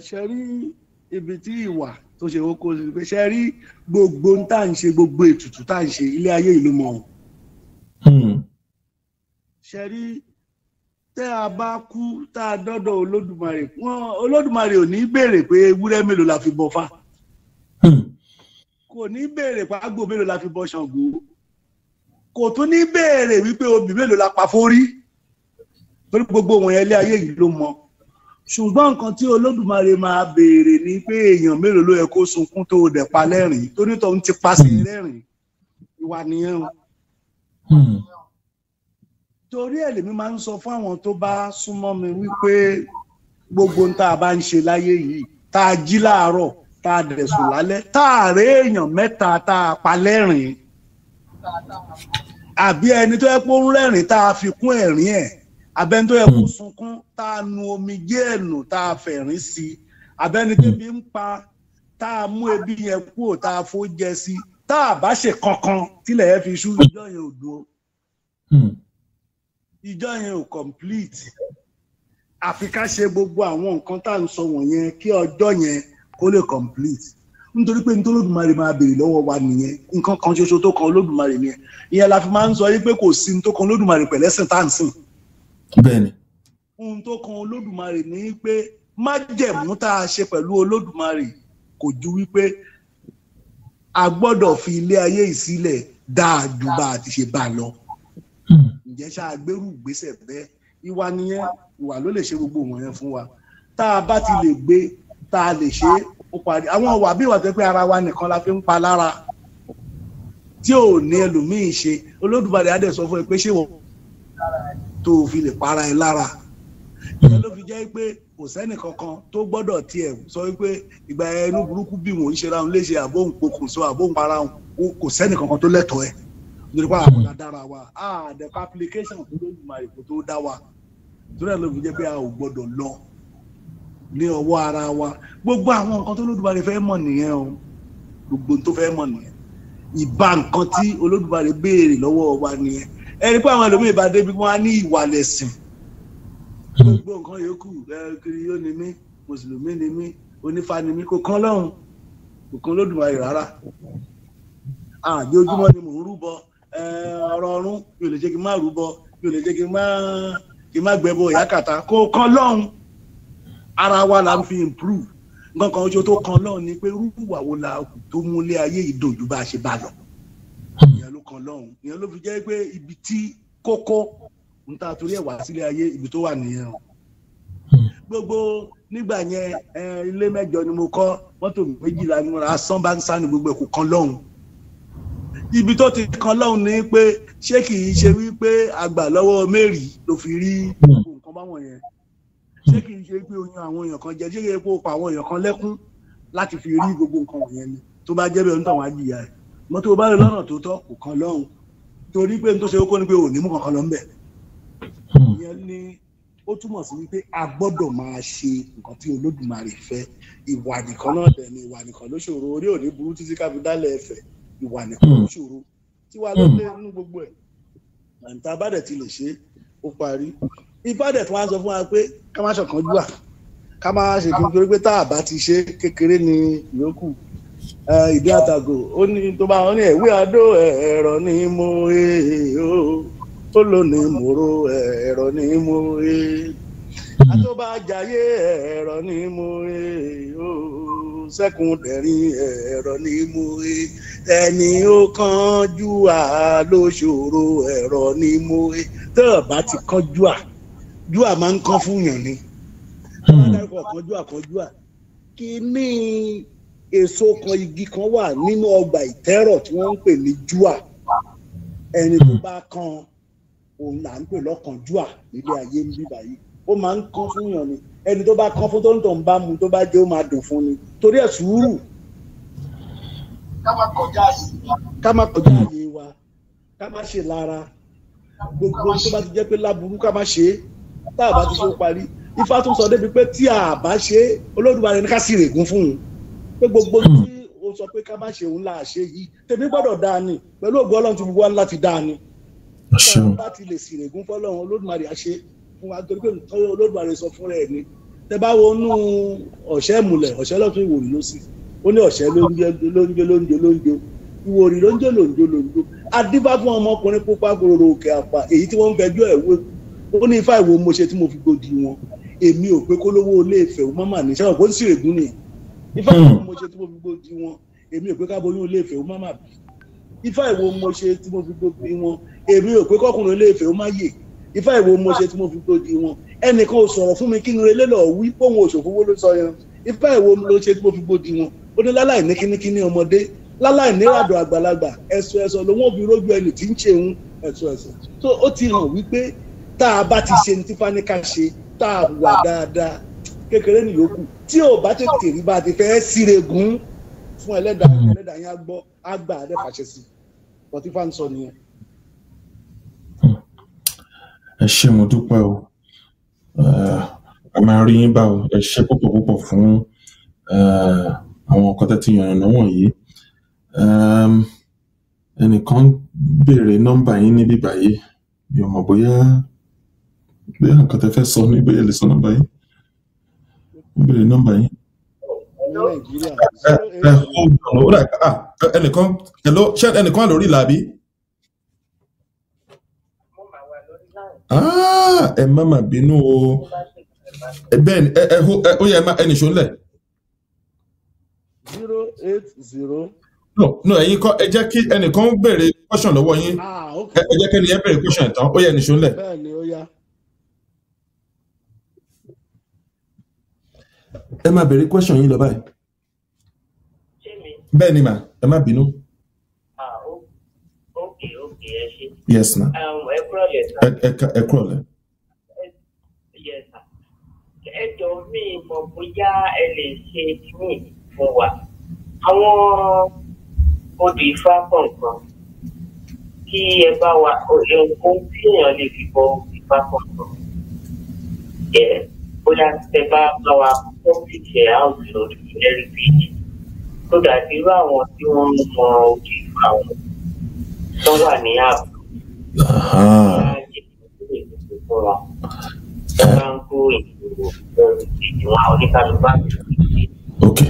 ṣe rí ibi tí ìwà tó ṣe kókó sí pé ṣe rí gbogbo ń tà ń ṣe gbogbo ètùtù tà ń ṣe ilé ayé ìlú mọ̀ hmm. ṣe rí tẹ́ a bá kú tá a dọ́dọ̀ olódùmarè wọn olódùmarè ò ní béèrè pé ewúrẹ́ mélòó la fi bọ fá hmm. kò ní béèrè pé àgbò mélòó la fi bọ ṣàngó kò tún ní béèrè wípé obì mélòó la pa fórí torí gbogbo wọn yẹn ilé ayé yìí ló mọ̀ ṣùgbọ́n nǹkan tí olódùmarè máa béèrè ni pé èèyàn mélòó ló yẹ kó sunkún tó o dẹ̀ pa lẹ́rìn tó nítorí ti paṣẹ hmm. lẹ́rìn ìwà nìyẹn o. Hmm. torí ẹ̀ lèmi máa ń sọ fún àwọn tó bá súnmọ́ mi wípé gbogbo ń tá a bá ń ṣe láyé yìí tá a jí láàárọ̀ tá a dẹ̀ sùn lálẹ́ tá a rẹ èèyàn mẹ́ta tá a pa lẹ́rìn àbí ẹni tó yẹ kó ń rẹ́rìn tá a fi kún ẹ̀rín ẹ̀ abẹ́ni tó yẹ kó hmm. sunkún tá a nu omijé ẹ̀nù tá a fẹ̀rín sí i abẹ́ni tó hmm. bí ń pa tá a mú ebi yẹn kúrò tá a fó jẹ sí i tá a bá ṣe kankan tílẹ̀ yẹn fi ṣú hmm. ìjọ yẹn ò dúró ìjọ yẹn ò complete àfi ká ṣe gbogbo àwọn nǹkan tá à ń sọ wọ̀nyẹn kí ọjọ́ yẹn kó lè complete nítorí pé nítorí olódùmarè máa béèrè lọ́wọ́ wa nìyẹn nǹkan kan ṣoṣo tó kan olódùmarè nìyẹn ìyẹn la fi máa ń sọ yí pé kò sí ní tó kan olódùmarè pẹ̀lẹ́sìn tá à ń sìn bẹ́ẹ̀ni. ohun tó kan olódùmarè ní pé májẹ̀mú tá a ṣe pẹ̀lú olódùmarè kò ju wípé a gbọ́dọ̀ fi ilé ayé ìsílẹ̀ dáa ju bá a ti ṣe bá a lọ. Hmm. ǹjẹ́ ṣá a gbérù ìgbésẹ̀ bẹ́ẹ̀ ìwà nìyẹn ìwà ló lè ṣe gbogbo wọ̀nyẹn fún wa tá a bá ti lè gbé tá a lè ṣe ó parí àwọn ìwà bí ìwà tó pé ara wa nìkan la fi ń pa lára tí ò ní ẹlòmíín ṣe olódùmarè á sọ fún ẹ pé ṣé wọ́n tó o fi lè para ẹ lára ìyẹn ló fi jẹ́ pé kò sẹ́nì kankan tó gbọ́dọ̀ tiẹ̀ sọ wípé ìgbà ẹnu burúkú bí wọ́n ń ṣe ra wọn léṣe àbó ń pokùn so àbó ń para wọn kò sẹ́nì kankan tó lẹ́tọ̀ọ́ ẹ̀ nítorí pé àwọn adára wa the application tó ló dùn àìkú tó dá wa torí ẹ̀ ló fi jẹ́ pé a ò gbọ́dọ̀ lọ ní ọwọ́ ara wa gbogbo àwọn nǹkan tó lódùmarè fẹ́ mọ̀ nìyẹn o gbogbo tó fẹ́ mọ̀ nìyẹn ìbá nǹkan tí Olódùmarè béèrè lọ́wọ́ wa nìyẹn ẹni pé àwọn ẹlòmíì bá débi wọn á ní ìwà lẹ̀sìn hmm. gbogbo nǹkan yòókù kiri yóò ní mí mùsùlùmí ní mí onífà ní mí kò kán lọ́rùn kò kán lódùmarè rárá àjojúmọ́ ni mò ń rúbọ ọ̀rọ̀ ọ̀run yóò lè jẹ́ kí n má rúbọ yóò lè jẹ́ kí n má kí n má gbẹbọ ìyá kàtà kò kán lọ́rùn ara wa la fi improve nǹkan kan ojú tó kán lọ́rùn ni pé rúbùwà wo la tó múlé ayé ìdòjú bá a ṣe bá lọ ìyẹn ló kan lọ́hùn ìyẹn ló fi jẹ́ pé ibi tí kókó ń ta torí ẹ̀ wá sílé ayé ibi tó wà nìyẹn o hmm. gbogbo nígbà yẹn ilé mẹ́jọ ni mo kọ́ mọ́tò méjìlá ni mo ra asán bá ń sá ní gbogbo ẹ̀kú kan lọ́hùn ibi tó ti kan lọ́hùn ni pé ṣé kì í ṣe wípé àgbà lọ́wọ́ mẹ́rì ló fi rí hmm. nǹkan báwọn yẹn ṣé kì í ṣe pé oyin àwọn èèyàn kan jẹ ṣé kì í ṣe pé o pa àwọn èèyàn kan lẹ́kún láti fi rí gbogbo nǹkan wọ̀nyẹn ni tó bá jẹ́ bẹ́ẹ̀ onítàn wá jìyà rẹ̀ mọ́tò bá rí lọ́nà tó tọ́ kò kan lọ́hùn torí pé n tó ṣe kókó ni pé ò ní mú kankan lọ ń bẹ̀. Hmm. ìyẹn ni ó túmọ̀ sí wípé a gbọ́dọ̀ máa ṣe nǹkan tí olódùmarè fẹ́ ìwà nìkan náà dẹ̀ ni ìwà nìkan ló ṣòro orí òní burú títí ká fi dálẹ̀ ẹ̀fẹ̀ ìwà nìkan ló hmm. ṣòro tí wàá lọ dé hmm. nínú gbogbo ẹ̀ àǹtá bàdẹ̀ ti lè ṣe ó parí ìbàdẹ̀ tí wọ́n á sọ fún wa pé ká má ṣọ̀kan jù ká má ṣèkí nítorí pé tá a bá ti ṣe kékeré ni ìyókù Eh, ìdí àtàgò ó ní tó bá wọn ní ẹ̀wé àdó ẹ̀rọ ni mo he o tó lò ní mòró ẹ̀rọ ni mo he àtọ́bá hmm. jayé ẹ̀rọ ni mo he o sẹ́kùn dẹ̀rín ẹ̀rọ ni mo he ẹni ó kánjú à ló ṣòro ẹ̀rọ ni mo he tó o bá ti kánjú à jú à máa ń kán fún yàn ni. tó o bá hmm. dárúkọ kí ni èso kan igi kan wà nínú ọgbà ìtẹ́rọ̀ tí wọ́n ń pè ní júà ẹni tó bá kan òun là ń pè lọ́kàn júà nílé ayé ń bíbà yìí ó máa ń kán fún yàn ni ẹni tó bá kán fún tó ń tọ̀ ń bá mu tó bá jẹ́ ó máa dùn fún ni torí ẹ̀ sùúrù ká má kọjá àyè wa ká má ṣe lára gbogbo tó bá ti jẹ́ pé láburú ká má ṣe tá a bá ti ṣe ó parí ifá tún sọ débi pé tí a bá ṣe olódùmarè ní ká sì règún fún un pé gbogbo hmm. tí o sọ pé ká má ṣe òun là ṣe yìí tèmi gbọ́dọ̀ dáa ni pẹ̀lú ògbó ọlọ́run ti wá láti dáa ni. táwọn bá ti lè sìrègùn fọlọ́run olódùmarè àṣe fún wa torí pé olódùmarè sọ fún rẹ̀ ni tẹ bá wo inú ọ̀ṣẹ́ múlẹ̀ ọ̀ṣẹ́ lọ́tún ìwòrì ló sì ó ní ọ̀ṣẹ́ lóúnjẹ lóúnjẹ lóúnjẹ lóúnjẹ ìwòrì lóúnjẹ lóúnjẹ lóúnjẹ adíbá fún ọmọkùnrin pupa gbòòrò òkè àpà èyí tí wọ́n ń fẹjọ́ ẹ̀ wé ó ní ifá ìwo mo ṣe tí mo fi gbòdì wọn èmi ò pé kólówó Ilé Ifẹ̀ o má mà ní sábà kó sì règún nìyẹn ifá ìwo hmm. mo ṣe tí mo fi gbóbi wọn èmi ò pé ká boyún ilé ìfẹ́ ó má má bí ifá ìwo mo ṣe tí mo fi gbóbi wọn èmi ò pé kọkùnrin ilé ìfẹ́ ó má yè ifá ìwo mo ṣe tí mo fi gbóbi wọn ẹnìkan ò sọ̀rọ̀ fún mi kí n relé lọ wí póun òṣòfowó ló sọ yẹn ifá ìwo mo ṣe tí mo fi gbóbi wọn ó ní láláì ní kíníkíní ọmọdé láláì ní ràdọ̀ àgbàlagbà ẹ̀sọ̀ ẹ̀sọ̀ ló wọ́n fi rójú ẹni tí ń ṣe òun ẹ̀sọ̀ ẹ̀sọ̀ so ó ti hàn wípé tá a bá ti ṣe ní tífáníkà ṣe tá a wà dáadáa kékeré nìyókù tí ò bá tètè rí bá ti fẹ́ síre gún fún ẹlẹ́dàá hmm. ẹlẹ́dàá yẹn á gbọ́ á gbà á dẹ́ pàṣẹ sí pọtífà ń sọ nìyẹn. Hmm. ẹ ṣé mo dúpẹ́ o eh, a máa rí yín bá o ẹ ṣé púpọ̀ púpọ̀ fún eh, àwọn ọkọ tẹ́tí yànnà wọ̀nyí ehm, ẹnìkan béèrè nọ́mbà yín níbí báyìí mi bóyá bóyá nǹkan tẹ́ fẹ́ sọ níbẹ̀ lè sọ nọ́mbà yín ń bèrè nọ́mbà ah, Hello, ẹnìkan ṣé ẹnìkan wà lórí làbí. Ah, ẹ má mà bínú o bẹ́ẹ̀ni ó yẹ ẹnì ṣọlẹ̀. zero eight zero no no ẹ̀yin kọ́ ẹ jẹ́ kí ẹnìkan béèrè question lọ́wọ́ yín ah, ẹ jẹ́ kí ẹnìyẹn béèrè question tán ó yẹ ẹnì ṣọlẹ̀. bẹ́ẹ̀ni ó yá. ẹ máa bẹ̀rẹ̀ question yín lọ báyìí. bẹ́ẹ̀ ni mà ẹ má bínú. yes ma. Um, ẹ kúrọ̀ lẹ̀ sá. ẹ kúrọ̀ lẹ̀. ẹ jọ mí mọ̀ bóyá ẹ lè ṣe kíní fún wa àwọn odò ifá kọ̀ọ̀kan kí ẹ bá wa ohun tí èèyàn lè fi bọ ifá kọ̀ọ̀kan. bóyá ẹ bá bá wa kọ̀ wọ́n fi ṣe àwùjọ lórí bíi tó dàbí irú àwọn tí wọ́n ń mọ òkè àwọn tó wà ní ààbò. ok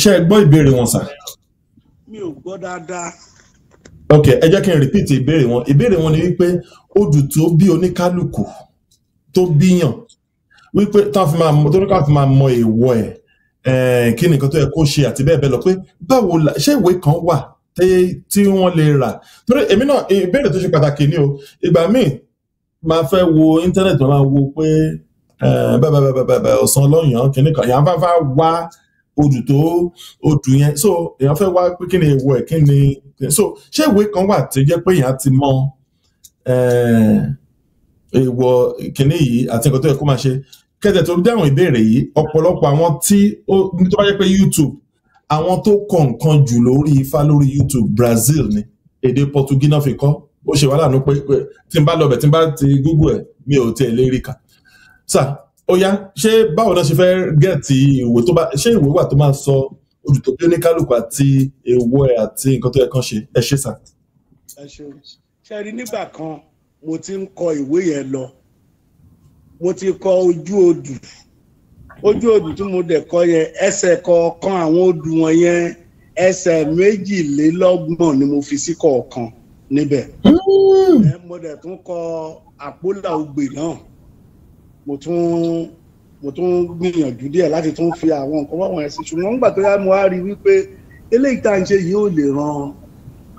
ṣé ẹ gbọ́ ìbéèrè wọn sà. mi ò gbọ́ dáadáa. ok ẹ jẹ́ kí n repeat ìbéèrè wọn ìbéèrè wọn ni wípé odù tó bí oníkálukú tó bíyàn wípé tán fi máa mọ torí ká fi máa mọ èèwọ̀ ẹ̀ eh, kí nìkan tó yẹ kó ṣe àti bẹ́ẹ̀ bẹ́ẹ̀ lọ pé báwo la ṣé ìwé kan wà tí wọ́n lè rà torí èmi náà ìbéèrè tó ṣe pàtàkì ni o ìgbà míì máa fẹ́ wo íńtánẹ́ẹ̀tì máa wo pé bàbà bàbà bàbà ọ̀sán lọ́yàn kìíní kan èèyàn fẹ́ wá odù tó odù yẹn so èèyàn fẹ́ wá pé kí ni èèwọ̀ ẹ̀ kí ni so ṣé ìwé kan wà tó jẹ́ pé èèyàn ti mọ eh, èèwọ̀ kìíní yìí àti nǹkan tó yẹ kó máa ṣe kẹsẹ̀ tó dáhùn ìbéèrè yìí ọ̀pọ̀lọpọ̀ àwọn tí ó ní tó bá jẹ́ pé YouTube àwọn tó kọ nǹkan jù lórí ifá lórí YouTube Brazil ni èdè Portuguese náà fi kọ́ ó ṣe wàhálà ní pé tí n bá lọ bẹ̀ tí n bá ti Google ẹ̀ mi ò tiẹ̀ lè rí kà sà ó yá ṣé báwo náà ṣe fẹ́ gẹ̀ẹ́tì ìwé tó bá ṣé ìwé wà tó máa sọ olùtò bí oníkálùkù àti èèwọ̀ ẹ̀ àti nǹkan tó yẹ kán ṣe ẹ ṣe sà. ẹ ṣeun ṣe rí nígbà kan mo ti ń kọ ìwé yẹn lọ mo ti kọ ojú odù ojú odù tí mo dẹ̀ kọ yẹn ẹsẹ̀ kọ̀ọ̀kan àwọn odù wọn yẹn ẹsẹ̀ méjìlélọ́gbọ̀n ni mo fi sí kọ̀ọ̀kan níbẹ̀ hmm. mo dẹ̀ tún kọ àpólà ogbè náà mo tún mo tún gbìyànjú díẹ̀ láti tún fi àwọn nǹkan wọ́n wọ̀nyẹn sí ṣùgbọ́n nígbà tó yá mo wá rí i wípé eléyìí tá à ń ṣe yìí ò lè ran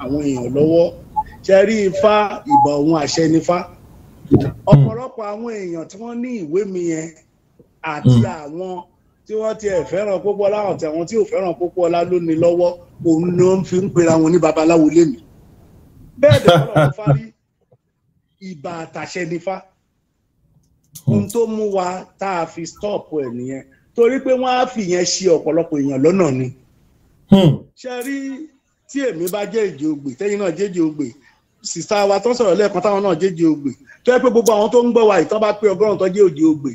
àwọn èèyàn lọ́wọ́ ṣe rí ifá ìbà òun àṣẹ nífá ọ̀pọ̀lọpọ̀ àwọn èèyàn tí wọ́n ní ìwé mi yẹn àti hmm. àwọn tí wọ́n ti ẹ̀ fẹ́ràn Pópóọlá àti àwọn tí ò fẹ́ràn Pópóọlá ló ní lọ́wọ́ òun ni wọ́n fi ń pera wọn ní babaláwo lémi bẹ́ẹ̀ dẹ̀ ọlọ́run fárí ìbà àtàṣẹ nífá ohun tó mú wa tá a fi stop ẹ̀ nìyẹn torí pé wọ́n á fìyẹn ṣe ọ̀pọ̀lọpọ̀ èèyàn lọ́nà ni hmm. ṣe rí tí èmi bá jẹ́ ìjòògbè tẹ́yìn náà jẹ́ ìjòògbè sìsá wa tó ń sọ̀rọ̀ lẹ́ẹ̀kan táwọn náà jẹ́jì ogbè tó yẹ pé gbogbo àwọn tó ń gbọ́ wa ìtàn bá pé ọgọ́rùn-ún tó jẹ́ òjì ogbè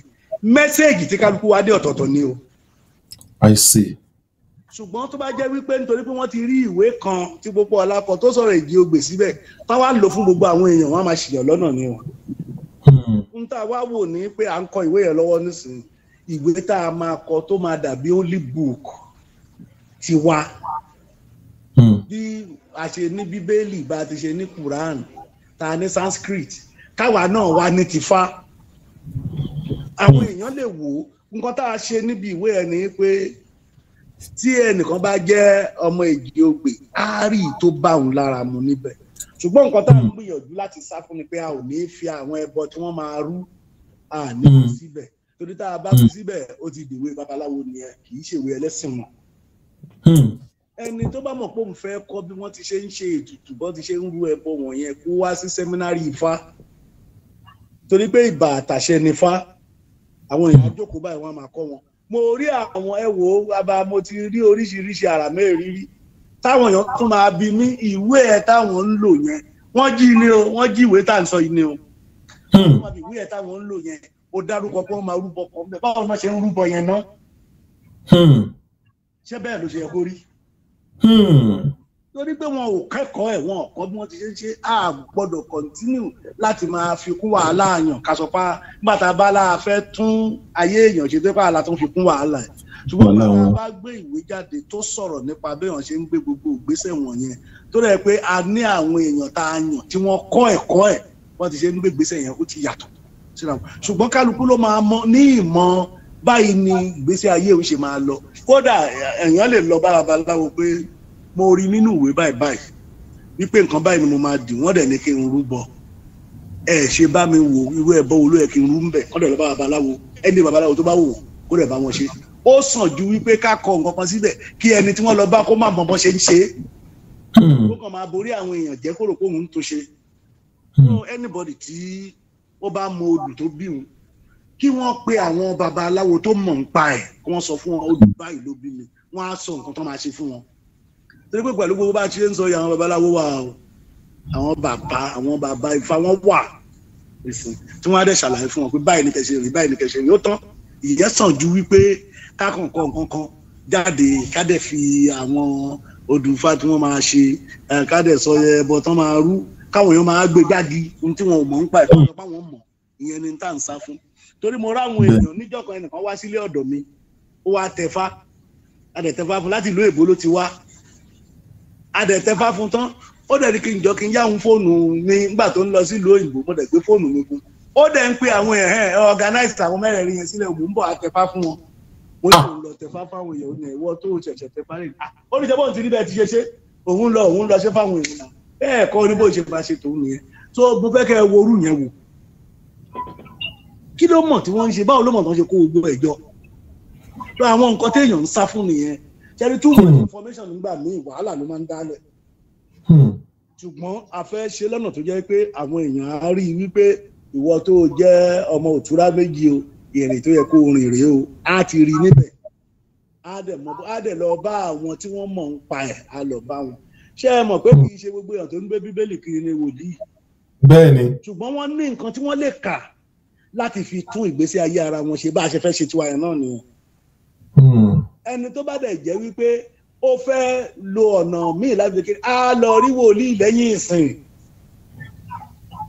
mẹ́sẹ̀gì tí kálukú wa dé ọ̀tọ̀ọ̀tọ̀ ni o. I see. ṣùgbọ́n tó bá jẹ́ wípé nítorí pé wọ́n ti rí ìwé kan tí gbogbo ọ̀la kan tó sọ̀rọ̀ èjì ogbè síbẹ̀ táwa ń lò fún gbogbo àwọn èèyàn wọn á máa ṣìyàn lọ́nà ni o. Hmm. n ta wá wò ní pé à ń kọ ìwé yẹn lọ́wọ́ nísìnyí ìwé tá a máa kọ tó máa dàbí only book ti hmm. bí a ṣe ní bíbélì bá a ti ṣe ní quran ta ní sanskrit káwa náà wà ní tìfa àwọn èèyàn lè wò ó nǹkan tá a ṣe níbi ìwé ẹ̀ ni pé tí ẹnìkan bá jẹ́ ọmọ èjì ogbè á rí i tó bá òun lára mu níbẹ̀ ṣùgbọ́n nǹkan tá a ń gbìyànjú láti sá fún ni pé a ò ní fi àwọn ẹbọ tí wọ́n máa rú à ní kú hmm. síbẹ̀ torí tá a bá kú hmm. síbẹ̀ ó ti dìwé babaláwo nìyẹn kì í ṣèwé ẹlẹ́sìn wọn ẹni tó bá mọ̀ pé òun fẹ́ kọ́ bí wọ́n ti ṣe ń ṣe ètùtù bọ́n ti ṣe ń ru ẹbọ wọ̀nyẹn kó wá sí sẹ́mínárì ifá torí pé ìbà àtàṣe ni ifá àwọn èèyàn jókòó báyìí wọ́n á máa kọ́ wọn mo rí àwọn ẹ̀wò àbá mo ti rí oríṣiríṣi àrà mẹ́rin rí táwọn èèyàn tún máa bi mí ìwé ẹ̀ táwọn ń lò yẹn wọ́n jí ni o wọ́n jí ìwé tá à ń sọ yìí ni o hmm. ìwé ẹ̀ táwọn ń lò yẹn ó dárúkọ pé wọ́n máa rúbọ kan bẹ́ẹ̀ báwo ni wọ́n ṣe ń rúbọ yẹn náà hmm. ṣé bẹ́ẹ̀ ló ṣe yẹ kó rí. Hmm. torí pé wọn ò kẹ́kọ̀ọ́ ẹ̀ wọn ọ̀kọ́ bí wọ́n ti ṣe ṣe á gbọ́dọ̀ kọ́ntínú láti máa fi kún wàhálà àyàn kásọpá bàtà bàlá fẹ́ tún ayé èèyàn ṣe dépà àlà tó ń fi kún wàhálà ẹ̀ ṣùgbọ́n bàbá bá gbé ìwé jáde tó sọ̀rọ̀ nípa béèyàn ṣe ń gbé gbogbo ìgbésẹ̀ wọ̀nyẹn tó rẹ̀ pé a ní àwọn èèyàn tá a yàn tí wọ́n kọ́ ẹ̀kọ́ ẹ̀ wọ́n ti ṣe ń gbé ìgbésẹ̀ yẹn ó ti yàtọ̀ ṣùgbọ́n kálukú ló máa mọ ní ìmọ̀ báyìí ni ìgbésí ayé òun ṣe máa lọ kódà èèyàn lè lọ bá babaláwo pé mo rí nínú ìwé báyìí báyìí wípé nǹkan báyìí ni mo máa dì wọ́n dẹ̀ ní kí n rúbọ ẹ ṣe bá mi wò irú ẹbọ wo ló yẹ kí n rú ń bẹ kó dẹ̀ lọ bá babaláwo ẹni babaláwo tó bá wò kó dẹ̀ bá wọn ṣe ó sàn ju wípé ká kọ nǹkan kan síbẹ̀ kí ẹni tí wọ́n lọ bá kó má mọ bọ́ ṣe ń ṣe hmm. ó kàn máa borí àwọn èèyàn jẹ́ kó rò pé òun tó ṣe hmm. anybody tí ó bá mọ odù tó bí òun kí wọ́n pe àwọn babaláwo tó mọ̀ ń pa ẹ̀ kí wọ́n sọ fún wọn ojú báyìí ló bí mi wọ́n á sọ nǹkan tó máa ṣe fún wọn. torí pé pẹ̀lú gbogbo bá a ti ń sọ yìí àwọn babaláwo wà o àwọn bàbá àwọn bàbá Ifá wọn wà tí wọ́n á dẹ̀ ṣàlàyé fún wọn pé báyìí ni kẹ̀ṣẹ̀ rí báyìí ni kẹ̀ṣẹ̀ rí ó tán ìyẹn sàn ju wípé kákànkàn kankan jáde kádẹ̀ fi àwọn odùnfà tí wọ́n máa ṣe kádẹ̀ sọ ẹbọ tán máa rú káwọn èèyàn máa gbé gbági ohun tí wọn ò mọ̀ ń pa ẹ̀kọ́ ìjọba wọn mọ̀ ìyẹn ni tá à ń sá fún torí mo ráwọn èèyàn níjọkan ẹnìkan wá sílé ọ̀dọ̀ mi ó wá tẹ̀fá adẹ̀tẹ̀fá fún láti ìlú èbó ló ti wá adẹ̀tẹ̀fá fún tán ó dẹ̀ ní kí n jọ kí n yáhùn fóònù mi nígbà tó ń lọ sílùú òyìnbó mo dẹ̀ gbé fóònù mi fún ó dẹ̀ ń pe àwọn ẹ̀hẹ́n organizer àwọn mẹ́rẹ̀ẹ̀rin yẹn sílẹ̀ òun bọ̀ àtẹ̀fá fún wọn mo ní ah. òun lọ tẹ̀fá fáwọn èèyàn òun ẹ̀wọ́ tó ṣẹ̀ṣẹ̀ tẹ̀fá rẹ̀ ah, ó ní sẹ́bọ̀n ti ní bẹ́ẹ̀ ti ṣe ṣe òun lọ òun lọ ṣe fáwọn èèyàn bẹ́ẹ̀ kọ́ ní bó ṣe máa ṣe tòun nìyẹn tó mo fẹ́ kẹ́ worú yẹn wò kí ló mọ̀ tí wọ́n ń ṣe báwo ló mọ̀ tí wọ́n ṣe kó gbogbo ẹ̀ jọ lọ àwọn nǹkan téèyàn ń sá fún nìyẹn ṣẹ́ni too much hmm. information nígbà míì wàhálà ló máa ń dálẹ̀ hmm. ṣùgbọ́n a fẹ́ ṣe lọ́nà tó jẹ́ pé àwọn èèyàn á rí i wípé ìwọ tó jẹ́ ọmọ òtúrá méjì o èrè tó yẹ kó rìn rèé o á ti rí níbẹ̀ á dẹ̀ mọ̀ á dẹ̀ lọ bá àwọn tí wọ́n mọ̀ ń pa ẹ̀ á lọ bá wọn ṣé ẹ mọ̀ pé kì í ṣe gbogbo èèyàn tó ń gbé bíbélì kiri ni wòlíì bẹ́ẹ̀ ni ṣùgbọ́n wọ́n ní nǹkan tí wọ́n lè kà láti fi tún ìgbésí ayé ara wọn ṣe bá a ṣe fẹ́ ṣe tiwa yẹn náà nìyẹn. Hmm. ẹni tó bá dẹ̀ jẹ́ wípé ó fẹ́ lo ọ̀nà míì láti fi kiri á lọ rí wòlíì lẹ́yìn ìsìn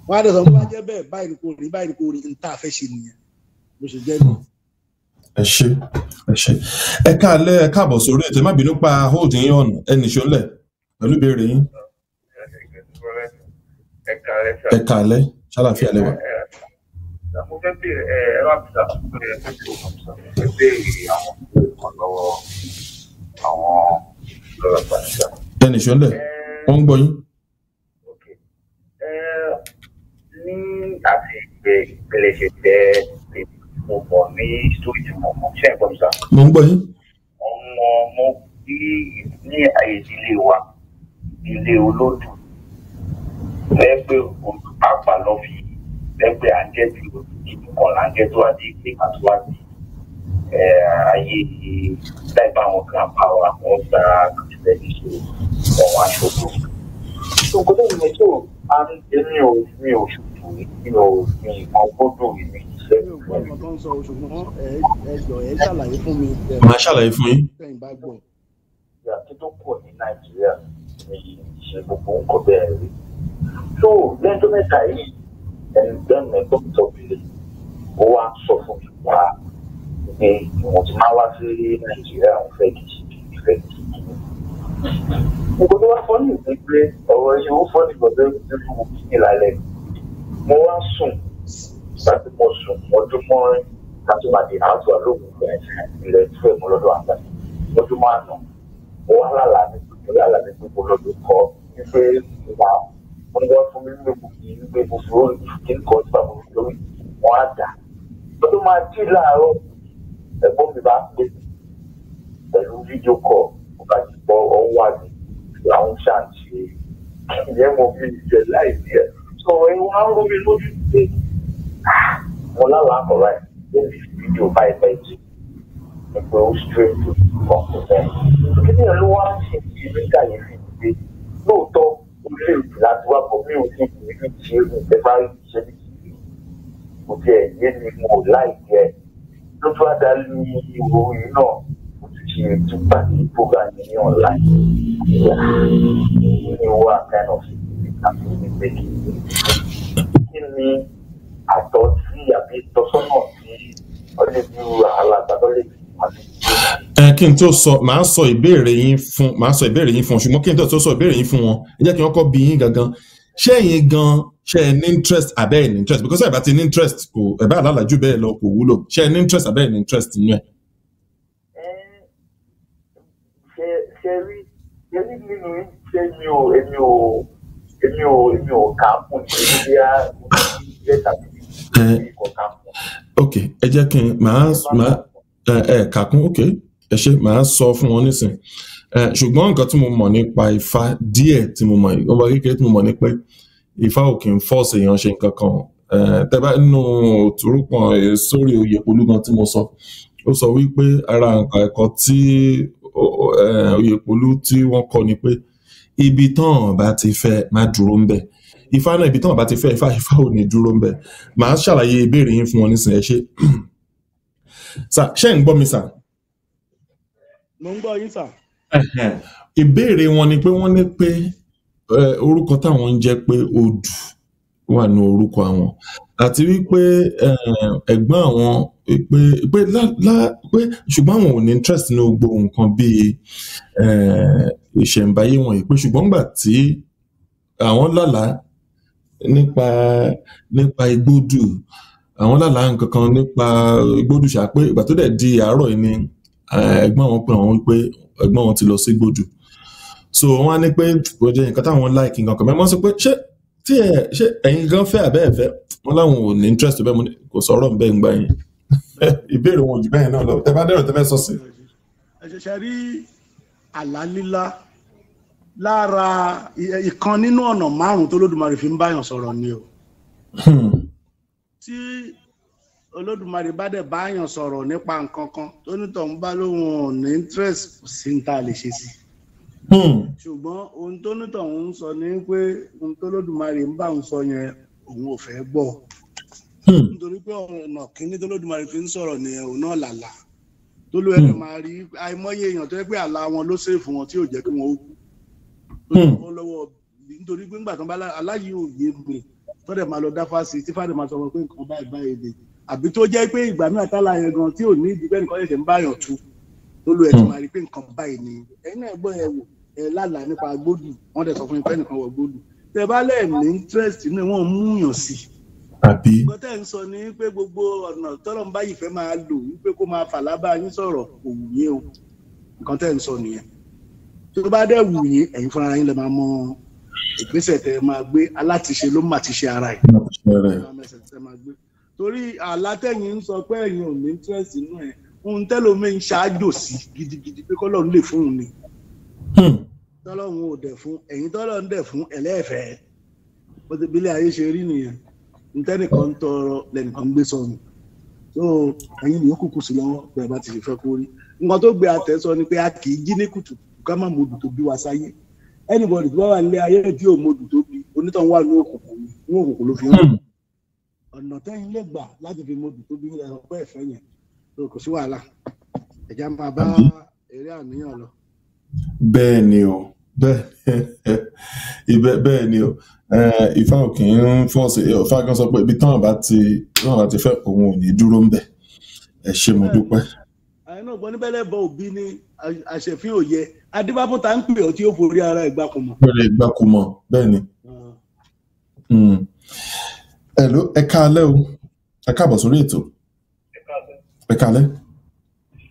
wọn á dẹ̀ sọ pé wọ́n á jẹ́ bẹ́ẹ̀ báyìí ni kò rí báyìí ni kò rí ní tá a fẹ́ ṣe nìyẹn bó ṣe jẹ́ nìyẹn hmm. ẹ ṣé ẹ ṣé ẹ káalẹ́ ẹ káàbọ̀ sórí ètò ẹ má bínú pa hold yín ọ̀nà ẹnì ṣọlẹ pẹ̀lú ìbéèrè mo fẹ́ bèrè ẹ ẹ bá bìtà fún ẹ fẹ́ bèrè ọ̀sán fẹ́ bèrè àwọn kan lọ́wọ́ àwọn lọ́wọ́ pàṣẹ. ẹnì sọ́ndẹ̀ wọ́n ń gbọ́ yín. ní àti ìpele ṣe jẹ́ mo mọ̀ ní sórí tí mo mọ̀ ṣe é gbọ́ mi sá. mo ń gbọ́ yín. ọmọ mo bí ní àyè ìdílé wa ilé olódù lẹ́gbẹ̀ẹ́ olùpàpà lọ́ ẹgbẹ́ à ń jẹ́ ti ìlú kan là ń jẹ́ tó wá dé kan tó wá àwọn grandpa wa wọ́n gba kìtìlẹ́yìn so wọ́n wá ṣòro. ṣòkò lóyún ẹ̀ tó ò mi ò ṣòfò mi ò mi ìmọ̀ gbọ́dọ̀ mi. Màá ṣàlàyé fún yín. Ìyàtọ̀ tó pọ̀ ní Nàìjíríà ni ṣe gbogbo nǹkan bẹ́ẹ̀ rí. Tó lẹ́jọ́ mẹ́ta yìí ẹnìkan náà dókítà bèrè ó wá sọ fún mi wá pé ìwọ̀n tí máa wá sí nàìjíríà òun fẹ́ kì í fẹ́ kì í. nǹkan tó wá fọ́ ní ìpín pé ọ̀rọ̀ yìí ó fọ́ ní gbọ̀dọ̀ ìpín fún mi ní ìlàlẹ̀ mo wá sùn láti mo sùn ọdún mọ́rin láti máa di àádọ́ àlóògùn ìgbà ilẹ̀ ìfẹ́ mi lọ́dọ̀ àgbà lọ́dún márùn-ún mo wá lálàá ní gbogbo lálàá ní gbogbo lọ́dún kọ́ wípé mo máa wọn wá fún mi nínú gbogbo ìlú pé gbogbo ó kí n kọ sí àwọn olórí wọn á dà ó tó máa jí láàárọ̀ ẹ̀gbọ́n mi bá pè pẹ̀lú fídíò kọ ọba jùlọ ọwọ́ àmì làwọn ṣàǹṣe ìyẹn mo fi ìjẹ láì ní ẹ sọ ẹ wọn á rú mi lójú pé ah, mo lálàá kọ̀ọ̀rọ̀ ẹ̀ lórí fídíò báyìí báyìí jù ẹgbẹ́ ó straight to ọkùnrin kí ni ẹ ló wá ń ṣe ìrírí kàyéfì pé lóòótọ́ ilé ìlú láti wá bọ̀ mí ò sí ìrírí ṣe ìfẹ́ bá rí ṣe ní kiri kò tiẹ̀ yé mi mo láìpẹ́ ló tún wá dá lé ìwò orin náà mo ti ṣe tún pàdé bóga ní online ìyá ní wà kind of àti ìgbẹ́ kí ni àtọ́ sí àbí ìtọ́sọ́nà tí ọlẹ́bí wàhálà àgbàdo lè fi ẹ kí n tó sọ màá sọ ìbéèrè yín fún màá sọ ìbéèrè yín fún ṣùgbọ́n kí n tó sọ ìbéèrè yín fún wọn ẹ jẹ́ kí wọ́n kọ́ bí yín gangan ṣé ẹ̀yin gan ṣe ẹ ní interest abẹ́ ẹ̀ ní interest because ẹ̀ bá ti ní interest kò ẹ̀ bá alálàájú bẹ́ẹ̀ lọ kò wúlò ṣé ẹ ní interest abẹ́ ẹ̀ ní interest nínú ẹ̀. ṣe rí ṣe rí nínú ṣe mi ò èmi ò èmi ò èmi ò kà á fún mi bí a lẹ́tà mi kò kà á fún ok ẹ jẹ́ kí n máa máa ẹ kà kún ok ẹ ṣe màá sọ fún wọn nísìn ṣùgbọ́n nǹkan tí mo mọ̀ nípa Ifá díẹ̀ tí mo mọ̀ ọba kékeré tí mo mọ̀ ní pé Ifá ò kì í fọ́ọ̀sì èèyàn ṣe nǹkan kan tẹ́bá nínú òtúrúpọ̀n sórí oyè polúgan tí mo sọ ó sọ wípé ara nǹkan ẹ̀kọ́ tí oyè polú tí wọ́n kọ́ ni pé ibi tán bá ti fẹ́ má dúró ń Ifá náà ibi tán bá ti fẹ́ Ifá Ifá ò ní dúró ń màá ṣàlàyé ìbéèrè yín fún wọn nísìnyẹ ṣe <clears throat> sà ṣé ń gbọ́ mi sà. mo ń gbọ́ yín sà. ìbéèrè wọn ni pé wọ́n ní pé orúkọ táwọn ń jẹ́ pé odù wà ní orúkọ àwọn àti wípé ẹ̀gbọ́n àwọn pé pé lá pé ṣùgbọ́n àwọn ò ní interest ní gbogbo nǹkan bíi ìṣẹ̀ǹbáyé wọ̀nyí pé ṣùgbọ́n gbà tí àwọn lálàá nípa nípa igbódù àwọn lálàá nǹkan kan nípa gbódùṣà pé ìgbà tó dẹ̀ di àárọ̀ yìí ni eh, ẹ̀gbọ́n wọn pè wọ́n wípé ẹ̀gbọ́n wọn ti lọ sí gbódù so wọ́n á ní pé kò jẹ́ nǹkan táwọn láìkì nǹkan kan mẹ́mọ́ sọ pé ṣé tí ẹ ṣe ẹ̀yin gan fẹ́ àbẹ́ ẹ̀fẹ́ wọn láwọn ò ní interest bẹ́ẹ̀ mo ní kò sọ̀rọ̀ ń bẹ́ẹ̀ ń gbà yín <laughs> ìbéèrè wọn ò jù bẹ́ẹ̀ náà lọ tẹ bá dẹ̀rọ̀ tẹ sọ sí. ẹ ṣẹ̀ṣẹ̀ rí àlá lílá lára ìkan nínú ọ̀nà márùn-ún tó lódùmarè fi ń báyàn sọ̀rọ̀ ni o. Hmm tí olódùmarè bá dẹ̀ báyàn sọ̀rọ̀ nípa nǹkan kan tó nítọ̀ ń bá lóhun ò ní interest sí ń ta lè ṣe sí. Hmm. ṣùgbọ́n ohun tó nítọ̀ ń sọ ni pé ohun tó lódùmarè ń bá òun sọ yẹn òun ò fẹ́ gbọ́. Hmm. nítorí pé ọ̀nà kínní tó lódùmarè fi ń sọ̀rọ̀ nìyẹn òun náà làlà tó ló ẹni máa rí àìmọye èèyàn tó yẹ pé àlá wọn ló ṣèfù wọn tí ò jẹ́ kí wọ́n ó kú. Hmm. nítorí pé ńgbà tán bá aláyé òye mi tọ́dẹ̀ máa lọ dáfá sí tí fáde máa sọ wọn pé nǹkan báyìí báyìí dé àbí tó jẹ́ pé ìgbà mìíràn tá láàyè gan tí ò ní ìdígbẹ́ nǹkan ṣẹ̀ṣẹ̀ ń báyàn tu tó lo ẹ̀jẹ̀ máa rí pé nǹkan báyìí ni ẹ̀yin náà gbọ́ ẹ wò ẹ lálà nípa gbódù wọ́n dẹ̀ sọ fún ipẹ́ nìkan wọ gbódù tẹ bá lẹ̀ ní interest ní wọ́n mú yàn sí. àbí. nǹkan tẹ́ ń sọ ni pé gbogbo ọ̀nà tọ́lọ̀ ń bá yìí o nǹkan tẹ́ ń sọ nìyẹn tó bá dẹ̀ wù yín ẹ̀yin fúnra yín lè máa mọ ìgbésẹ̀ tẹ máa gbé alátiṣe ló mà ti ṣe ara ẹ̀ torí alátẹ̀yìn ń sọ pé ẹ̀yin ò ní interest nínú ẹ̀ ohun tẹ́lómi ń ṣáájò sí gidigidi pé kọ́lọ́run lè fún un ni hmm. tọ́lọ́run ò dẹ̀ fún ẹ̀yin tọ́lọ́run dẹ̀ fún ẹlẹ́ẹ̀fẹ́ bó ti bílẹ̀ ayé ṣe rí nìyẹn ntẹ́nìkan ń tọrọ lẹ́nìkan ń gbé sọnù so ẹ̀yin ni ó kúkú sí lọ́wọ́ bẹ́ẹ̀ bá ti fẹ́ kó nǹkan tó gbé àtẹ́sọ ni pé a kì í jí ní kùtù ká má mọ̀ odò tó bí wa sáyé anybody tó bá wà nílé ayé tí ò modù tó bi onítàn wà ní òkùnkùn ní òkùnkùn ló fi hàn hmm. ọ̀nà tẹ́yìn lè gbà láti fi modù tó bi nílẹ̀ ọgbẹ́ ìfẹ́ yẹn kò sí wàhálà ẹ̀já máa bá eré àníyàn lọ. bẹ́ẹ̀ ni o bẹ́ẹ̀ ni o ifá òkè ń fọ́ọ̀sì ifá kan sọ pé ibi táwọn bá ti fẹ́ òun ò ní dúró ń bẹ̀ ẹ ṣé mo dúpẹ́. Yeah ẹ̀yin náà gbọ́ níbẹ̀lẹ̀ bọ òbí ni àṣẹ̀fín òye adébábọ̀ tá ń pè ọ́ tí ó forí ara ìgbàkùmọ̀. bẹ́ẹ̀ ìgbàkùmọ̀ bẹ́ẹ̀ ni. ẹ̀ló hmm. ẹ káalẹ́ o ẹ káàbọ̀ sórí ètò. ẹ káalẹ́.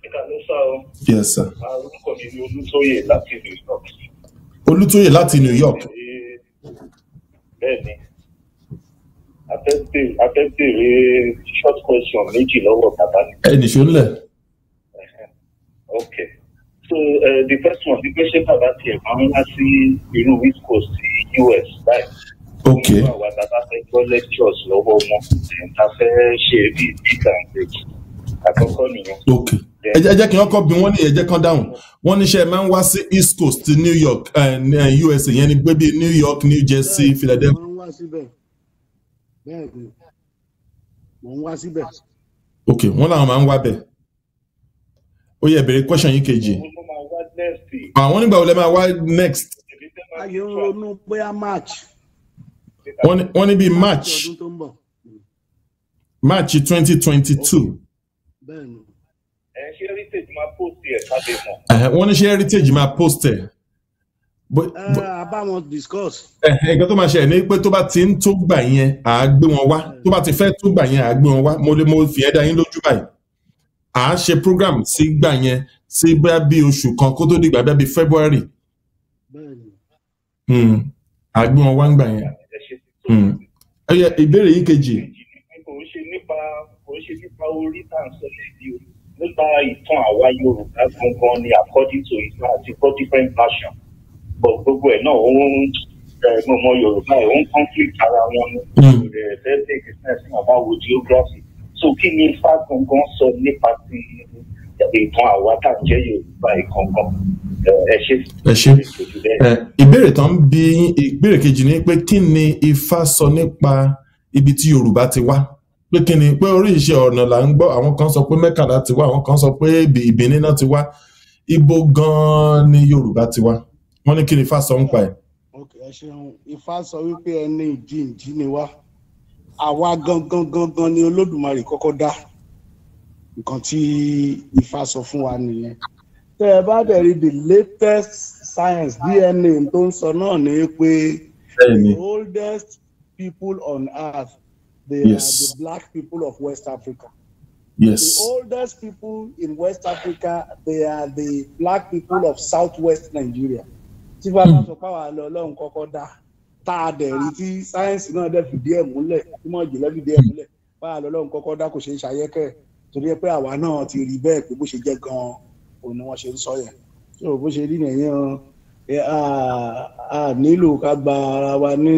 ẹ káalẹ́ sá o. yes sir. orúkọ mi ni olútóyè láti new york. olútóyè láti new york. bẹ́ẹ̀ ni a fẹ́ béèrè short question méjì lọ́wọ́ bàbá mi. ẹ nìṣó ńlẹ̀ okay so uh, the first one wípé ṣé bàbá tiẹ̀ máa ń wá you know, East coast sí US Okay. ok wọ́n wá bàbá fẹ́ gbọ́ lectures lọ́wọ́ wọn ta fẹ́ ṣe bí big and big àkọ́kọ́ nìyẹn. Okay. ẹ jẹ́ kí wọ́n kọ́ bí wọ́n ní ẹ̀jẹ̀ kan dáhùn wọ́n níṣẹ́ máa ń wá sí east coast New York uh, eh, eh, USA yẹn ni gbé bí New York New Jersey Philadelphia. wọ́n wá síbẹ̀ bẹ́ẹ̀ ni wọ́n wá síbẹ̀. ok wọ́n làwọn máa ń wá bẹ́ẹ̀ ó yẹ bèrè question yìí kejì. àwọn ah, nígbà wo lẹ máa wá next. ayé ń ronú bóyá march. wọ́n ní bíi march march twenty twenty two. wọ́n ní ṣé heritage máa post ẹ̀ àbáwọn eh, discuss. nǹkan tó máa ṣe ní pé tó bá ti ń tó gbà yẹn àá gbé wọn wá tó bá ti fẹ́ tó gbà yẹn àá gbé wọn wá mo fi ẹ́ dá yín lójú báyìí à á ṣe program sígbà yẹn sí bá bí oṣù kan kó tó dìgbà bá bí February hmm. àgbọn wa ń gbà yẹn ẹyẹ hmm. ìbéèrè yìí kejì. kò ṣe nípa kò ṣe nípa orí tá à ń sọ lẹ́bi o nípa ìtàn àwa Yorùbá gangan ni according to Islam àti four different versions but gbogbo ẹ̀ náà òun mo mọ Yorùbá ẹ̀ òun conflict ara wọn ni rẹ̀ hmm. fẹ́ take sense about geography so kí ni ifá gangan sọ nípa ti ìtàn àwa tá à ń jẹ́ yorùbá ìkankan ẹ ṣe. ẹ ṣe ìbéèrè tán ń bi ìbéèrè kejì ni pé kí ni ifá sọ nípa ibi tí yorùbá ti wá pé kí ni pé oríṣiríṣi ọ̀nà là ń gbọ́ àwọn kan sọ pé mẹ́kàlá ti wá àwọn kan sọ pé ìbíní náà ti wá ibo gan-an ni yorùbá ti wá wọ́n ní kí ni ifá sọ ń pa ẹ̀. ok ẹ ṣeun ifá sọ wípé ẹni ìjìnjì ni wá. Okay, àwa gangan gangan ni olódùmarè kọ́kọ́ dá nǹkan tí ifá sọ fún wa nìyẹn tẹ ẹ bá dẹ̀ the latest science dna tó ń sọ náà ni pé the oldest people on earth they yes. are the black people of west africa. Yes. The oldest people in West Africa, they are the black people of Southwest Nigeria. Tí bá bá hmm. sọ pé àlọ́ ọlọ́run kọ́kọ́ dá tá a dẹ̀ rí ah. tí sáyẹ́ǹsì náà dẹ̀ fìdí ẹ̀ múlẹ̀ tí mọ̀ jìnlẹ̀ fìdí ẹ̀ múlẹ̀ báyà lọ́lọ́run kọ́kọ́ dá kò ṣe ń ṣayẹ́kẹ́ torí pé àwa náà ti rí bẹ́ẹ̀ pé bó ṣe jẹ́ gan-an òun ni wọ́n ṣe ń sọ yẹn tí o bó ṣe rí nìyẹn a nílò ká gba ara wa ní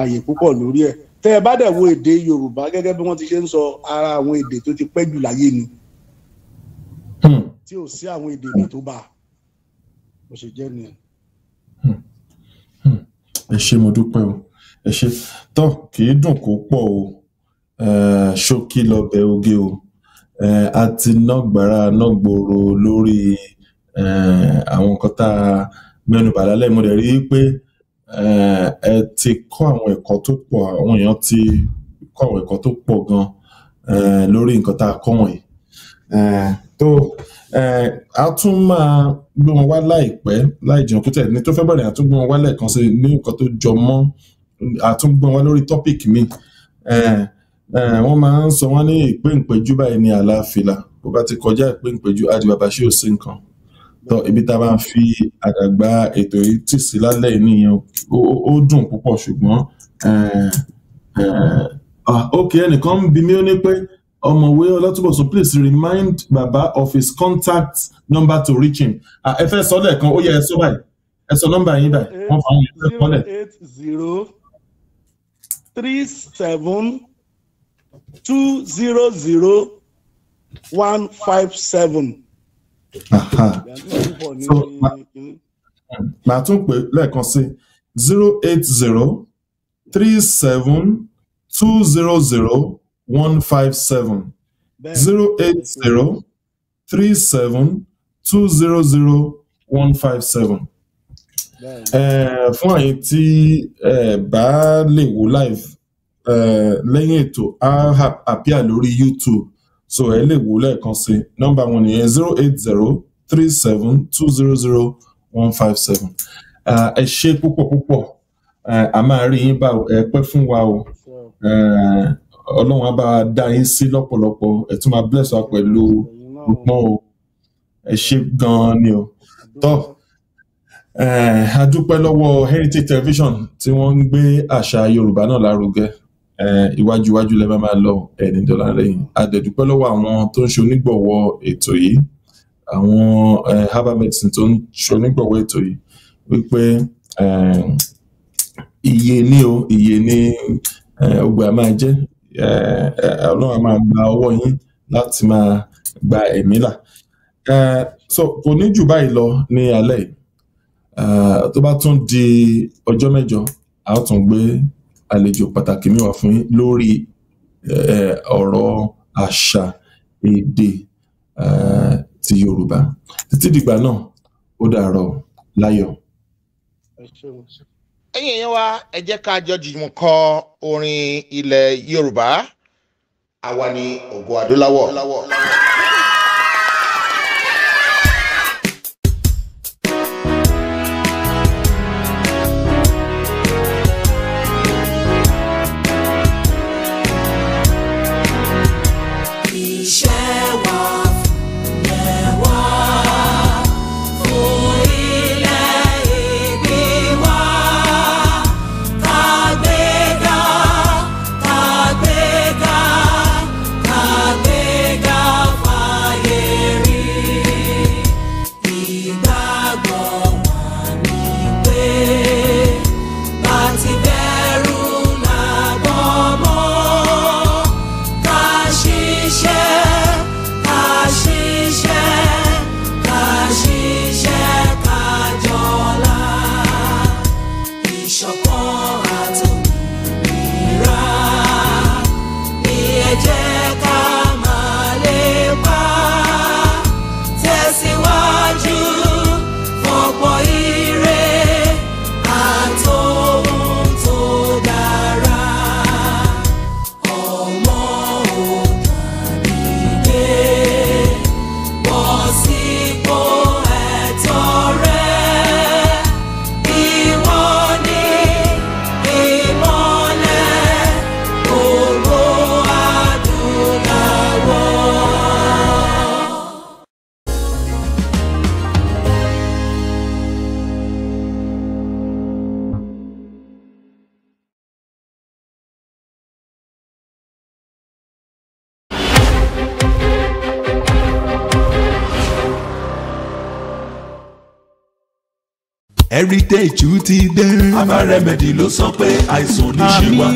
àyè púpọ̀ lórí ẹ̀ tẹ́ ẹ bá dẹ̀ wo èdè Yorùbá gẹ́gẹ́ bí wọ́n ti ṣe ń sọ ara àwọn èdè tó ti pẹ́ jù láyé ni hmm. tí ò sí àwọn èdè mi tó bá bó ṣe jẹ́ nìyẹn ẹ ṣé mo dúpẹ́ o ẹ ṣé tó kì í dùn kó pọ̀ o ṣókí lọ́bẹ̀ oge o a ti nágbàrá nágbòòrò lórí àwọn nǹkan tá a mẹ́nubà lálẹ́ mo dẹ̀ rí i pé ẹ ti kọ́ àwọn ẹ̀kọ́ tó pọ̀ àwọn èèyàn ti kọ́ àwọn ẹ̀kọ́ tó pọ̀ gan lórí nǹkan tá a kọ́ wọ̀nyí tó a tún máa gbé wọn wá láìpẹ́ láì jẹun kútẹ̀ ní tó fẹ́ bẹ̀rẹ̀ a tún gbé wọn wá lẹ́ẹ̀kan sí ní nǹkan tó jọ mọ́ a tún gbé wọn wá lórí tọ́pìkì mi wọ́n máa ń sọ wọ́n ní ìpéǹpéjú báyìí ní àlàáfíà bó bá ti kọjá ìpéǹpéjú á di bàbá ṣé ò sí nǹkan tọ ibi tá a máa fi àdàgbà ètò yìí tì sí lálẹ́ nìyẹn ó dùn púpọ̀ ṣùgbọ́n ah, ok ẹnìkan ń bi mí ó ní pé ọ̀mọ̀wé So please remind baba of his contact number to reach him ah, ẹ fẹ́ sọ lẹ́ẹ̀kan ó yẹ ẹ sọ báyìí ẹ sọ nọ́mbà yín báyìí wọ́n fà wọ́n ẹ kọ́lẹ̀. eight zero three seven two zero zero one five seven. so màá tún pè lẹ́ẹ̀kan sí zero eight zero three seven two zero zero one five seven zero eight zero three seven two zero zero one five seven. fún àyè tí bá lè wò live lẹ́yìn ètò á àpíà lórí YouTube so ẹ lè wò lẹ́ẹ̀kan sí nọ́mbà wọn nìyẹn zero eight zero three seven two zero zero one five seven. ẹ ṣe púpọ̀ púpọ̀ a máa rí yín bá ẹ pẹ́ fún wa o. Uh, ọlọ́run á bá a dá yín sí lọ́pọ̀lọpọ̀ ẹ tún máa bless wa pẹ̀lú ọgbọ́n o ẹ ṣe gan-an ni o tó a lọ́wọ́ Heritage Television tí wọ́n ń gbé àṣà Yorùbá náà lárugẹ iwájú iwájú lẹ́ máa lọ ẹ̀ẹ́dín dọ́là lẹ́yìn a dẹ̀ dúpẹ́ lọ́wọ́ àwọn tó ń ṣe onígbọ̀wọ́ ètò yìí àwọn herbal medicine tó ń ṣe onígbọ̀wọ́ ètò yìí wípé iye ní o iye ní ọgbà máa jẹ́ ọlọ́run máa gba ọwọ́ yín láti máa gba ẹ̀mí là so kò ní jù báyìí lọ ní alẹ́ yìí tó bá tún di ọjọ́ mẹ́jọ a ó tún gbé àlejò pàtàkì mi wá fún yín lórí ọ̀rọ̀ àṣà èdè ti Yorùbá títí dìgbà náà ó dàárọ̀ láyọ̀. ẹ̀yin èèyàn wa ẹ jẹ́ ká jọ jùmọ̀ kọ orin ilẹ̀ yorùbá àwa ni ògo adúláwọ̀. Everyday, heritage ti dé. herbal remedy ló sọ pé àìsàn ní ṣe wá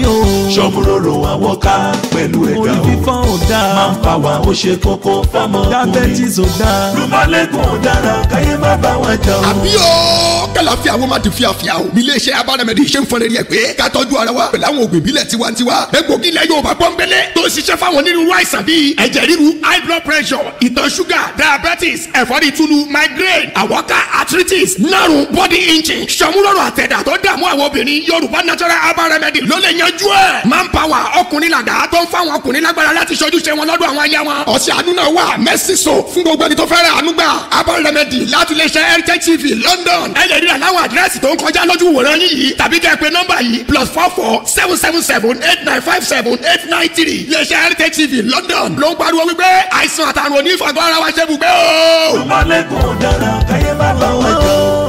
ṣọ́mùrọ̀rọ̀ àwọn ká pẹ̀lú ẹ̀dá o orí fífọ́ ò dáa máa ń pa wá ó ṣe kókó fámọ́kùnrin diabetes ò dáa rúmọ́lẹ́kùn ò dára káyé má bá wọn jà o. àbí o kàlàfíà wo má ti fíafíà o ilé iṣẹ́ herbal remedy ṣe ń fọnrẹ́rì ẹ̀ pé ká tọ́jú ara wa pẹ̀lú àwọn òògùn ìbílẹ̀ tiwantiwa egbògi ilẹ̀ Yorùbá pọ́nbélé tó ń ṣiṣẹ́ fáwọn onírúurú àìsàn bíi ẹ̀jẹ̀ ríru high blood pressure ìtọ̀ ṣúgà diabetes ẹ̀fọ́rí túlù migraine àwọ̀ká arthritis nárùn body engine sọmúlọ́rọ̀ àtẹ̀dá tó dààmú àwọn obìnrin yorùbá natural herbal remedy ló lè yanjú ẹ̀. man power ọkùnrin làdá tó ń fáwọn ọkùnrin lágbára láti ṣojúṣe wọn lọ́dọ̀ àwọn aya wọn. ọ̀sẹ̀ àánú náà wà mercy soap fún gbogbo ẹni tó fẹ́ ra àánú gbà herbal remedy láti lè ṣe heritage tv london. ẹ lè ríra láwọn àdírẹ́sì tó ń kọjá lójú wòran yìí tàbí kẹ́ ẹ pe nọ́mbà yìí plus four four seven seven seven eight nine five seven eight nine three lè ṣe heritage tv london ló ń pariwo wípé àìsàn àtàrùn onífàgbọ́ ara wa ṣe bùgbé o. ọmọlẹ́kùn dára káyé bá bá jọ.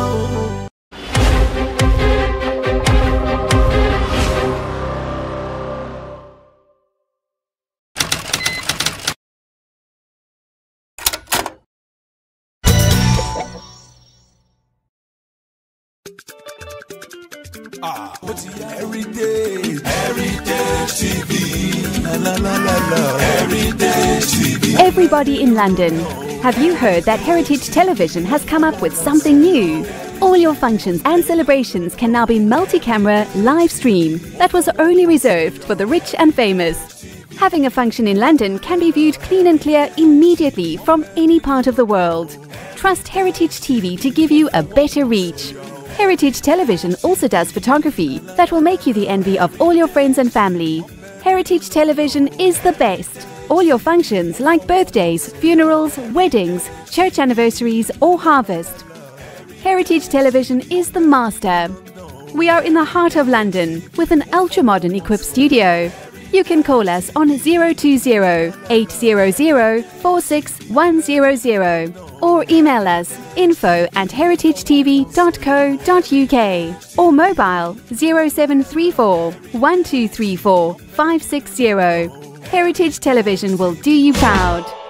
Ah. everybody in london have you heard that heritage television has come up with something new. All your functions and celebrations can now be multi camera live stream that was only reserved for the rich and famous. Having a function in London can be viewed clean and clear immediately from any part of the world. Trust Heritage TV to give you a better reach. Heritage Television also does photography that will make you the envy of all your friends and family. Heritage Television is the best. All your functions like birthdays, funerals, weddings, church anniversaries, or harvest. Heritage Television is the master. We are in the heart of London with an ultra modern equipped studio. You can call us on 020 800 46100 or email us info at heritagetv.co.uk or mobile 0734 1234 560. Heritage Television will do you proud.